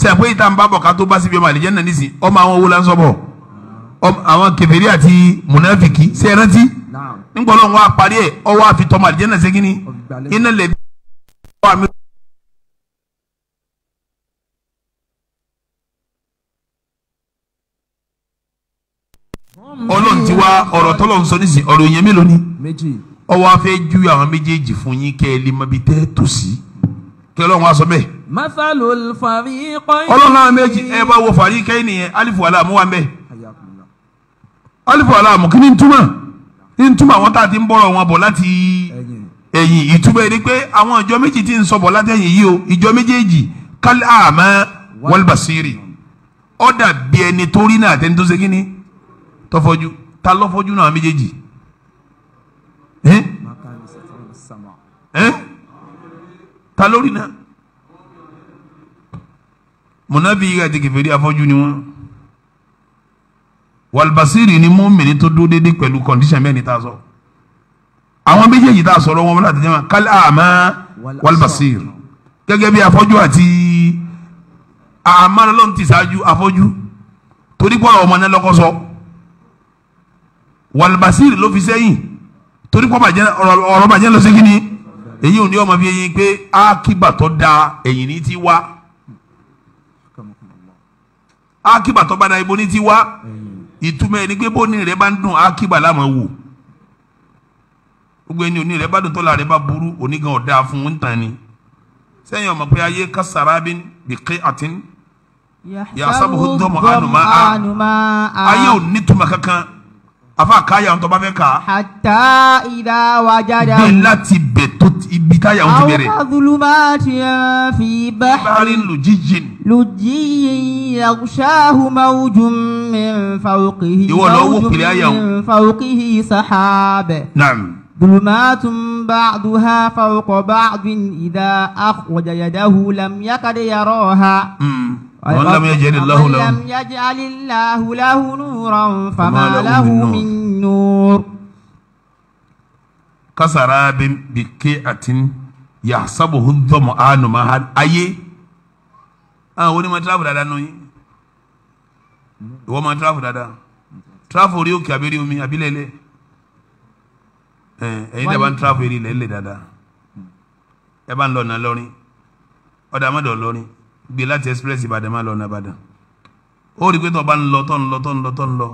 sẹ́pẹ́ ìta ń bá bọ̀ ká tó bá síbi ọmọ àlìjẹ́nà nísìn ọmọ àwọn owó la ń sọ bọ̀ àwọn kèfèrí àti mùnàfìkì ṣe é rántí nígbà ọlọ́run wá parí ẹ̀ ọwọ́ àfitọ́mọ àlìjẹ́nà ṣe kínní iná lẹ̀ bí wọ́n wà mí. ọlọ́run ti wá ọ̀rọ̀ tọ́lọ́run sọ nísìnyí ọ̀rọ̀ yẹn mélòó ni ọwọ́ afẹ́ ju àwọn méjèèjì fún yín kẹ́ ẹ lè mọ ibi tẹ́ ẹ tò sí kẹ́ ọlọ́run wá sọ bẹ́ẹ̀. masalul fariqayni. ọlọ́run àwọn méjì ẹ bá wo fariqayni yẹn alifu alamu wa mbẹ alifu alamu kí ni n túmọ̀ n túmọ̀ àwọn tá a ti ń bọ̀rọ̀ wọn bọ̀ láti ẹ̀yìn ìtumọ̀ yẹn pé àwọn ìjọ méjì ti ń sọ bọ̀ láti ẹ̀yìn yìí o ìjọ méjèèjì kálí àmọ́ wal basiri ọ̀dà bíi ẹni tó ṣe kí ni tọ́fọ́jú ta lọ́fọ́jú náà méjèèjì ẹ́ ẹ́ ta lórí náà munabi yìí àti kẹfẹ́rí afọ́jú ni wọ́n walbasiri ni mọ́mìnì tó dúró déédéé pẹ̀lú kọ́ndíṣàn bẹ́ẹ̀ ni tá a sọ àwọn méjèèjì tá a sọ̀rọ̀ wọn láti jẹ́ wọn kálí àmọ́ walbasiri gẹ́gẹ́ bí afọ́jú àti àmọ́ lọ́n ti ṣáájú afọ́jú torí pé àwọn ọmọ náà lọ́kọ́ sọ. So wàlùbásírì ló fi sẹ́yìn torí pọ́ bàjẹ́ ọ̀rọ̀ bàjẹ́ lọ sí kí ni èyí ò ní ọmọ fi eyín pé ákíbà tó da ẹ̀yìn ní ti wá ákíbà tó bá da ibo ní ti wá ìtumọ̀ ẹni pé bóni rẹ bá ń dùn ákíbà láwọn wò gbogbo ẹni òní rẹ bá dùn tọ́lá rẹ bá burú onígan ọ̀dà fún un tán ni sẹ́yìn ọmọ pé ayé kásárábìn bìkẹ́ àtin yasabuhu dọ́mọ̀ ànùmá ayé ò ní tuma kankan afa kaya ohun tó bá fẹ́ kà. hatta idha wajada. bẹ́ẹ̀ láti bẹ̀ tó ibi táyà ohun ti bẹ̀rẹ̀. àwọn dhulumatin fi bahrin lujijin. lujijin yaghshahu mawjun min fawqihi. ìwọ lọ wó pèlè àyà o. min fawqihi sahab. naam. dhulumatun ba'duha fawqa ba'din idha akhraja yadahu lam yakad yaraha. Mm. ومن لم يجعل الله له لم يجعل الله له نورا فما له من نور كسراب بكيئة يحسبه الظمآن ماء أي ah wọ́n ní ma tíráfù dáadáa nù yín wọ́n ma tíráfù dáadáa tíráfù orí òkè abẹ́rẹ́ omi abilẹ̀lẹ̀ ẹ̀ ẹ̀yin dẹ̀ bá ń tíráfù eré ilẹ̀ ẹ̀ lẹ̀ dáadáa ẹ̀ bá ń lọ ọ̀nà lọ́rin ọ̀dà mọ́dọ̀ lọ́rin gbé láti express ìbàdàn máa lọ ọ̀nà ìbàdàn ó rí i pé tó bá ń lọ tó ń lọ tó ń lọ tó ń lọ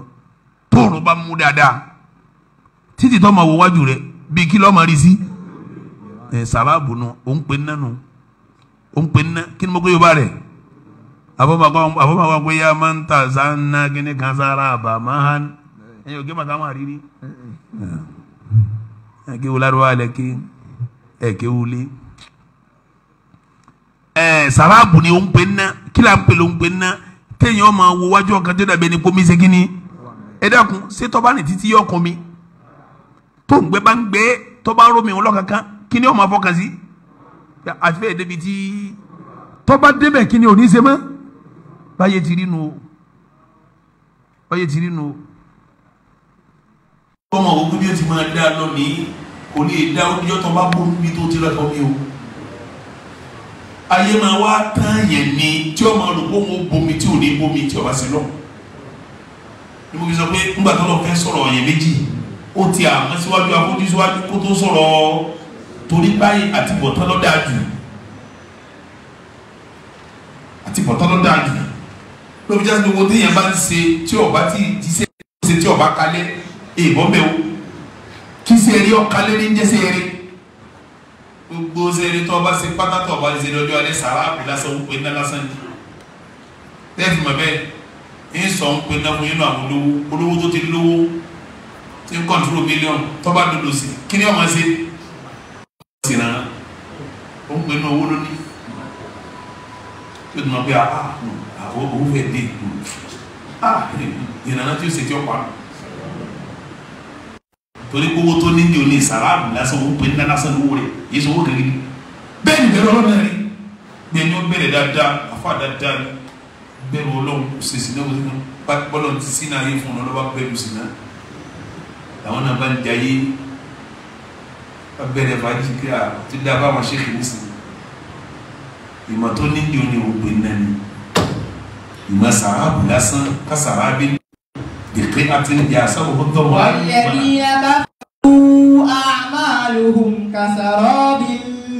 tóòrùn bá mú dáadáa títí tó máa wo wájú rẹ bíi kí lọ́ọ́ máa rí sí ẹ̀ sàlábù nu ó ń pè ń nánu ó ń pè ń ná kí ni mo gbé yorùbá rẹ̀ àbọ̀bàbà pé yá máa ń tà sáńnà kíní kan sára àbà máa hàn ẹ̀yin ò gé màkà máa rí rí ẹ̀ kí wọ́n lárúbáwá lẹ́ ẹ̀ kí wọ́n Sara ni ó ń pè ná kílà ń pè ló ń pè ná téèyàn ọmọ wo wájú ọkàn tó dàbí ẹni pé omi ṣe kí ni ẹ dákun ṣé tọ́ba ní mi tó ń gbé bá ń gbé tọ́ba rómi kini lọ́kankan kí ni ọmọ afọkàn sí àfi ẹ̀ débi tí tọ́ba débẹ̀ ni òní ṣe mọ́ báyé ti nu o báyé ti rí nu o. ọmọ ògùn bí ó ti máa dá lọ nìyí kò ní í dá ojú ọtọ bá bó níbi tó ti lọ́kọ̀ọ́ mi o ayé máa wá tán yẹn ni tí ọmọ rò pé òun bomi tí ò ní bomi tí ọba sí lọ ni mo fi sọ pé ńgbà tó lọ fẹ́ sọ̀rọ̀ yẹn méjì ó ti àmọ́ síwájú afọ́jú síwájú kó tó sọ̀rọ̀ torí báyìí àti bọ̀tán ló dáa jù àti bọ̀tán ló dáa jù ló fi jásí gbogbo téèyàn bá ń ṣe tí ọba ti jíṣẹ́ ṣe tí ọba kalẹ̀ èèbọ̀ bẹ́ẹ̀ o kí ṣe eré ọ̀kalẹ̀ ní jẹ́sẹ̀ eré gbogbo sẹ́rẹ́ tó se ṣe pátá tó bá ṣe lọ́jọ́ alẹ́ sàrà àpè lásán wípé ná lásán ni tẹ́ẹ̀fì mọ̀ bẹ́ẹ̀ ń sọ ń pe ná fún yín náà olówó olówó tó ti lówó ti ń kọ́ńtúrò mílíọ̀nù tó bá dodo sí kí ni ọmọ ṣe ó sì rán ó ń pe ná owó lónìí tó dùn mọ́ pé àwọn ah, ah, ah, òwúfẹ́ dé ìlànà tí ó ṣe tí ó pa torí gbogbo tó ní ìdíwọ́ ní ìsàlámù lásán owó pé ńlá lásán lówó rẹ̀ yìí sọ owó kékeré bẹ́ẹ̀ ni bẹ̀rù ọlọ́run rẹ̀ ní ẹni ó bẹ̀rẹ̀ dáadáa àfa dáadáa ni bẹ̀rù ọlọ́run kò sì sí náà bọ́lọ̀ ti sí náà yé fún ọ lọ́wọ́ bẹ̀rù sí náà làwọn náà bá ń jayé bá bẹ̀rẹ̀ fàájì kí a ti dá bá wọn ṣe kìíní sí ìmọ̀ tó ní ìdíwọ́ ní òpin náà ni ìmọ̀ sàrábù lásán ká sàrábì ní. بقطعة يحسبه الظمآن والذين بخلوا أعمالهم كسراب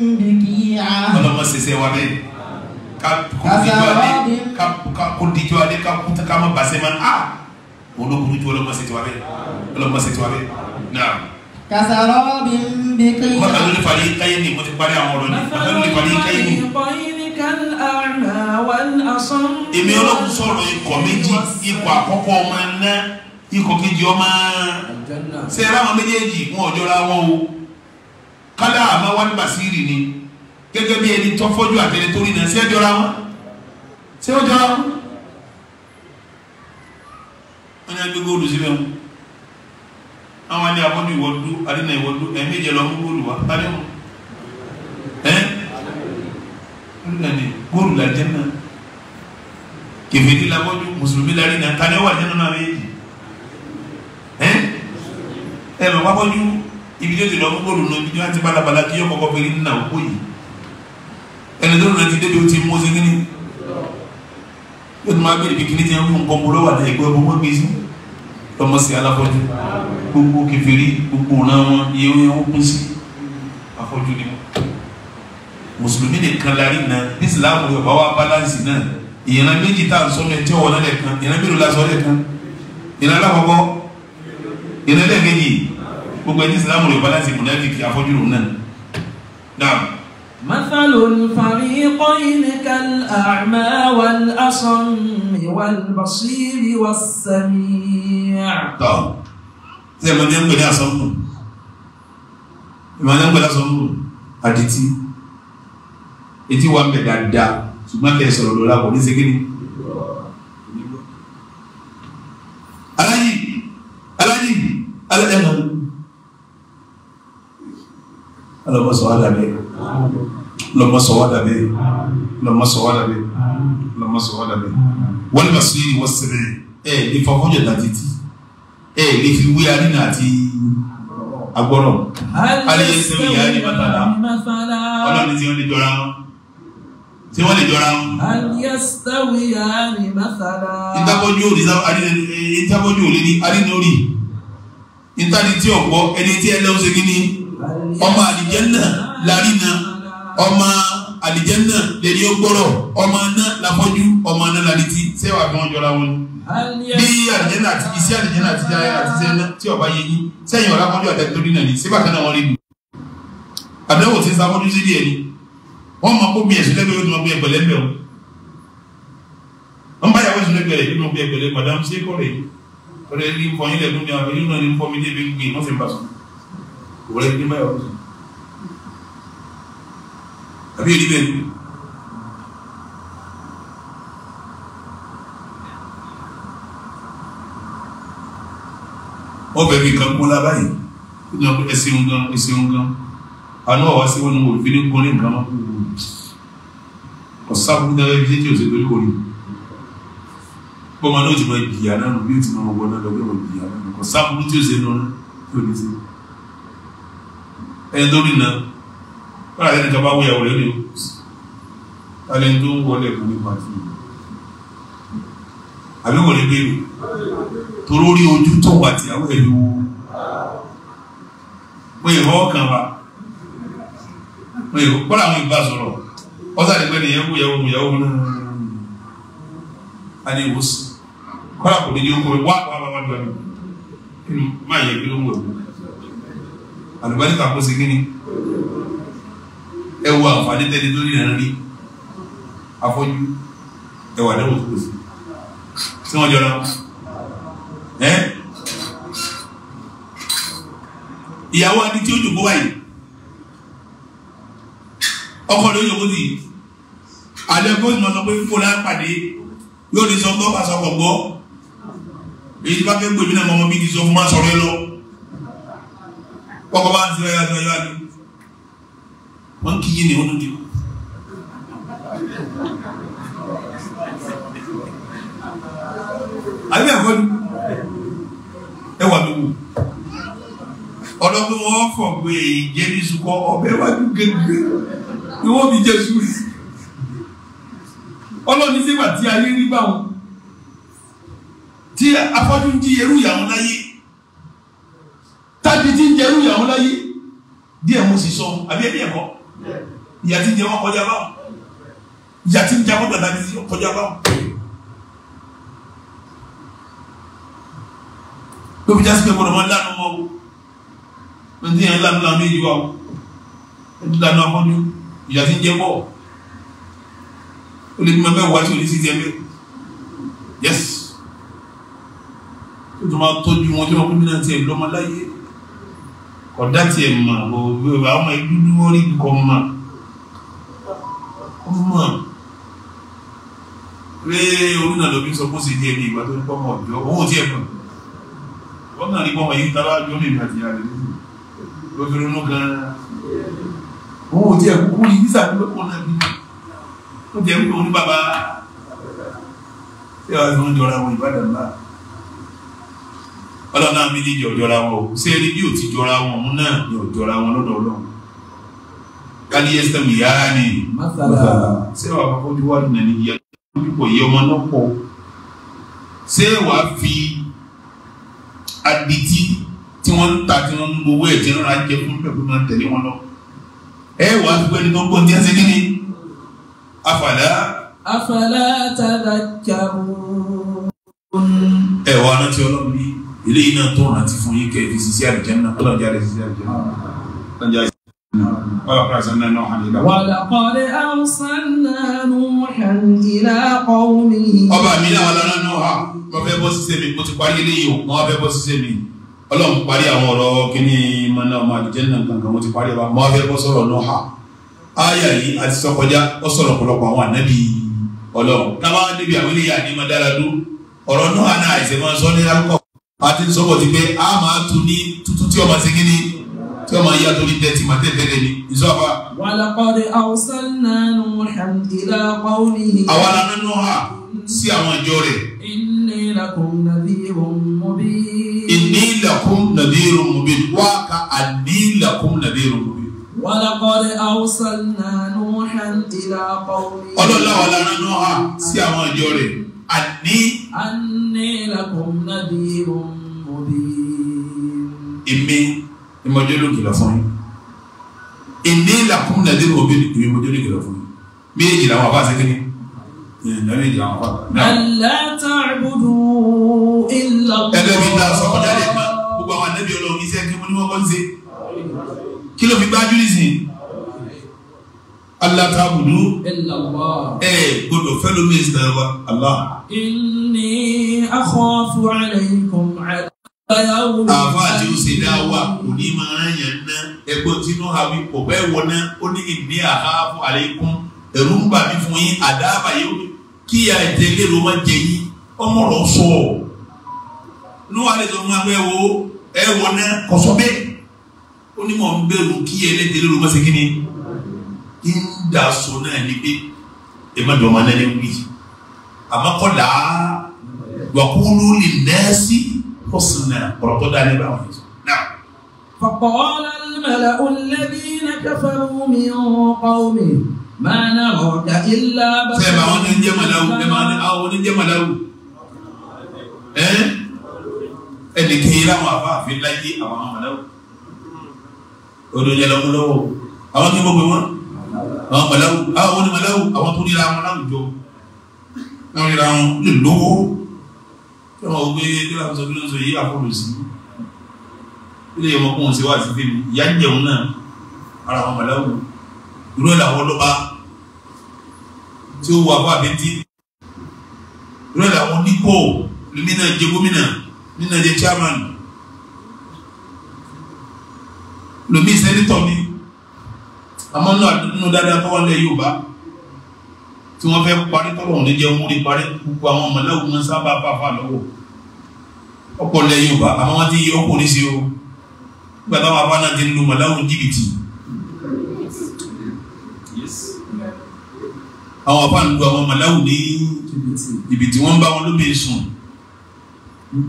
بقيعة ولما سيسيوانين kakudijuale kakudijuale kakuta kama basema a ah! olokuru ju ọlọmọ sètò abẹ ọlọmọ sètò abẹ naam. kasarọ bi n bẹ kéèyàn. mọtàlú nípa yìí káyé ni mo ti parí àwọn ọ̀rọ̀ ni mọtàlú nípa yìí káyé ni èmi ọlọ́run sọ̀rọ̀ ikọ̀ méjì ikọ̀ àkọ́kọ́ ọmọ ẹ̀ná ikọ̀ kejì ọmọ ṣe é ráwọn méjèèjì wọn ò jọra wọn o kálá àmọ́ wá ní basiri ni gẹ́gẹ́ bí ẹni tọ́fọ́jú àtẹni tó rí náà ṣé é jọra wọn ṣé ó jọra wọn wọn ní agbègbè olùsíbẹ̀ wọn àwọn ẹni abọ́dún ìwọ́dún adínà ìwọ́dún ẹ̀ẹ́mẹ́jẹ lọ́mú gbòdùwà tálẹ́ wọn nani gbóòrò la jẹ́nà kẹfẹ́rí labọ́jú mùsùlùmí la rí nà tani wà jẹ́nà náà wéyé ẹ ẹ mẹ wábọ́jú ibi ti lọ gbóòrò nà ibi tó balabala kí yọ kọ́kọ́ fẹ́rí nà ó bóyè ẹni tó lọ ti dé ti mú ọsẹ kínní yóò tó ti ń fún kọ́ńkọ́ lọ́wọ́ àti ẹ̀gbẹ́ ọmọ gbé sí lọ́mọ sí aláfọ́jú gbogbo kẹfẹ́rí gbogbo náà wọn iye wọn kún sí ni wọn mùsùlùmí nìkan la rí na ní sìlámù bá wà balansi náà ìyẹnà méjì tá à ń sọ ní ẹtí ọ̀wọ́n náà kan ìyẹnà mélòó la sọ lẹ́kan ìyẹnà alákọ̀ọ́kọ́ ìyẹnà lẹ́ẹ̀kejì gbogbo ẹtí sìlámù rẹ balansi mùnáfíkì afọ́jú lòun náà. naam. مثل الفريقين كالأعمى والأصم والبصير والسميع. طب زي ما نقول يا صمم ما نقول يا صمم أديتي etí wa ń bẹ dáadáa ṣùgbọ́n kẹ́ ẹ sọ̀rọ̀ lọ́la kò ní segin ni. aláyí aláyí aláyí ẹ̀mọ́ lọ́mọ́sọ̀wá dàbẹ́ lọ́mọ́sọ̀wá dàbẹ́ lọ́mọ́sọ̀wá dàbẹ́ lọ́mọ́sọ̀wá dàbẹ́ wọ́n ní bàtú yìí wọ́n sẹ̀rẹ̀ ẹ̀ ní fọwọ́jọ̀ dà títí ẹ̀ ní fi wí arínà àti agbọ́rọ̀ alẹ́ sẹ́wìn yàrá ní bàtàlá ọlọ́run ti ń rí jọra wọn ṣé wọ́n lè jọra wọn. aliyasawi ani masala. ntakọjú òní ntakọjú òní ni arinori ntari tí ọ̀pọ̀ ẹni tí ẹlẹ́wọ̀n ṣe kí ni ọmọ àlìjẹ́nà larina ọmọ àlìjẹ́nà lèrí ọgbọ́rọ̀ ọmọ aná lafọ́jú ọmọ aná lariti sẹ́wà kí wọ́n jọra wọn. bí àlìjẹ́nà àti iṣẹ́ àlìjẹ́nà àti iṣẹ́ tí ọba yẹ yín sẹ́yìn ọ̀làkọ́jú àtẹ̀tẹ̀rí náà ni síbàkan náà wọ́n rí nù. àbẹ̀wò ti sáfọ́jú sí díẹ̀ ni wọ́n máa kó bíyẹn sílẹ̀ lórí ọdún ọgbẹ́ ẹgbẹ̀lẹ́ o wọ́n bá yàwó sílẹ̀ gbẹ̀rẹ̀ nínú ọgbẹ́ ẹgbẹ̀lẹ́ madam ṣe kọ́rẹ̀ ọ̀rẹ́ ní fọyín lẹ́nu ní àwọn ìlú náà ní fọmi débi ń gbé wọ́n fi ń bá sọ òwúrẹ́ ní báyọ̀ ọ̀sán àbí èdè bẹ́ẹ̀ ni ọbẹ̀ mi kan kún lábáyé ẹ̀sìn gan ẹ̀sìn gan àánú ọ̀wá sí wọn ní òfin ní kúnlé nǹkan mọ́ ọ̀sá burúkú dáwọ́ ibi tí o ṣe torí orí bọ́mọ náà ti máa jìyà náà nù bí o ti máa wọ náà lọ́gbẹ́ wọn jìyà náà nù ọ̀sá burúkú tí o ṣe nù tí o ní sí ẹ̀ lórí náà wọ́n àti ẹnìkan bá wọ́yàwó rẹ̀ ní o alẹ́ tó ń wọlé ẹ̀kọ́ nípa fún mi àbí wọlé bẹ́ẹ̀ torórí ojú tó wà tí àwọn ẹ̀lú wọ́n ìhọ́ kan wa pé o kọ́lá àwọn ìbá sọ̀rọ̀ ọ̀sán ìgbẹ́ ni yẹ́wò yẹ́wò yẹ́wò nù ani wò sí kọ́lá kò ní ní owó wá wá wá wá lọ́wọ́ kí má yẹ kí ló ń wọ̀ àlùbáríkà kó sí kí ni ẹ wo àǹfààní tẹ́ni tó ní ìrìn rí afọ́jú ẹ wà lẹ́wọ̀n tó kù sí tí wọ́n jọra ẹ ìyàwó adi tí ó dùn kó báyìí ọkọ ló yọ kóòtù yìí alẹ́ kóòtù máa sọ pé kó láyé pàdé yóò lè sọ gbọ́ pàṣẹ ọkọ̀ gbọ́ èyí tí bá fẹ́ gbèmí náà mọ́mọ́ bí ti sọ fún máa sọ̀rọ̀ ẹ lọ kọ́kọ́ bá ń sọ ẹ̀yà ẹ̀yà ni wọ́n kì í yé ni wọ́n tún di. àbí ẹ̀kọ́ ni ẹ wà lówó ọlọ́gbọ́n wọn fọ̀ pé èyí jẹ́ bí sùkọ́ ọbẹ̀ wájú gẹ́gẹ́ ni wọ́n fi jẹ sùúrù ọlọ́ni sígbà tí ayé rí báwọn tí afọ́jú ń jí erú ìyàwó láyé tábí tí ń jẹ erú ìyàwó láyé díẹ̀ mo sì sọ àbí ẹbí ẹ̀kọ́ ìyá tí ń jẹ wọn kọjá báwọn ìyá tí ń jẹ wọn gbàgbà tí kọjá báwọn. tóbi jásí pé gbọdọ̀ wọn lánàá wọn o ní ẹ̀ lánàá lánàá méjì wa o ẹ̀ lánàá wọn ni o ìyá ti ń jẹ bọ̀ ó lè bí ma mẹ́wàá tí o ní sí jẹ́ bẹ́ẹ̀ yẹ́sì ó tún máa tọ́jú wọn tí wọ́n kún nínú tiẹ̀ lọ́mọ láyé ọ̀dá tiẹ̀ mà òwe àwọn ọmọ ìlú ní wọ́n rí kọ́ mà ọmọ rẹ orin àlọ́bí sọ fún sídìí ẹni ìgbà tó ń pọ́ mọ̀ ọ̀dọ́ owó tiẹ̀ mọ̀ wọ́n náà rí yìí tábà jọ́ lè ní àtìyá rẹ̀ lójú lójú gan-an òun ò jẹ́ kúkú yìí nígbà tó lóko náà bí ó jẹ́ pé òun bàbá ṣé wàá fi ń jọra wọn ìbàdàn náà ọlọ́run náà méjèèjì ọ̀jọ́ra wọn ò ṣé ẹni bí ò ti jọra wọn òun náà ni ọ̀jọ́ra wọn lọ́dọ̀ ọlọ́run kálí ẹsẹ̀ mi yára ni ṣé wàá fọwọ́ ti wá nà ní ìyá pípọ̀ yẹ ọmọ náà pọ̀ ṣé wàá fi adití tí wọ́n ń ta tí wọ́n ń gbowó ẹ̀ tí wọ́n ń jẹ fún pẹ̀lú máa tẹ̀lé wọn lọ́wọ́ ẹ wàá fi wẹ́ni tó gbọ́n tí a ṣe kí ni afàlà. afàlà tadhakkarun. ẹ wàá rántí ọlọ́run ní eléyìí náà tó rántí fún yín kẹ́ ẹ fi ṣiṣẹ́ àlùjànnà náà ọlọ́run jáde ṣiṣẹ́ àlùjànnà náà. ولقد أرسلنا نوحا إلى ولقد أرسلنا نوحا إلى قومه ọba mi náà wà lọ́nà Nóà wọ́n fẹ́ bọ́ sí sẹ́mi mo ti parí eléyìí o wọ́n fẹ́ bọ́ sí sẹ́mi ọlọ́run parí àwọn ọ̀rọ̀ kíní mọ́nà ọmọ àdìjẹ́ náà kankan mo ti parí ọba mọ́ afẹ́ bọ́ sọ̀rọ̀ náà hà áyà yìí àti sọ́kọjá ó sọ̀rọ̀ ọ̀pọ̀lọpọ̀ àwọn ànábì ọlọ́run táwọn ànábì àwọn eléyà ní máa dára dú ọ̀rọ̀ náà náà àìsè máa sọ ní akọ́ àti sọ́kọ̀ ti pé a máa tu ní tuntun tí ọmọ ṣe kíní tí ọmọ yíyá tó ní tẹ́tí máa tẹ́tẹ́lẹ̀ ní ìsọ́fà inni lakum nadhirun mubin. inni lakum nadhirun mubin wa ka anni lakum nadhirun mubin. walaqad awsalna nuhan ila qawmi. ọlọ́lá wa lára nuha sí àwọn ìjọ rẹ̀ anni. anni lakum nadhirun mubin. èmi ìmọ̀jọ́ ló kìlọ̀ fún yín inni lakum nadhirun mubin ìmọ̀jọ́ ló kìlọ̀ fún yín méjìlá wọn àbá sẹ́kẹ́ni ẹgbẹ́ mi ta sọ kọjá lè pa gbogbo àwọn ànábì ọlọ́run iṣẹ́ kí wọ́n ní wọ́n kọ́ ń ṣe kí ló fi gbájú nìsín alatabudu ẹ eh, gbọ́dọ̀ fẹlẹ mi sẹ wa ala. inni akhafu alaykum àdáyàwó. àfa àti ọ̀sẹ̀ dá wa kò ní máa yàn ná ẹgbẹ́ tí inú wí pọ̀ bẹ́ẹ̀ wọ̀ ná ó ní inni akhafu alaykum ẹ̀rù ń bà mí fún yín àdáàbà yìí kí ìyá ẹ̀jẹ̀ lérò má jẹ yín ọmọ rẹ̀ sọ ọ́ ní wàá lè fún wa wo ẹ wọ náà kọsọ bẹ́ẹ̀ ó ń bẹ̀rù kí ìyá ẹ̀jẹ̀ lérò má ṣe kí ń dà so náà ní pé ẹ má dọ̀ọ́ má náà ní wí àmọ́ kọ́ là á wàkúrú nẹ́ẹ̀sì kọ́sìnà ọ̀rọ̀ dá nípa àwọn ẹ̀jẹ̀ náà. فقال الملأ الذين كفروا من قومه mana ọ̀dà ilá bá. fẹ́ẹ̀ bá wọn ní jẹ́ màláwù ẹ máa ní àwọn oníjẹ́ màláwù ẹ ẹnì kéye láwọn àfáàfin láyé àwọn màláwù olóyè lọ́wọ́lọ́wọ́ àwọn kí n bọ́ pé wọ́n àwọn màláwù àwọn oní màláwù àwọn tó nira wọn láwùjọ náà nira wọn lè lówó kí wọn gbé kí wọn sọ kí ló ń sọ ilé ìwọ̀n kún àti fèmí ìyá jẹun náà ara màláwù ìró làwọn ọlọ́ba tí ó wà fún àbẹ́tí ìró làwọn onípò nínú ẹ̀jẹ̀ gómìnà nínú ẹ̀jẹ̀ chairman lomi sẹ́nitọ̀ mi àmọ́ náà nínú dáadáa fọwọ́ lẹ̀ Yorùbá tí wọ́n fẹ́ parí tọ́lọ̀ òní jẹ́ wọ́n rí parí gbogbo àwọn ọmọláwù máa ń sábà fàfà lọ́wọ́ ọ̀pọ̀ lẹ̀ Yorùbá àmọ́ wọ́n ti yẹ ọkùnrin sí o gbàtà wà fún àná ti ń lu ọmọláwù jìbìtì. àwọn apá àdúgbò àwọn màláwù ní ibi tí wọ́n bá wọn ló bèè sùn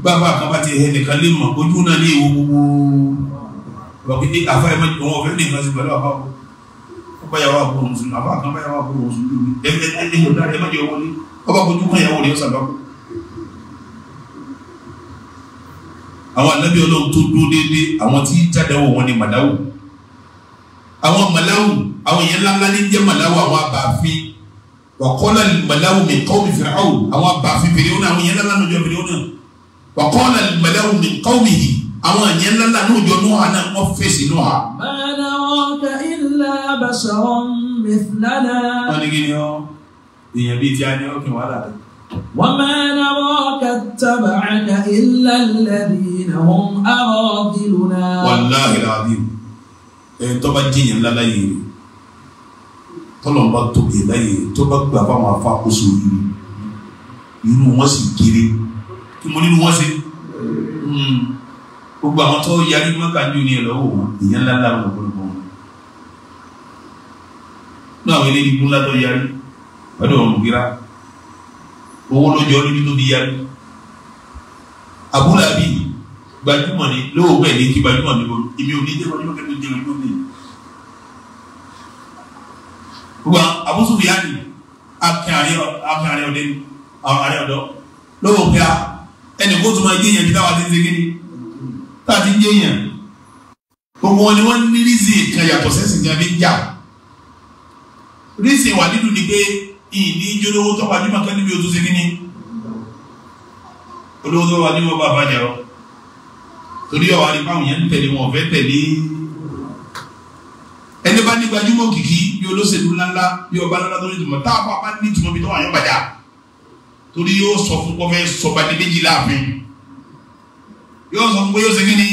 gbàgbà kan bá ti ẹnìkan lè mọ̀ ojú náà ní ìwo gbogbo wàkí ní àfa ẹ̀ mọ́tò wọn ọ̀fẹ́ ní ìfẹ́ sí pẹ̀lú àfa wọn ọba yàwó àbúrò wọn sùn àfa kan bá yàwó àbúrò wọn sùn lórí ẹ ẹ ẹ yọ̀dá ẹ mọ́tò wọlé ọba kojú kan yàwó rẹ̀ ó sàbá kú. àwọn ànábì ọlọ́run tó dúró déédéé àwọn tí jáde wọ wọn ni màláwù àwọn màláwù àwọn yẹn ńláńlá ní jẹ́ màláwù àwọn àbàáfin wàkọ́lá mẹlẹ́wù mi kọ́ mi fìrẹ́ àwọn àwọn abàfi fèrè wọn àwọn yẹn lánàá lójó fèrè wọn wàkọ́lá mẹlẹ́wù mi kọ́ mi yìí àwọn yẹn lánàá lójó nùhà náà wọ́n fèsì nùhà. mẹ́rin wọn kẹ́ ilé abẹ́sọ̀rọ̀ mi fìlànà. wọ́n ní kí ni ọ́ èèyàn bíi ti á ní ọkùnrin wàhálà rẹ̀. وما نراك اتبعك إلا الذين هم أراذلنا والله العظيم tó bá jiyàn ńlá láyé rẹ̀ tọ́lọ̀ ń bá tóbi láyè tó bá gbà fáwọn afákóso yìí irú wọn sì kéré kí mo nínú wọn ṣe hmm. gbogbo àwọn tó yarí mọ́kà ní oní ẹ̀lọ́wọ́ wọn ìyẹn ńlá láwọn ọ̀pọ̀lọpọ̀ wọn ní àwọn eléyìí gúnlá tó yarí ọdún ọ̀rùn gbéra owó lójó lójú tó fi yarí abúlábì gbajúmọ̀ ni lóògbé ní kí gbajúmọ̀ ni mo èmi ò ní jẹ́ gbajúmọ̀ kẹ́kẹ́ jẹ́ gbajúmọ̀ ni wa abusufu yá ni akẹ́ àrẹ akẹ́ àrẹ ọ̀dẹ́ àrẹ ọ̀dọ́ lọ́wọ́ pé a ẹnì kó tó máa yẹn kíkà wá ti ń ni tá a ti ń yẹn gbogbo wọn ni wọ́n ní rísì kan yàtọ̀ sẹ́sìn kan fi jà rísì wà nínú ni pé ìní ìjọlówó tó wà ní màkà níbi òtún segin ni olówó tó wà ní wọn bá bàjẹ́ torí ọ̀wá ni báwọn yẹn ń tẹ̀lé wọn ọ̀fẹ́ tẹ̀lé ní gbajúmọ̀ kìkì bí olóṣèlú ńláńlá bí ọba ńláńlá tó ní tùmọ̀ tá a bá bá ní tùmọ̀ bí tó wà yẹn gbàjà torí yóò sọ fún kọfẹ́ sọ̀bàdé méjì láàfin yóò sọ fún pé yóò segin ni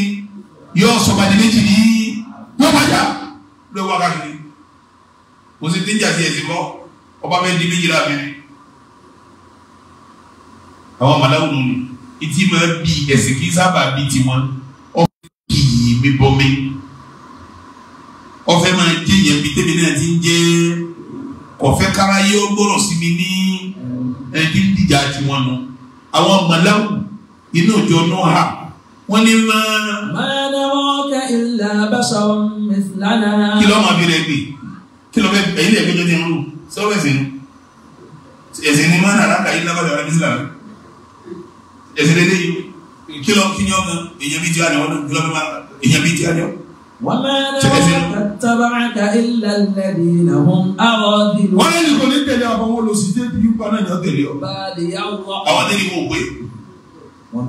yóò sọ̀bàdé méjì ní yóò gbàjà ló wá káàkiri kò sí tíjà sí ẹ̀sìn mọ́ ọba bẹ́ẹ̀ di méjì láàfin àwọn màláwù ní ìtì máa bí ẹ̀sìn kì sábà bí tiwọn ọ̀ bí mi bọ́ mi ọfẹ máa jẹ yẹn bí tèmi náà ti ń jẹ ọfẹ káráyé ó gbọ́rọ̀ sí mi ní ẹbí dídíjà tiwọn nù àwọn mọláwù inú òjò náà hà wọn ní mọ. mọ̀nà wọn kẹ́ ilà bàṣọ mẹ́sìlánà. kí ló máa bí rẹ gbé kí ló fẹ́ ẹ̀yìn lẹ́gbẹ́ jọ ní ẹ̀rú sọ́wọ́ ẹ̀sìn nu ẹ̀sìn ni mọ̀nà alága yìí lábàdàn rẹ mẹ́sìlánà ẹ̀sìn lélẹ́yìn kí ló kí ni ọmọ èèyàn bí ti àná wọn kí ló fẹ́ máa èèyàn bí ti àná wọn wọ́n lẹ́nu kò ní tẹ̀lé àwọn olùsí tẹ́ bí pa náà ní ọ̀tẹ̀lé ọ. àwọn tẹ̀lé wò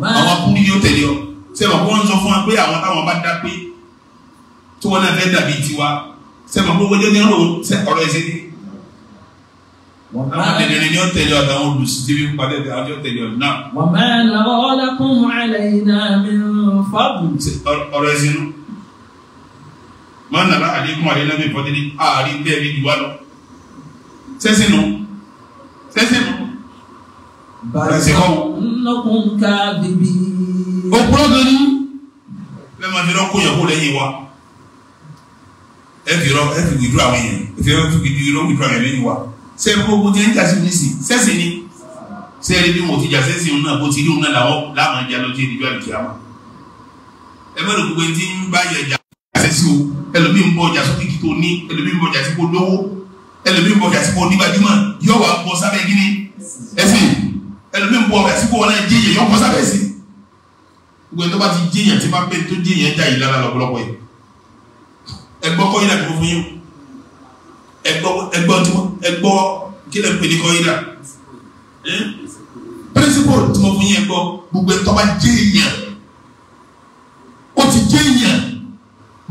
pé àwọn kúndí ní ọ̀tẹ̀lé ọ. sẹ́wà kó ń sọ fún wa pé àwọn táwọn bá dá pé tí wọ́n náà fẹ́ dàbí tiwa sẹ́wà kó wọ́n jẹ́ ní ọ̀rọ̀ ẹ̀sìn ní. àwọn tẹ̀lé ní ọ̀tẹ̀lé ọ̀dọ̀ àwọn olùsí tẹ́ bí pa máa nàrà àlékún àlélá mi fọdílé ààrí tẹ́ẹ̀rí jù wá lọ sẹ́sìn nù sẹ́sìn nù. bàtà nnọkùn ká bìbí. òpùrọ̀ gani lẹ́ẹ̀ máa fi rọ́ọ̀kú yẹ̀ kó lẹ́yìn wa ẹ fi rọ ẹ fi wìdúrà àwọn èèyàn ẹ fi rọ ẹ fi wìdúrà àwọn èèyàn lẹ́yìn wa ṣé gbogbo tí ń jà sí ní sìn sẹ́sìn ni ṣé ẹni bí wọn ti jà sẹ́sìn náà bó ti rí òun náà làwọn láwọn ìjà lọ sí ìdíjọ́ àdìjọ́ àmọ́ ẹ bẹ́ẹ̀ ló gbogbo ẹni tí ń bá yẹ jà sẹ́sìn o ẹlòmíì ń bọ ọjà sókè kí tó ní ẹlòmíì ń bọ ọjà sí kó lówó ẹlòmíì ń bọ ọjà sí kó nígbàdúmọ̀ yọ wà bọ sábẹ́ gíní ẹsìn ẹlòmíì ń bọ ọjà sí kó wọn náà jẹyẹ yọ bọ sábẹ́ sí. gbogbo ẹni tó bá ti jẹyẹ tí bá pẹ tó jẹyẹ já yìí lára lọ́pọ̀lọpọ̀ yìí ẹgbọ́ kọ́ yìí làkúrò fún yín ẹgbọ́ ẹgbọ́ tí wọ́n ẹgbọ́ kí lè pè ní kọ́ yìí là pírísípò tí mo fún yín ẹgbọ́ gbogbo ẹni tó bá jẹyẹ ó ti jẹyẹ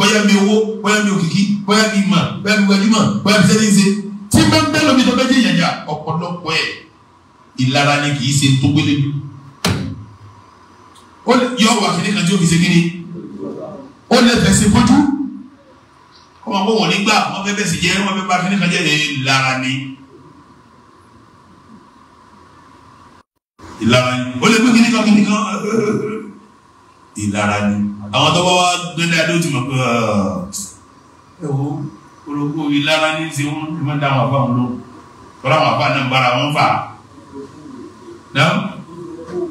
bóyá mi owó bóyá mi òkìkí bóyá mi ìmọ̀ bóyá mi gbajúmọ̀ bóyá mi sẹ́ni ṣe tí bá ń bẹ́ lómi tó bẹ́ẹ̀ jẹ́ ìyànjà ọ̀pọ̀lọpọ̀ ẹ̀ ìlara ni kì í ṣe tó gbélé mi. ó lè yọ wà kíní kan tí ó fi ṣe kíní ó lè fẹsẹ̀ fojú ọmọ àpò wọn nígbà wọn fẹ́ bẹ́sẹ̀ jẹ́ wọn fẹ́ bá kíní kan jẹ́ ìlara ni. ìlara ni ó lè gbé kíní kan kíní kan ìlara ni àwọn tó bá wá gbẹ́dẹ́ adó ti mọ̀ pé ẹ̀wọ́ ah, orogún orí lára ní ṣe wọ́n ti máa ń dá àwọn àbáwọn lóhùn tọ́lá àwọn àbá náà ń bára wọn fà náà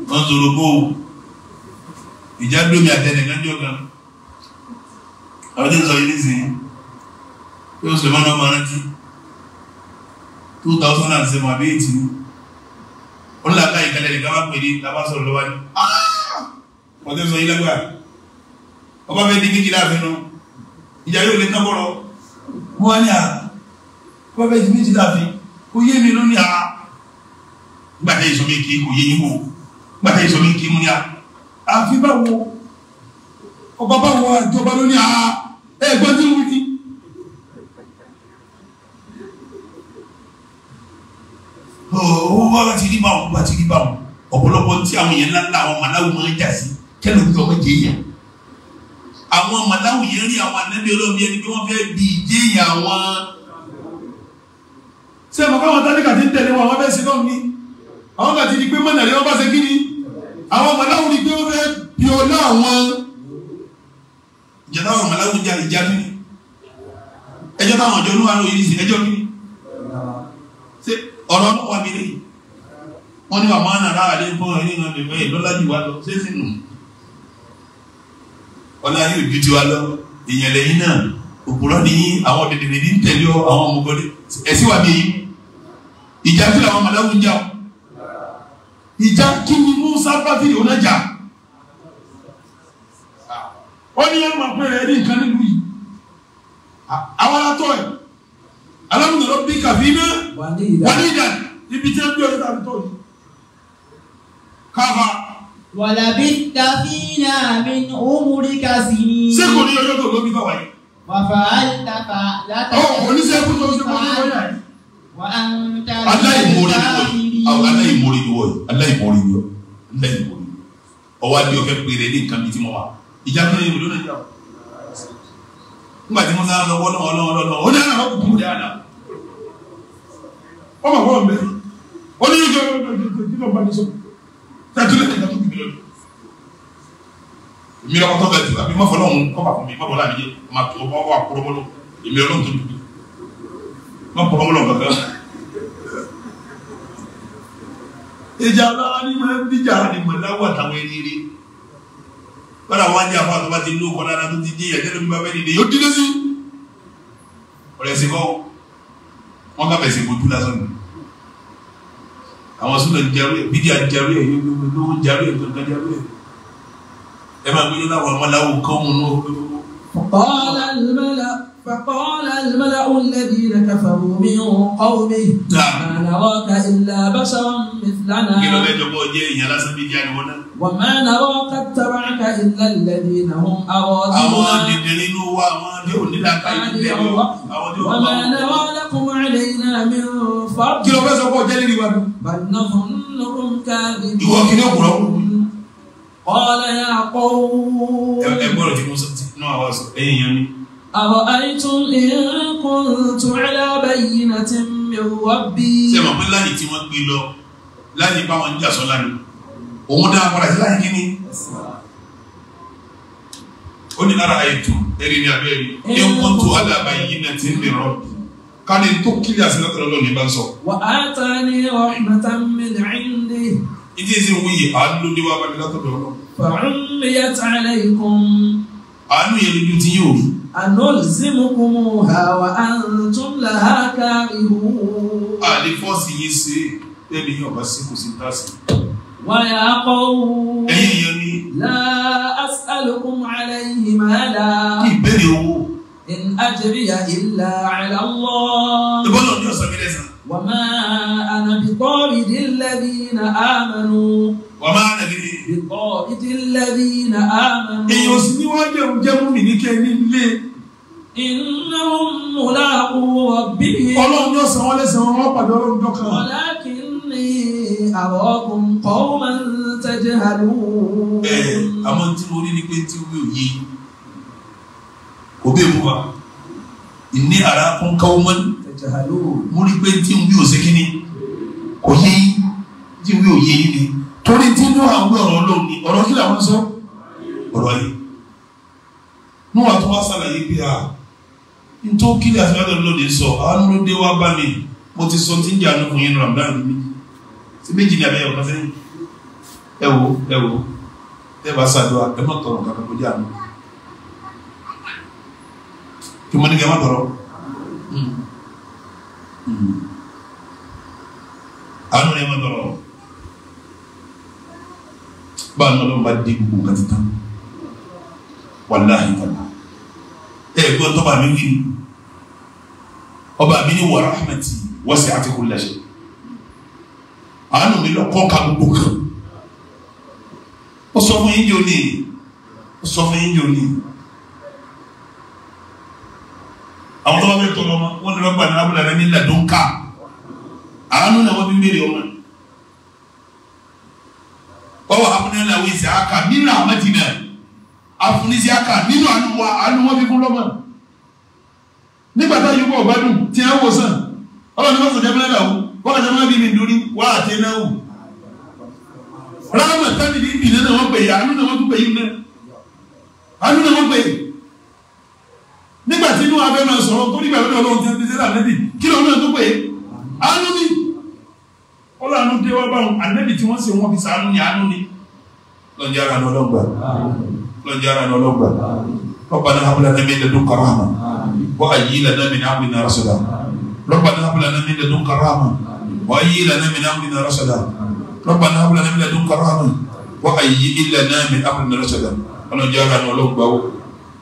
wọ́n sọ̀rọ̀ bó ìjà gbómi àtẹnìkan jọ kan àwọn tí ń sọ yìí nísìnyí yóò sọ mọ́nà ọmọ rántí 2007 àbí 18 ó lákàá ìkẹlẹ̀ nìkan máa pè ní tàbá lọ́wọ́ ni ah! wọ́n tí ń sọ yìí lágbàá ọba fẹ́ di méjì láàfin nu ìjà yóò lè tán bọ́rọ̀ wọ́n á ní à ọba fẹ́ di méjì láàfin kò yé mi lónìí à gbàtà ìsọmi kì í kò yé yín wò gbàtà ìsọmi kì í mú ní à àfi báwo ọba báwo àjọba lónìí à ẹ gbọ́n tí wọ́n ti. owó wọ́n ti rí báwọn wọ́n ti rí báwọn ọ̀pọ̀lọpọ̀ tí àwọn yẹn ńlá ńlá àwọn màláwù máa ń jà sí kẹ́lẹ́ òbí ọmọ jẹ́ yẹn àwọn màdáwù yẹn rí àwọn ànábì ọlọ́ọ̀bí ẹni pé wọ́n fẹ́ bí ìjéyà wọn. ṣé ẹ̀ mọ̀ káwọn tálíkà ti ń tẹ̀lé wọn àwọn fẹ́ sí náà ní àwọn kàti di pé mọ̀nà rẹ̀ wọ́n bá ṣe kí ni àwọn màdáwù ni pé wọ́n fẹ́ bí ọlọ́ àwọn. ìjọba àwọn màdáwù jà ìjà kí ni ẹjọ́ táwọn ọjọ́ olúwa lóye sí ẹjọ́ kí ni ṣé ọ̀rọ̀ ọlọ́wà mi lè wọ́n ní wàmọ́ àná ọlá yóò ju tiwa lọ èèyàn lẹ́yìn náà òpùrọ́ ní àwọn dèdèrè ní tẹ̀lé ọ àwọn ọmọkọ́lé ẹ̀sìn wà bí ìjà kí làwọn màláwù ń jà ọ ìjà kí ni Musa bá fi ìhòòhò náà jà ó ní ẹ̀ máa pẹ́ rẹ̀ ní nǹkan nínú yìí àwọn atọ́ ẹ̀ alámùdọ̀rọ̀ bí kàfí náà wà ní ìdá ibi tí wọ́n gbé ọ̀rẹ́ tàbí yìí káfa ni ولبثت فينا من عمرك سنين سيكون يوجد لو بفوائد وفعلت فعلتك أو ونسيكون لو بفوائد وأنت aláìmoore ni wọ́n aláìmoore ni wọ́n aláìmoore ni wọ́n aláìmoore ni wọ́n ọwọ́ adé ọkẹ́ péré ní nǹkan bíi tí mo wà ìjà tó yẹ wòlé lónìí àwọn. nígbà tí mo sá lọ wọ́n náà lọ́wọ́ lọ́wọ́ ó dáná wọ́n kò kú dáná. wọ́n mọ̀ wọ́n mẹ́rin ó ní ìjọba ìjọba ìjọba ìjọba ìjọba ìjọba ìjọba èmi lọ́kọ́ tó bẹ̀ tù àbí mọ́fọ́ lọ́hùn kọ́ba fún mi mọ́fọ́ láàmì yé ọmọ àti ọmọ wa kúrọ́ mọ́lọ́ èmi ọlọ́run tó dùn mọ́ kúrọ́ mọ́lọ́ kankan. ìjà lára ni máa ń bíjà ni mọ̀ láwọ̀ àtàwọn ẹni rí bára wá ní àfọ àtọ́ bá ti lóko dára tó ti dé ẹ̀jẹ̀ lómi bá bẹ́ẹ̀ ni yóò dín lé sí. ọ̀rẹ́ sí kọ́ wọ́n ká bẹ̀ sí bojú lásán nù àwọn sùnà ń jarú ẹ bídíà ń jarú ẹ yóò lówó ń jarú ẹ gbọngàn jarú ẹ ẹ máa gbé yín láwọn ọmọ aláwọ kọ́ọ̀mù náà فقال الملأ فقال الملأ الذين كفروا من قومه ما نراك إلا بشرا مثلنا وما نراك اتبعك إلا الذين هم أرادونا وما نرى لكم علينا من فرق بل نظنكم كاذبين قال يا قوم nínú àwọn àsọ̀rọ̀ èèyàn ni. أرأيتم إن كنت على بينة من ربي. ṣé màá pé láyé tí wọ́n gbé lọ láyé bá wọn jà sọ láyé òun dáa padà sí láyé kíní. ó ní ara ètò ẹ̀rí ni abẹ́ rí in kuntu ala bayyinatin min rabbi káni tó kílí àsìlẹ́tọ̀ lọ́dọ̀ ní bá ń sọ. wa atani rahmatan min indi. ìdí èsì wúyè àánú níwájú àbẹ̀lẹ́tọ̀ lọ́dọ̀. fa ummiyat alaykum àánú yẹn lójú ti yóò. ànọ́lìsímùkùnmù àwà àtúnláhà káríhù. àlè fọ́ọ̀sì yìí ṣe tẹ́lẹ̀ yìí ọ̀bá sí kò sí tásì. wáyà kọ́ òun. ẹ̀yìn yẹn ni. la as'alukum alayhi mala. ìbéèrè owó. in ajriya illa ala Allah. ìbọ́lọ̀ ní ọ̀sán mi lẹ́sàn. wa ma ana bi taridil wọ́n máa nà ní. ìkọ́ ìdílẹ́bí na àmà. èèyàn sì ni wọ́n jẹun jẹun mi ní kẹ́ni lé. iná múlá owó bí. ọlọ́run yóò san wọ́n lẹ́sẹ̀ wọn wọ́n pàdé ọlọ́run jọ kan. ọ̀la kì í ní àwọ̀kùn kọ́ máa ń tẹ́jẹ́ àlù. bẹ́ẹ̀ àmọ́ tí mo rí ni pé tí wí òye kò bẹ́ẹ̀ wa ìní àràkùn kọ́ máa ń tẹ́jẹ́ àlù. mo rí pé tí wí òsèkínní kò yé yín tí wí òye yín ni torí tí inú àwọn ọ̀rọ̀ lónìí ọ̀rọ̀ kí làwọn sọ ọ̀rọ̀ yìí ní wàá tó wá sàlàyé pé a nítorí kí ni àfihàn lónìí sọ àwọn olóde wa bá mi mo ti sọ tí ń jà lókun yín ràn náà níbi tí méjì ní abẹ́yẹ̀ ọ̀kan sẹ́yìn ẹ wo ẹ wo ẹ bá ṣàdúrà ẹ má tọrọ kankan kó jà lókun kí mo ní kí ẹ má tọrọ hmm. hmm. àwọn ẹ má tọrọ báwo ni ọlọ́run bá dé gbogbo nǹkan ti tán wàláhì tàbí ẹ gbọ́n tọ́ba mi wí ọba mi ní wa rahmati wasi'at kulla shay àánú mi lọ kọ́ ka gbogbo kan ó sọ fún yín jò ní ó sọ fún yín jò ní àwọn tó bá fẹ́ tọrọ ọmọ wọn ni wọn gbà ní abúlé rẹ ní ladonka àánú wọn fi ń béèrè ọwọ amúnilẹ àwọn èsì aka nínú àwọn ti nà afunisi aka nínú aluwa aluwa fífún lọ́mọ nígbà tá yìí kọ́ ọ̀gbádùn tí ẹ wò sàn ọlọ́ni wọ́n sọ jẹ́ mẹ́lẹ́dà o wọ́n kà jẹ́ mẹ́lẹ́dà bíi mi dúró wá àti ẹ̀ náà o ráhùn tàbí ní ìbílẹ̀ náà wọ́n pè é àánú náà wọ́n tún pè é náà àánú náà wọ́n pè é nígbà tí inú abẹ́ máa sọ̀rọ̀ tó nígbà lọ́dọ̀ ọlọ́run ti ń bí sẹ́lá àbẹ́bí kí lọ́ọ́ náà tó pè é àánú ni ọlọ́run dé wọ́n báhùn ànẹ́bì tí wọ́n ṣe wọ́n fi ṣàánú ní àánú ní lọ́njára ní ọlọ́gbà lọ́njára ní ọlọ́gbà ربنا هب لنا من لدنك رحمة وهيئ لنا من أمرنا رشدا ربنا هب لنا من لدنك رحمة وهيئ لنا من أمرنا رشدا ربنا هب لنا من لدنك رحمة وهيئ لنا من أمرنا رشدا ọlọ́njára ní ọlọ́gbà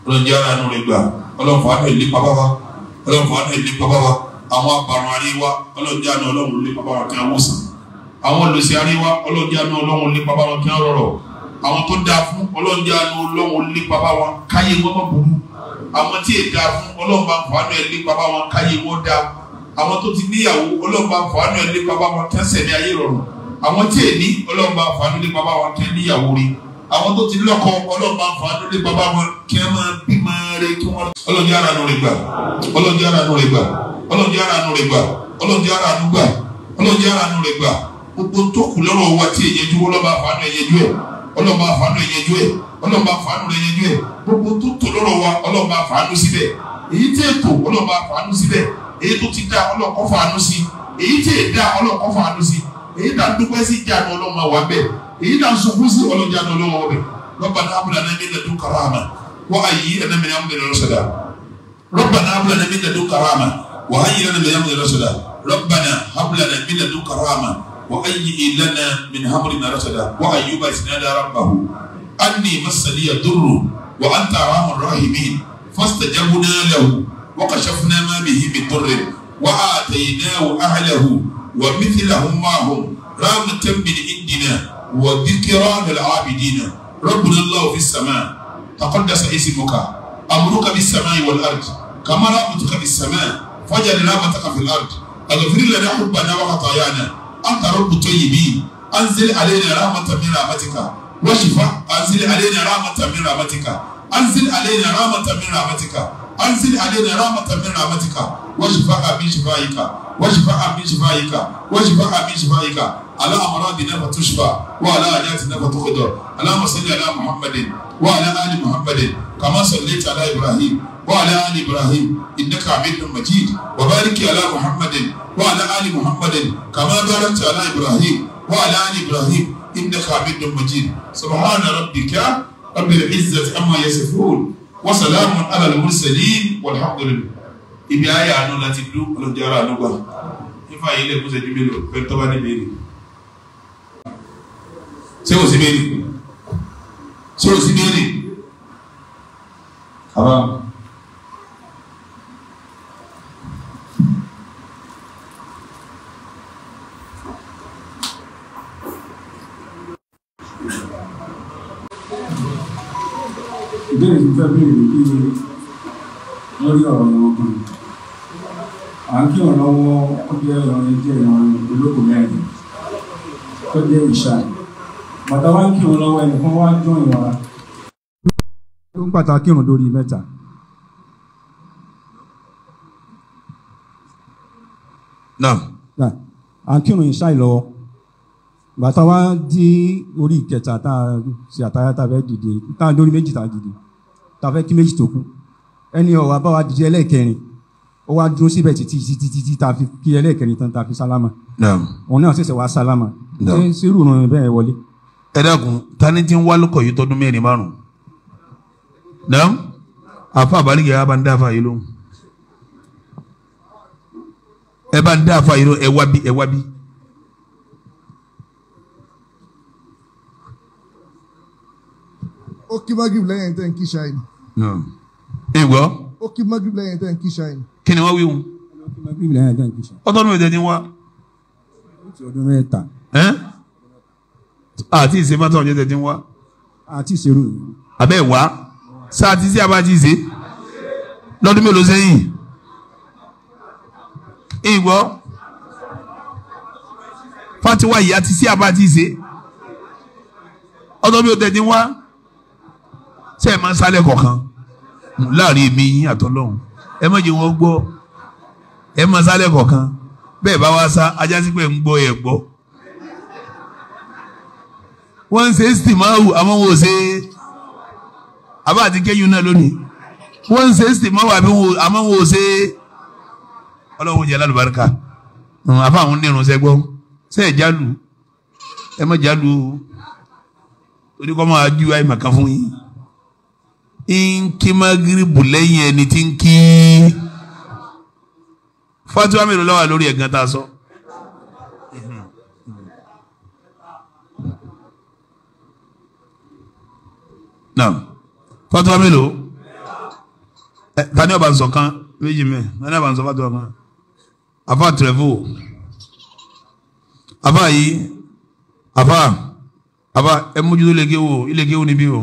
ọlọ́njára ní ọlọ́gbà ọlọ́nfààní ìlú pàbáwá ọlọ́nfààní ìlú pàbáwá àwọn abàrùn àríwá ọlọ́dẹ àná ọlọ́run lé bàbá wọn kí wọ́n sàn àwọn olùsí àríwá ọlọ́dẹ àná ọlọ́run lé bàbá wọn kí wọ́n rọrọ̀ àwọn tó dáa fún ọlọ́dẹ àná ọlọ́run lé bàbá wọn káyé wọn má burú àwọn tí èdè àfún ọlọ́run bá fàánù ẹ̀ lé bàbá wọn káyé wọn dáa àwọn tó ti níyàwó ọlọ́run bá fàánù ẹ̀ lé bàbá wọn ní àwọn tó ti lọ́kọ ọlọ́run bá fàánù lé bàbá wọn kí wọ́n máa bímọ rẹ kí wọ́n. ọlọ́run yára nù rẹ gbà ọlọ́run yára nù rẹ gbà ọlọ́run jẹ́ ara nu rẹ̀ gbà ọlọ́run jẹ́ ara nu gbà ọlọ́run jẹ́ ara nu rẹ̀ gbà gbogbo tó kù lọ́rọ̀ wa tí èyẹjú ọlọ́ba àfààní èyẹjú ẹ̀ ọlọ́ba àfààní èyẹjú ẹ̀ ọlọ́ba àfààní èyẹjú ẹ̀ gbogbo tó tò lọ́rọ̀ wa ọlọ́ba àfààní síbẹ̀ èyí tẹ̀ tó ọlọ́ba àfààní síbẹ̀ èyí tó ti dá ọlọ́kọ́ fàánú sí èyí tẹ̀ dá ọlọ́kọ́ fàánú sí èyí tà dúpẹ́ sí jáde ọlọ́mọ wa bẹ́ẹ̀ èyí tà sunkún sí ọlọ́jáde ọlọ́mọ wa bẹ́ẹ̀ ربنا هب لنا وهي لنا من أمر رسلا ربنا هب لنا من لدنك رحمه وهيئ لنا من امرنا رسلا وايوب اذ ربه اني مسني الضر وانت ارحم الراحمين فاستجبنا له وكشفنا ما به من ضر واتيناه اهله ومثلهم معهم رحمه من عندنا وذكرى للعابدين ربنا الله في السماء تقدس اسمك امرك بالسماء والارض كما رحمتك بالسماء fọjá ni láàmà tá àfi láàrú àgbẹ̀fẹ́rẹ́ lẹ́nu àkùnbà náà wákàtà ayé àná àtàrà òkùtọ́ yìí bí anzil alẹ́ni aráàmàtà mi ràmàtìkà wáṣífà anzil alẹ́ni aráàmàtà mi ràmàtìkà anzil alẹ́ni aráàmàtà mi ràmàtìkà anzil alẹ́ni aráàmàtà mi ràmàtìkà wáṣífà àmì ṣífà yìí kà wáṣífà àmì ṣífà yìí kà wáṣífà àmì ṣífà yìí kà على أمراضنا فتشفى وعلى آياتنا فتقدر اللهم صل على محمد وعلى آل محمد كما صليت على إبراهيم وعلى آل إبراهيم إنك حميد مجيد وبارك على محمد وعلى آل محمد كما باركت على إبراهيم وعلى آل إبراهيم إنك حميد مجيد سبحان ربك رب العزة عما يصفون وسلام على المرسلين والحمد لله ibi ayé àánú láti dúró ọlọ́jọ́ ara àánú gbà nípa ilé ìkúnṣẹ́jú mélòó pẹ̀lú tọ́ba níbi èrè ṣé kò sí béèrè ṣé kò sí béèrè àbá. ìbéèrè tó fẹ́ béèrè ní lórí ọ̀rọ̀ yẹn ọkùnrin à ń kí ọ̀rọ̀ wọn ọdún ẹ̀rọ ẹ̀jẹ̀ ìrànlọ́wọ́ olóko mẹ́rin tó jẹ́ ìṣàlẹ̀ bàtà wá ń kírun lọ́wọ́ ẹnìkan wá ń jọyìn wa. ó ń pàtàkì irun lórí mẹ́ta. náà. à ń kírun ìṣáì lọ́wọ́ bàtà wá dí orí ìkẹta tá a ṣe àtàyà tá a fẹ́ dìde tá a lórí méjì tá a dìde tá a fẹ́ kí méjì tó kù ẹni ọ̀wà bá wa dìde ẹlẹ́ẹ̀kẹrin ó wá dúró síbẹ̀ títí títí títí tá a fi kí ẹlẹ́ẹ̀kẹrin tán tá a fi sálámà. òun náà ṣẹ̀ṣẹ̀ wá sálámà. ṣé irú ìrùn bẹ́ẹ̀ wọlé. ẹ ta tani ti ń wá lóko yìí tọdún mẹ́rin márùn afọ abalị gị ẹ bá ń dá àfa yìí lóhùn ẹ bá ń dá àfa yìí lóhùn ẹ wá bí ẹ wá bí. ó kí magrib lẹ́yìn tẹ́ ń kí ṣáìnì. ẹ gbọ́. ó kí magrib lẹ́yìn tẹ́ ń kí ṣáìnì. kí ni wọ́n wí wọn. ọtọ́ ọdún mẹ́ta wá. ọdún mẹ́ta. ẹ́ àti ìṣe mọ́tò ọ̀jẹ́ tẹ̀sí wa. àti ìṣerú. abẹ́ wa sá àti ìṣe abájí ìṣe lọ́dún mélòó sẹ́yìn ìgbọ́ fatiwa yìí àti sí abájí ìṣe ọdún mélòó tẹ̀sí wa ṣe é máa ń sálẹ̀ kọ̀ọ̀kan láàrin èmi yín àtọ́lọ́hún ẹ má jẹ́ wọn gbọ́ ẹ máa sálẹ̀ kọ̀ọ̀kan bẹ́ẹ̀ bá wá sá ajá sí pé ń gbọ́ ẹ̀ gbọ́ wọ́n ń ṣe stimahu àwọn wọn ò ṣe àbá àti kéyìn náà lónìí wọ́n ń ṣe stimahu àwọn wọn ò ṣe ọlọ́run jẹ́ lálùbáríkà àbá àwọn onírun ṣẹgbọ́ ṣe é jálù ẹ má jálù o torí kọ́ máa ju àyè màkà fún yín nkí lẹ́yìn ẹni tí ń kí fatiwa mi lọ́wọ́ lórí ẹ̀gán tá a sọ. So. náà fatuwa mélòó ẹ eh, tani ọba nsọ kan méjì mẹ tani ọba nsọ fatuwa kan afa tẹrẹfù afa yìí afa afa ẹ mójútó ilégewu ilégewu níbí o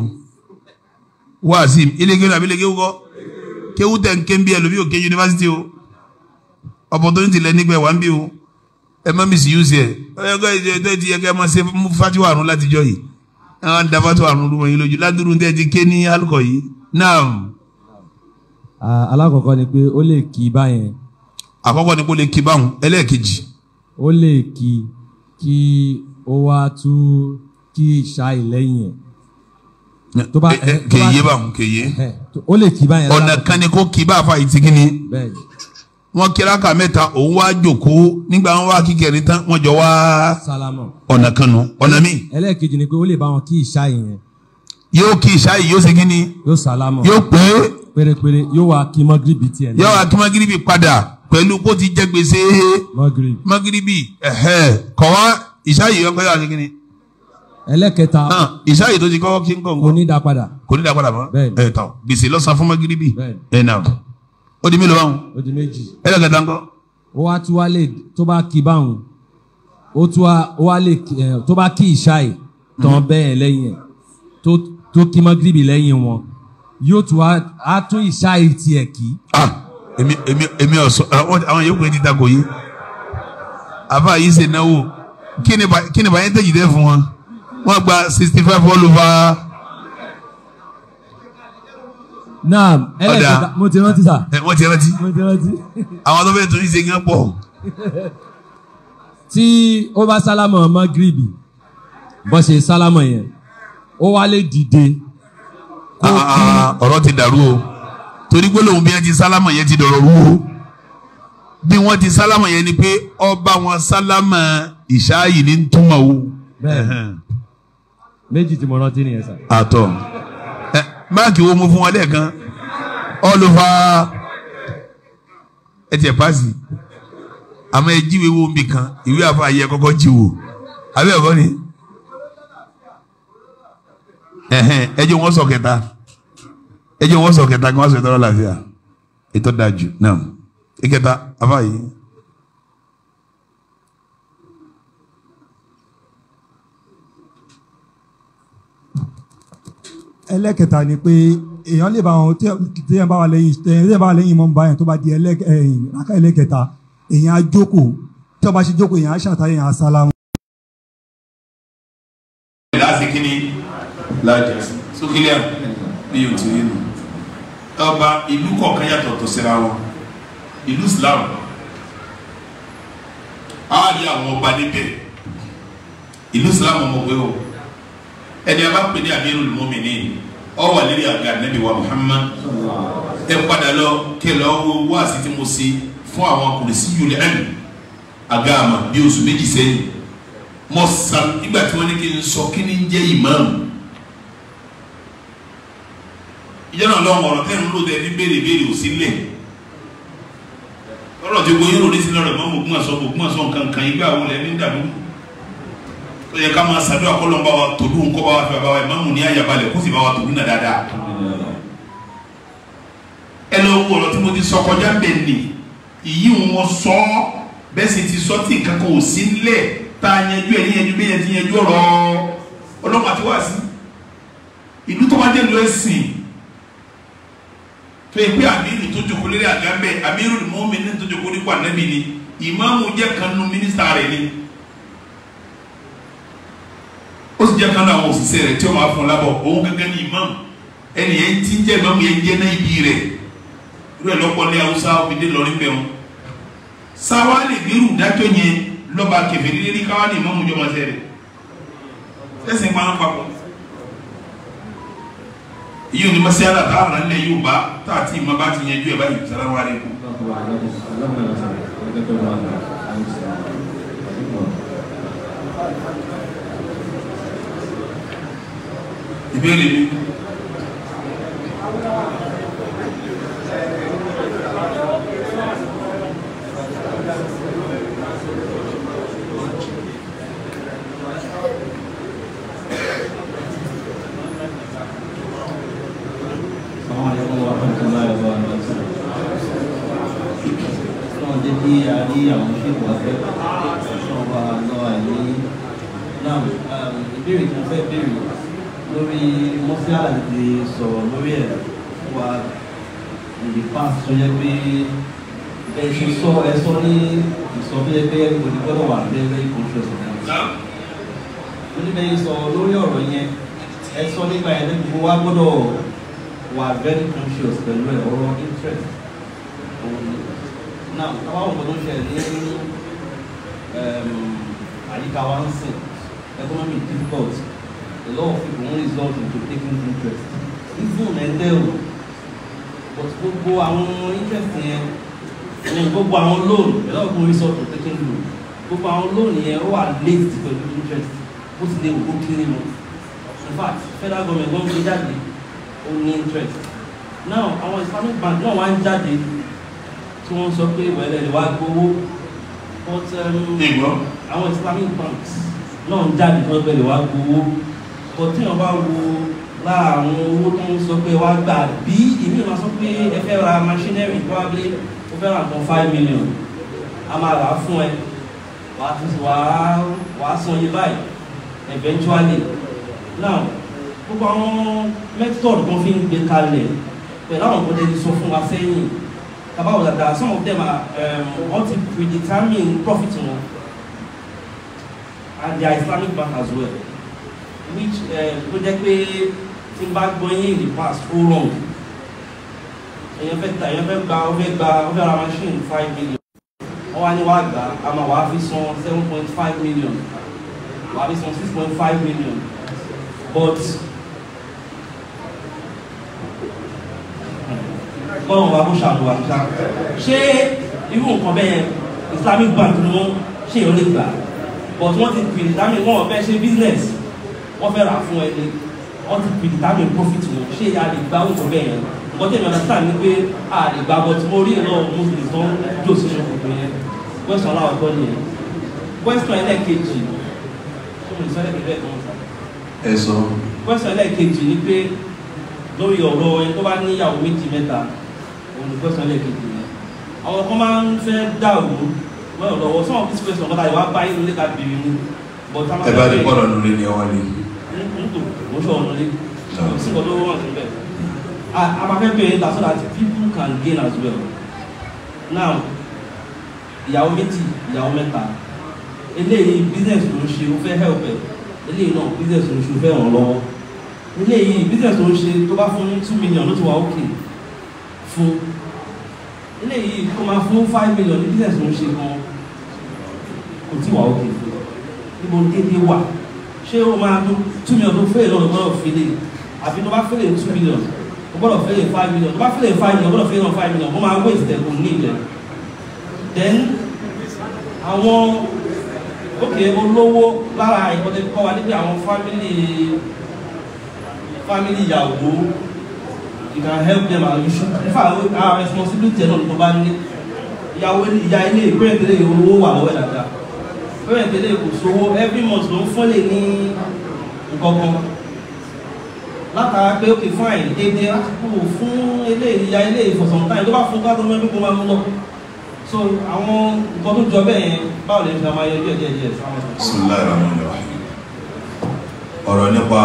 wáàsí ilégewu nàbí ilégewu kọ kéwu tẹ̀ ń ké bí ẹlòmí òkè yunifásitì o opportunity lẹ nígbà wà ń bí o ẹ má mi sì yú sí ẹ ẹ kọ́ ẹ jẹ́ ẹ tẹ́ ti ẹ kẹ́ ẹ má ṣe fatiwa àrùn látijọ́ yìí àwọn dabatọ àrùn olúmọ yìí lójú ládùrún tẹ ti ké ní alukọ yìí náà. alákọ̀ọ́kọ́ ni pé ó lè kí báyẹn. àkọ́kọ́ ni pé ó lè kí báwọn ẹlẹ́ẹ̀kejì. ó lè kí kí ó wá tú kí ìṣá ìlẹ́yìn ẹ̀ kèye báwọn kèye. ó lè kí báyẹn. ọ̀nà kan ni kó kí bá a fa ìtìkí ni. bẹ́ẹ̀ ni wọ́n kíráka mẹ́ta òun wá jókòó nígbà wọn wá kíkẹrin tán wọ́n jọ wá ọ̀nà kanu ọ̀nà mi. ẹlẹ́ẹ̀kejì ni pé ó lè bá wọn kí ìṣá yìí yẹn. yóò kí ìṣá yìí yóò ṣe kí ni. yóò sálámù. yóò pé. pérépéré yóò wá kí mọ́gìrìbì tiẹ̀. yóò wá kí mọ́gìrìbì padà pẹ̀lú kó ti jẹ́ gbèsè. mọ́gìrìbì. kọ̀ wá ìṣá yìí yóò kọ́yà ni. ẹlẹ́kẹta. ìṣá yìí tó ti kọ́kọ́ kí ń kọ̀ ń ó di mélòó báwọn. ó di méjì. ẹlẹ́kẹ̀ta ńkọ́. ó wá tún wá lè tó bá kí báwọn ó tún wá lè tó bá kí ìṣáì tán mhm. bẹ́ẹ̀ lẹ́yìn ẹ̀ tó kí mọ́gìrìbì lẹ́yìn wọn yóò tún wá á tún ìṣáì tiẹ̀ kí. èmi èmi èmi ọ̀sọ́ àwọn yòókù yẹn ti dako yìí àbá yìí ṣe náwó kí ni bàyẹn tẹ̀jì dẹ́ fún wọn wọ́n gba sixty five all over naam ẹlẹ́kẹta mo ti rántí sa. mo ti rántí. mo ti rántí. àwọn tó fẹ́ torí ṣe gán pọ̀. tí ó bá sálámọ̀ mọ́gìrìbì bó ṣe sálámọ̀ yẹn ó wá lè dìde. Ah, ah, ah, ọ̀rọ̀ ti dàrú o torí gbólóhùn bí wọ́n ti sálámọ̀ yẹn ti dọ̀rọ̀ rú o bí wọ́n ti sálámọ̀ yẹn ni pé ọba wọn sálámọ̀ ìṣááyì ní túmọ̀ o. bẹ́ẹ̀ méjì tí mo rántí nìyẹn sà. àtọ̀ báǹkì wo mo fún wọn lẹ́ẹ̀kan all over ẹ tiẹ̀ paasi àmọ́ ẹ jíwe wo mi kan ìwé àfa ayé kọ́kọ́ jí wo abẹ́ ẹ̀kọ́ ni ẹ jẹ́ wọ́n sọ kẹta ẹ jẹ́ wọ́n sọ kẹta kí wọ́n sọ ìtọ́rọ̀ làásìá ìtọ́ dájú náà ìkẹta àfa yìí. ẹlẹ́kẹta ni pé èèyàn lè bá wọn téèyàn bá wà lẹ́yìn téèyàn bá wà lẹ́yìn mọ́ bá yẹn tó bá di ẹlẹ́kẹta ẹlẹ́kẹta èèyàn á jókòó tí wọ́n bá ṣe jókòó èèyàn á ṣàtàyè èèyàn á sálámù. láti kí ni lájẹ sókílẹ̀ ní òtún yìí nù ọba ìlú kọ̀ọ̀kan yàtọ̀ tó síra wọn ìlú Islam á rí àwọn ọba níbẹ̀ ìlú Islam ọmọ pé o ẹni a bá pè ní amirul muminin ọ wà lórí àga nabi wa muhammad ẹ padà lọ kẹlẹ ọwọ wáàsí tí mo ṣe fún àwọn kùrìsì yòlẹ ẹnu àga àmà bí oṣù méjì sẹ́yìn mo sàn nígbà tí wọn ní kí n sọ kí ni ń jẹ ìmáàmù ìjọba lọ́wọ́ ọ̀rọ̀ tẹ́ ń lò tẹ́ ní béèrè béèrè ò sí lẹ̀ ọ̀rọ̀ tí gbóyún lórí sílẹ̀ rẹ̀ mọ́ mọ̀gbọ́n àṣọ mọ̀gbọ́n àṣọ nǹkan kan ìgbà wo lẹ́ ní dàdúgbò ó kama ká máa ṣàdúrà kọ́ lọ́nba bawa, tòlú ńkọ́ bá wa fẹ́ bá wa ìmáàmù ní àyàbalẹ̀ kó sì bá wa tòlú náà dáadáa. ẹ lọ wo ọ̀rọ̀ tí mo ni ìyí wọn sọ bẹ́ẹ̀ sì ti sọ tí nǹkan kan ò sí nílẹ̀ tá a yanjú ẹ̀ níyanjú bẹ́ẹ̀ ti yanjú ọ̀rọ̀ ọlọ́mọ àti ìlú tó bá dé lu ẹ̀sìn pé àmírù tó jókòó lórí àgbà bẹ́ẹ̀ mọ́mí ní tó jókòó nípa nẹ́bí ni ìmáàmù jẹ́ kan mínísítà rẹ̀ ni. jẹ́ kan náà àwọn òṣìṣẹ́ rẹ̀ tí ó máa fún un lábọ̀ òun gẹ́gẹ́ ní ìmáàmù ẹnì yẹn ti jẹ́ ìmáàmù yẹn jẹ́ náà ibi rẹ̀ irú ẹ̀ lọ́pọ̀ ní haúsá òbídé lọ́rí bẹ̀rù sáwá lè gbérù dájọ́ yẹn lọ́ba kẹfẹ́ nílé ní káwá ní ìmáàmù jọmọ sẹ́rẹ̀ ẹ̀sìn parán papọ̀ iye òní mọ́sí aláta àrà ńlẹ̀ yóò bá tá àti ìmọ̀ bá ti yẹn ju ẹ̀ báyìí sàlámù aláìkùm Thank you. ìbéèrè mi. ìbéèrè tí mo fẹ́ béèrè lórí mọ́síálà ti sọ̀rọ̀ lórí ẹ̀ wà èyí pass tó yẹ pé ẹ ti sọ ẹ sọ ní ìsọfẹ́fẹ́ onígbọ́dọ̀ wà lẹ́rẹ́ ìkọ́ṣẹ́ sọ̀rọ̀ oníbẹ̀yìn sọ lórí ọ̀rọ̀ yẹn ẹ sọ nípa ẹ̀ ní gbogbo wa gbọ́dọ̀ wà very conscious pẹ̀lú ẹ̀ ọ̀rọ̀ interest òun ni now káwọn ọmọ tó ń ṣẹlẹ̀ ní àyíká wa ń sìn economic difficulty a lot of people only result into taking interest even ẹ̀ńtẹ́ eh, o but gbogbo àwọn interest yẹn ní gbogbo àwọn loan a lot of people result into taking loan gbogbo àwọn loan yẹn ó wà late pẹ̀lú interest bó ti lè wò ó kéré lọ in fact federal government gbọ́n gbé jáde ó ní interest now àwọn islamic bank náà wá ń jáde tí wọ́n sọ pé wẹ́lẹ̀ lè wá gbowó but um, àwọn islamic banks náà ń jáde tí wọ́n pẹ̀lú wá gbowó bọ̀ tí wọ́n bá wo láàrin owó tó ń sọ pé wá gbà bí ìmí ìmọ̀ sọ pé ẹ fẹ́ ra machinery probably ó fẹ́ ra nǹkan five million a máa rà á fún ẹ wà á tún wà á san iye báyìí eventually now gbogbo àwọn method kan fi ń gbé kalẹ̀ pẹ̀lú àwọn nǹkan tẹ́lẹ̀ sọ fún wa sẹ́yìn about that, that some of them are um, want to predetermine profit more and they Islamic bank as well which ló eh, jẹ́ pé tí n bá gbọ́ in the past ó wrong èèyàn fẹ́ ta èèyàn fẹ́ gba ó fẹ́ gba ó fẹ́ ra machine five million wọ́n wá ní wá gbà á máa wá fi san seven point five million wá fi san six point five million but kọ́nà wa kó ṣàlù wa ṣá ṣé irú nǹkan bẹ́ẹ̀ Islamic bank ló ṣe ìrọ̀lẹ́ gbà but wọ́n ti pè é dámì wọ́n ọ̀fẹ́ ṣe business wọ́n fẹ́ rà fún ẹni wọ́n ti fi ìtàmì profit wọn ṣé a lè gba oúnjẹ bẹ́ẹ̀ yẹn nǹkan tí ọ̀nà sáà ní pé a lè gba bọ́ tí mo rí ìran muslim tó ń jò sínú gbogbo yẹn question aláwọ̀ tó nìyẹn question ẹlẹ́ẹ̀kejì ẹ question ẹlẹ́ẹ̀kejì ni pé lórí ọ̀rọ̀ ẹni tó bá níyàwó méjì mẹ́ta òun ni question ẹlẹ́ẹ̀kejì yẹn àwọn kan máa ń fẹ́ dá òun wọ́n lọ́wọ́ sọ́wọ́n nítò kò ṣọ ọ̀nà lé sí nǹkan tó wọ́n síbẹ̀ a máa fẹ́ pè é ta so that people can gain as well now ìyàwó méjì ìyàwó mẹ́ta eléyìí business ló ń ṣe ó fẹ́ help ẹ̀ eléyìí náà business ló ń ṣe ó fẹ́ ràn lọ́wọ́ eléyìí business ló ń ṣe tó bá fún two million ló ti wà okay fún eléyìí kó máa fún five million ní business ló ń ṣe gan kò tí wà okay fún níbo dédé wà ṣé ó máa tó two million tó fẹ́lẹ̀ lọ́nà gbọ́dọ̀ fẹ́lẹ̀ àfi tó bá fẹ́lẹ̀ two million ó gbọ́dọ̀ fẹ́lẹ̀ five million tó bá fẹ́lẹ̀ five million ó gbọ́dọ̀ fẹ́lẹ̀ five million wọ́n máa wé ìtẹ̀kùn ní ilẹ̀ then àwọn òkè olówó lára ìkọ́tẹ́ kọ́ wa níbi àwọn family family ìyàwó you can help them and you should in fact our responsibility ẹ̀ náà ló bá ní ìyàwó ìyá ilé ìpínlẹ̀ owó wà lọ́wọ́ dáadáa fẹ́rẹ̀ tẹ́lẹ̀ kò sówó every month ló ń fún lè ní nǹkankan látara pé ó kì fún àyè déédéé àsìkò fún ilé ìyá ilé ìfọ̀sọ̀ntà tó bá fún gbádùn mẹ́rin kó máa ń lọ so àwọn nǹkan tó jọ bẹ́ẹ̀ yẹn báwo lè fi àwọn ayẹyẹ díẹ̀ díẹ̀ díẹ̀ sáwọn. bisimilayi rahman rahim ọ̀rọ̀ nípa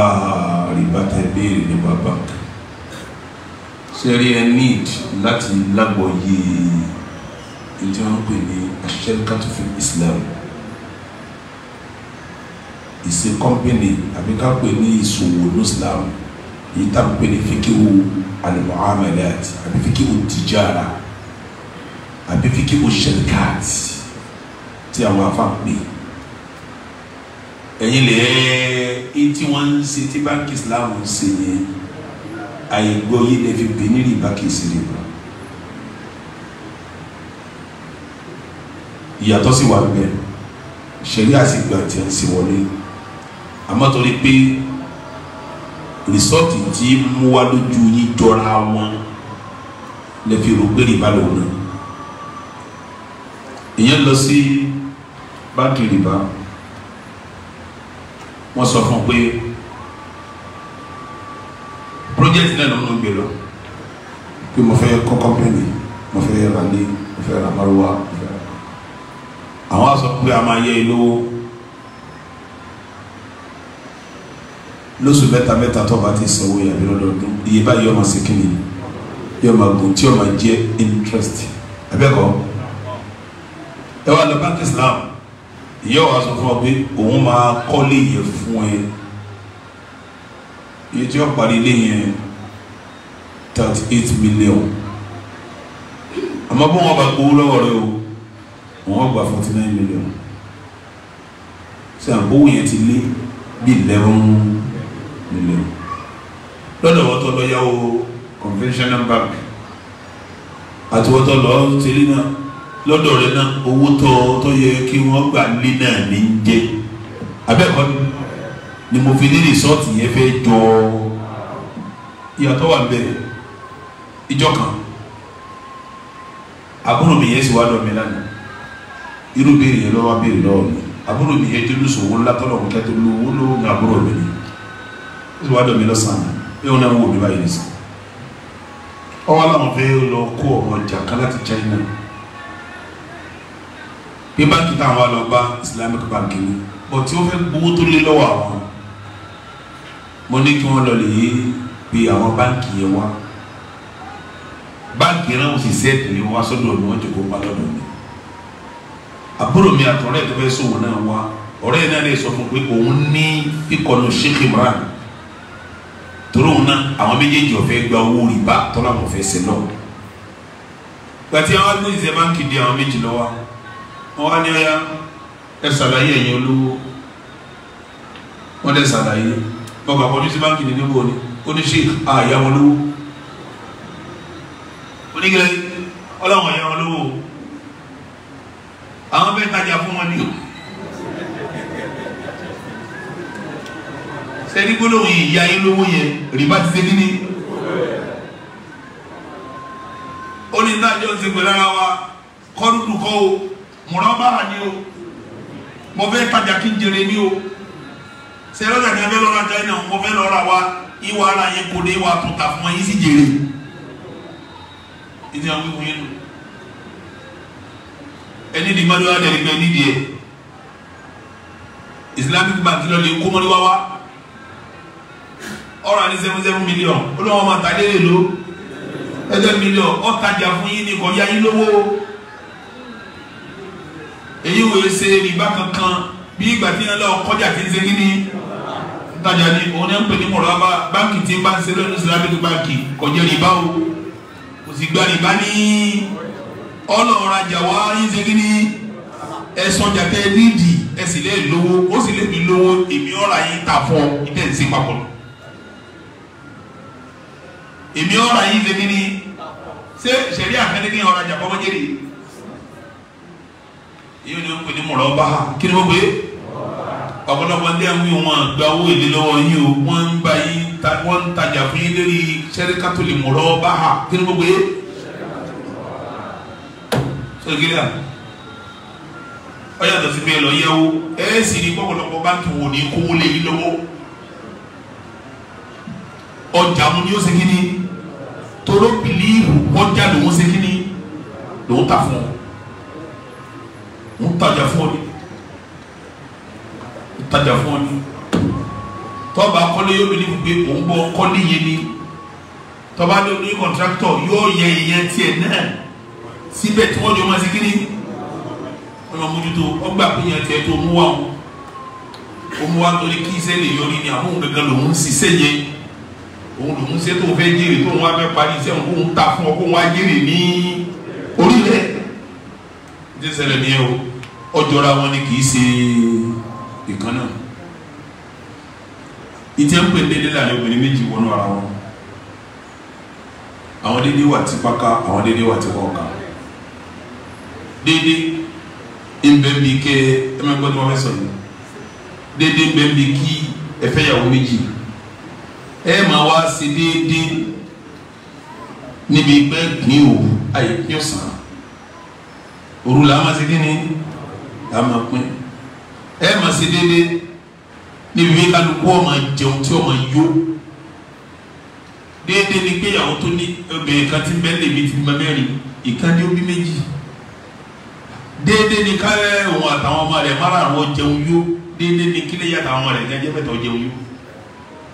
rìbá tẹ béèrè nípa bank ṣe rí ẹ need láti lágbọ̀ọ́yé ìjọba ń pè ní aṣẹ́ríkàtúfin islam ìṣe kọ́mpìnì àbí ká pè ní ìṣòwò ní Islam yìí tá à ń pè ní fíkìwò al-muamalat àbí fíkìwò tìjára àbí fíkìwò shirkat tí àwọn afa ń pè ẹ̀yin lè ẹ́ tí wọ́n ń ṣe tí báńkì Islam ń ṣe yẹn àìgbọ́ yìí lè fi pè ní rìbá kìí ṣe rìbá. ìyàtọ̀ sí wà bẹ́ẹ̀ ṣẹ̀rí àsìgbà tí ń ṣe wọlé àmọ́ torí pé rìsọ́ọ̀tì tí mú wá lójú yín jọra wọn lè fi rò pé rìbá lòun náà ìyẹn lọ sí báńkì rìbá wọ́n sọ fún un pé project náà ló ń gbé lọ pé mo fẹ́ kọ́ kọ́mpẹ́nì mo fẹ́ ra mo fẹ́ ra àwọn sọ pé a máa yẹ ilé owó. lóṣù mẹ́ta mẹ́ta tó bá ti sanwó yàrá lọ́dọọdún iye báyìí yọ máa ṣe kí ni yọ máa gùn tí yọ máa interest abẹ́kọ̀ ẹ wá lọ báńkì Islam ìyá wa sọ fún ọ pé òun máa kọ́lé yẹn fún ẹ iye tí wọ́n parí ilé yẹn thirty eight million àmọ́ bó wọn bá gbowó lọ́wọ́ rẹ o wọn gba forty nine million ṣé àbówó yẹn ti lé bí eleven mílíọ̀nù lọ́dọ̀ wọ́n tó lọ yáwó conventional bank àti wọ́n tó lọ tẹ̀lé náà lọ́dọ̀ rẹ̀ náà owó tó tó yẹ kí wọ́n gbà lé náà ní í jẹ́ abẹ́kọ̀ ni mo fi ní rìsọ́ọ̀tì yẹn fẹ́ jọ ìyàtọ̀ wà bẹ́ẹ̀ ìjọ kan àbúrò mi yẹn sì wá dọ̀ mí lánàá irú béèrè yẹn lọ́wọ́ béèrè lọ́wọ́ mi àbúrò mi yẹn tó lùsòwò ńlá tọ́lọ̀ kọ́kẹ́ tó lówó lówó ní àbúrò mi ni ìlú wa dọ̀mí lọ́sàn-án bí wọn náà wò mí báyìí nìsín ọwọ́ làwọn fẹ́ lọ kó ọ̀rọ̀ ọjà kan láti China bí báńkì táwọn wa lọ bá Islamic bank ni bọ̀ tí wọ́n fẹ́ gbowó tó lé lọ́wọ́ àwọn mo ní kí wọ́n lọ lè pe àwọn báńkì yẹn wá báńkì yẹn náà wọ́n sì sẹ́ẹ̀tì ní wá sọ́dọ̀ ní wọ́n jòkó pa lọ́dọ̀ mi àbúrò mi àtọ̀rẹ́ tó fẹ́ sòwò náà wá ọ̀rẹ́ náà lè sọ fún pé òun ní ìkọlù Sheikh Imran torí òun náà àwọn méjèèjì ọ̀fẹ́ gba owó rìbá tọ́lá wọn fẹ́ sẹ́ náà gbàtí àwọn agbóhìnsẹ̀ máa ń kéde àwọn méjì lọ́wọ́ wọn wá ní ọ̀yá ẹ ṣàlàyé ẹ̀yìn olówó wọn lẹ ṣàlàyé bọ́ọ̀bù àwọn oníṣẹ́ báńkì ní níbo ni oníṣẹ́ àyà wọn lówó oníkẹ́lẹ́ ọlọ́wọ̀n yà wọn lówó àwọn bẹ́ẹ̀ tajà fún wọn ní o. sẹ́ni gbólóhùn yìí ìyá yín lówó yẹn rìbá ti ṣe kí ni. ó ní dájọ́ ṣe pẹ̀lú ara wa kọ́dúdú kọ́ o mọ̀ràn bá wà ní o mo fẹ́ tajà kí n jèrè ní o sẹ́rọ̀ dàgbà fẹ́ lọ́ra jẹ́ náà mo fẹ́ lọ́ra wa ìwà ara yẹn kò dé wa tó ta fún ọ yín sì jèrè ìdí àwọn ìwé yẹn lò ẹni di madu adẹ̀lẹ́gbẹ̀ nídìí ẹ̀ Islamic bank lọ́ọ́ lè kó mọ́ni wá wá ọ̀rọ̀ àti seven seven million ó lọ́wọ́ máa tà léèrè ló ẹgbẹ́ million ọ̀tajà fún yín ni kò yá yín lówó èyí wò é ṣe rìbá kankan bí ìgbà tí yẹn lọ kọjá tí ń ṣe kíní ìtajà ni òun yẹn ń pè ní mọ̀lọ́ba báńkì tí ń bá ń ṣe lónìí Islamic báńkì kò rìbá o kò sì gba rìbá ní ọlọ́ọ̀rajà wa ń ṣe kíní ẹ̀sán jàtẹ́ nídìí ẹ̀sìn lẹ́ẹ̀ lówó ó sì lè mí lówó èmi ọ̀rà èmi ọ̀rọ̀ yìí lè ní ṣé ṣẹ̀rí àfẹ́ni kí ọ̀rọ̀ àjàkọ́ wọ́n jèrè yóò ní o pè ní mọ̀rọ̀ bá kí ni wọ́n pè é ọ̀pọ̀lọpọ̀ ndé àwọn yìí wọn gba owó èlé lọ́wọ́ yìí o wọ́n ń bá yìí wọ́n ń tajà fún yín lórí sẹ́ríkàtò lè mọ̀rọ̀ bá kí ni wọ́n pè é sọ̀rọ̀gírí à ọ̀yàtọ̀ sí bẹ́ẹ̀ lọ yẹ̀wò ẹ̀ sì ní pọ̀pọ̀lọpọ̀ báńkì wò ní kówó lé yín lọ́wọ́ ọjà mu ni ó ṣe ni toro bìlíìfù ọjà lòún ṣe kí ni lòún ta fún ọ ń tajà fún ọ ni ń tajà fún ọ ni tọ́ba kọ́lé yóò bìlíìfù pé òun bọ́ kọ́lé yẹn ni tọ́ba ló ní kọ̀ntráktọ̀ yóò yẹ ìyẹn tiẹ̀ náà síbẹ̀ tí wọ́n jọ máa ṣe kí ni wọ́n máa mójútó ọgbà pé ìyẹn tó mú wa o mú wa torí kí iṣẹ́ lè yọrí ni àwọn òun gẹ́gẹ́ lòún ṣiṣẹ́ yẹn òun lòún ṣe tó fẹ́ jèrè tó wọn fẹ́ parí iṣẹ́ òun kóun ta fún ọ kóun wá jèrè ní orílẹ̀ jẹ́sẹ̀lẹ̀ ni ẹ o ọjọ́ra wọn ni kì í ṣe ìkan náà ìtẹ́ ń pè déédéé láàrin obìnrin méjì wọnú ara wọn àwọn déédéé wà tipaka àwọn déédéé wà tipọ̀ka déédéé ń bẹ bí kẹ́ ẹ mẹ́gbọ́n tí wọ́n fẹ́ sọ déédéé ń bẹ kí ẹ fẹ́ yàwó méjì ẹ máa wá sí déédéé níbi pé kìí ò ayé kìí ò sàn òru là á máa ṣe kí ni là á máa pín ẹ máa ṣe déédéé níbi pé kálukú ọmọ jẹun tí ọmọ yó déédéé ni pé àwọn tó ní obìnrin kan ti bẹ́ẹ̀ lèmi ti máa mẹ́rin ìkànnì omi méjì déédéé ni ká òun àtàwọn ọmọ rẹ̀ márààrún jẹun yó déédéé ni kílẹ̀ yàtọ̀ àwọn rẹ̀ gẹ́gẹ́ bẹ́ẹ̀ tó jẹun yó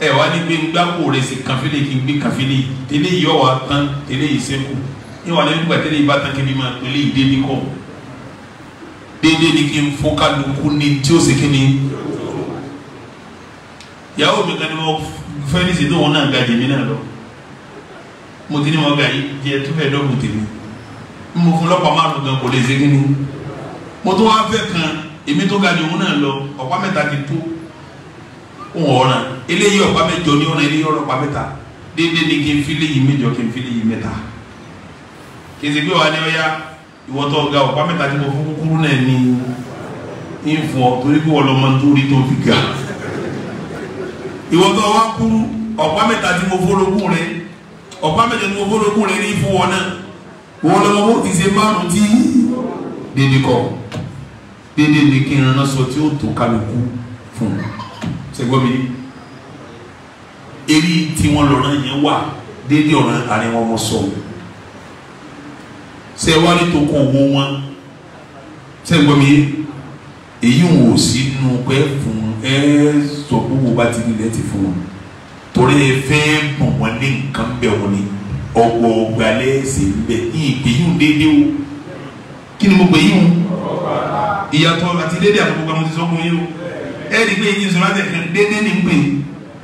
ẹ wá ní gbé gbáko rẹ sí kànfilé kí n gbé kànfilé tẹlẹ yìí ọwọ tán tẹlẹ yìí sẹkù níwà lẹnu gbà tẹlẹ yìí bá tán kébí máa pẹlẹ yìí dédé kọ dédé ni kí n fọ kálukú ni tí ó sì kíni. ìyàwó mi kan ní mo fẹ́ ní sèto wọn náà ga jèmi náà lọ mo ti ní wọn ga yìí jẹ tó fẹ́ dọ́gùn tèmi mo fún lọ́pàá márùn gan kò lè ṣe kíni mo tó wá fẹ́ kan èmi tó ga òun náà lọ ọ̀pá ń ọ̀ràn eléyìí ọ̀pá mẹ́jọ ní ọ̀ràn eléyìí ọ̀pá mẹ́ta déédéé ni kí n fi léyìí mẹ́jọ kí n fi léyìí mẹ́ta kí n sì gbé wa ní ọ̀yá ìwọ́tọ̀ ọ̀gá ọ̀pá mẹ́ta tí mo fún kúkúrú náà ní ìfún ọ torí pé wọ́n lọ máa ń torí tó fi ga ìwọ́tọ̀ wa kúrú ọ̀pá mẹ́ta tí mo fọ́lọ́gùn rẹ ọ̀pá mẹ́ta tí mo fọ́lọ́gùn rẹ ní ìfún wọn náà wọ́n lọ wọ́n ti ṣe márùn-ún tí déédéé ni kí n rán aṣọ tí ó tó fún un ṣègbọ́n mi Eri, tí wọ́n lọ náà yẹn wà déédéé ọ̀ràn àárín wọn mọ sọ ṣe wá ní tokun owó wọn ṣègbọ́n mi èyí ń wò sí inú pé fún ẹ sọ pé wo bá ti nílẹ̀ ti fún wọn torí ẹ fẹ́ bọ̀ wọ́n ní nǹkan bẹ̀ wọ́n ni ọ̀pọ̀ ọ̀gbàlẹ̀ ṣe ń bẹ̀ ní ìgbéyìí déédéé o kí ni mo gbẹ̀yìí o ìyàtọ̀ àti déédéé àti gbogbo àwọn ti sọ́kùn yìí o ẹ rí pé eyín sọlá tẹ̀ dédé ní pè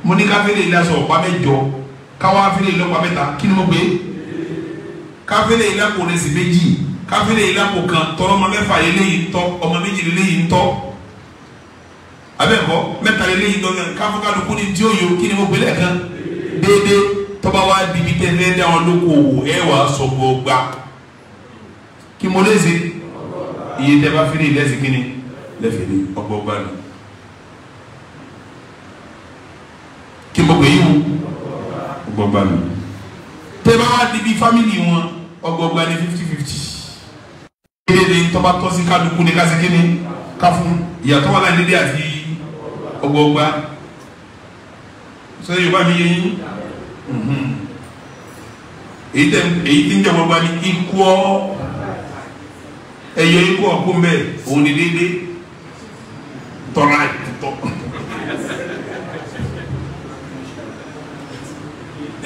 mo ní káfílẹ̀ ìlàsọ̀ ọ̀pá mẹ́jọ káwá fílẹ̀ ìlọ́pá mẹ́ta kí ni mo pè é káfílẹ̀ ìlàpò rẹ̀ sí méjì káfílẹ̀ ìlàpò kan tọrọ ọmọ mẹ́fà eléyìí ń tọ́ ọmọ méjì eléyìí ń tọ́ abẹ́ẹ̀kọ́ mẹ́ta eléyìí tọ́ káfíkàlùkù ni tí ó yọ kí ni mo pè lẹ́ẹ̀kan déédéé tọ́ba wa dibi tẹ́lẹ̀ dá wọn lóko òwò ẹ wà sọ gbọ́gba kí mo lè ṣe iye tẹ́ bá fílẹ̀ ìlẹ́sìn kí ni lẹ́fẹ̀ẹ́ ọgbọ́gba ni. kí gbogbo yìí wù ọgbọgba mi tẹ bá wà níbi fámìlì wọn ọgbọgba ní fifty fifty kéde ní tọ́ba tọ́sí kálukú ní kásìkí ní káfún ìyàtọ̀ wà láì dédé àti ọgbọgba sọ yorùbá mi yé yín mhm. èyí tí ń jẹ ọgbọgba ní ikú ọ ẹyọ ikú ọkú mbẹ òun ni dédé tọ́ra ẹ̀ tọ́.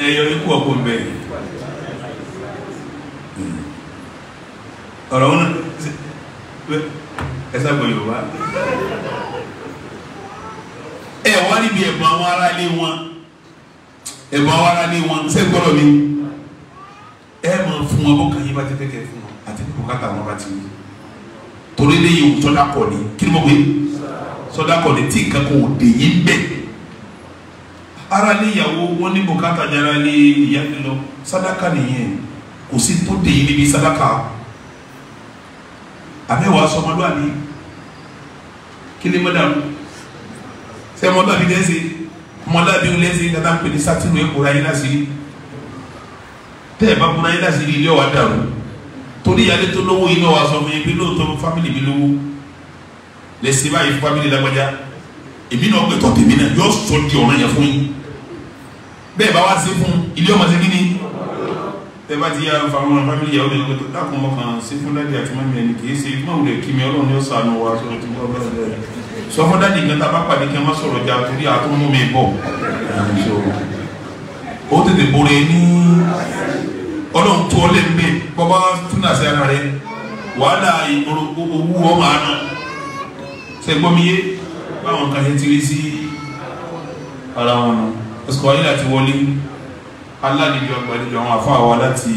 ẹ yọ ikú ọkọ̀ mbẹ́ hmm. ọ̀rọ̀ wọn ẹ sábà yorùbá ẹ wá níbi ẹ̀bùn àwọn aráalé wọn ẹ̀bùn àwọn aráalé wọn ṣé gbọ́dọ̀ mi ẹ máa fún wọn bọ́kàn yín bá ti fẹ́ kẹ́ fún wọn àti bùkátà wọn bá ti yí torí lẹ́yìn òun sọ́dá kọ̀ ni kí ni mo gbé sọ́dá kọ̀ tí nǹkan kò dé yín bẹ́ẹ̀. Arali ìyàwó wọn ní bùkátà jára lé ìyá mi lọ sádàkà nìyẹn kò sí tó dé yìí níbi sádàkà àbẹ̀wò asọmọlúwàbí kílé mọ́dàmú sẹ́ mọ́dàbí lẹ́sẹ̀ mọ́dàbí lẹ́sẹ̀ kátà ń pè ní sátìrù ẹ̀kọ́ ayé lásìrí tẹ́ ẹ̀ bá kún ayé lásìrí ilé ọ̀wá dàrú torí ìyáálé tó lówó iná wa sọ fún yín pé lóòótọ́ fámìlì mi lówó lẹ́sìn báyìí fún fámìlì lágbájá èmi náà gbẹ̀tọ̀ tèmi náà yóò sọ di ọ̀ràn yẹn fún yín bẹ́ẹ̀ bá wá sí fún ilé ọmọ sí kíní bẹ́ẹ̀ bá ti yá fa àwọn fámìlì yàwó mi lọ́tọ̀ dákun ọmọ kan sí fún dáàdì àti mọ́mí ẹni kì í ṣe má wulẹ̀ kí mi ọlọ́run yóò sànù wa sọ̀rọ̀ tí wọ́n bẹ̀rẹ̀ bẹ̀rẹ̀ sọ fún dáàdì kan tá a bá pàdé kí a má sọ̀rọ̀ jà torí àtúntò mi bọ̀ ó tètè borí ní ọlọ́run tó ọ lẹ́gbẹ̀ẹ́ bọ́bá túnà sí ara rẹ wàhálà owó ọmọ àná sẹ́gbọ́n mi yé báwọn kan ṣe ti rí sí ara wọn náà ọsùkọ yìí láti wọlé alálejò agbàlejò àwọn àfáà wa láti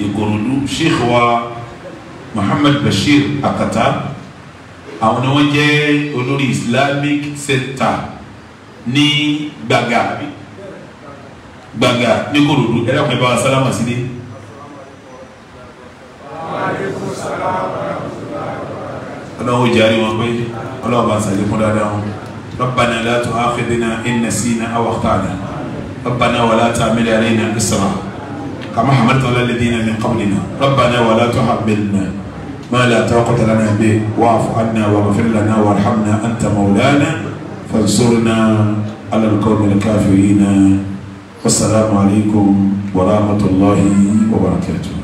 Ìkòròdú sheikh wa Muhammad Bashir Akata àwọn ni wọ́n jẹ́ olórí Islamic Center ní gbàgà gbàgà ní Ìkòròdú ẹ dákun ẹ bá wa sálámà sí dé. ọlọ́run ó jẹ́ àríwọ̀n pé ọlọ́run bá ń sàlékún dáadáa wọn. ربنا لا تؤاخذنا إن نسينا أو أخطأنا ربنا ولا تعمل علينا إسرا كما حملت على الذين من قبلنا ربنا ولا تحملنا ما لا طاقة لنا به واعف عنا واغفر لنا وارحمنا أنت مولانا فانصرنا على القوم الكافرين والسلام عليكم ورحمة الله وبركاته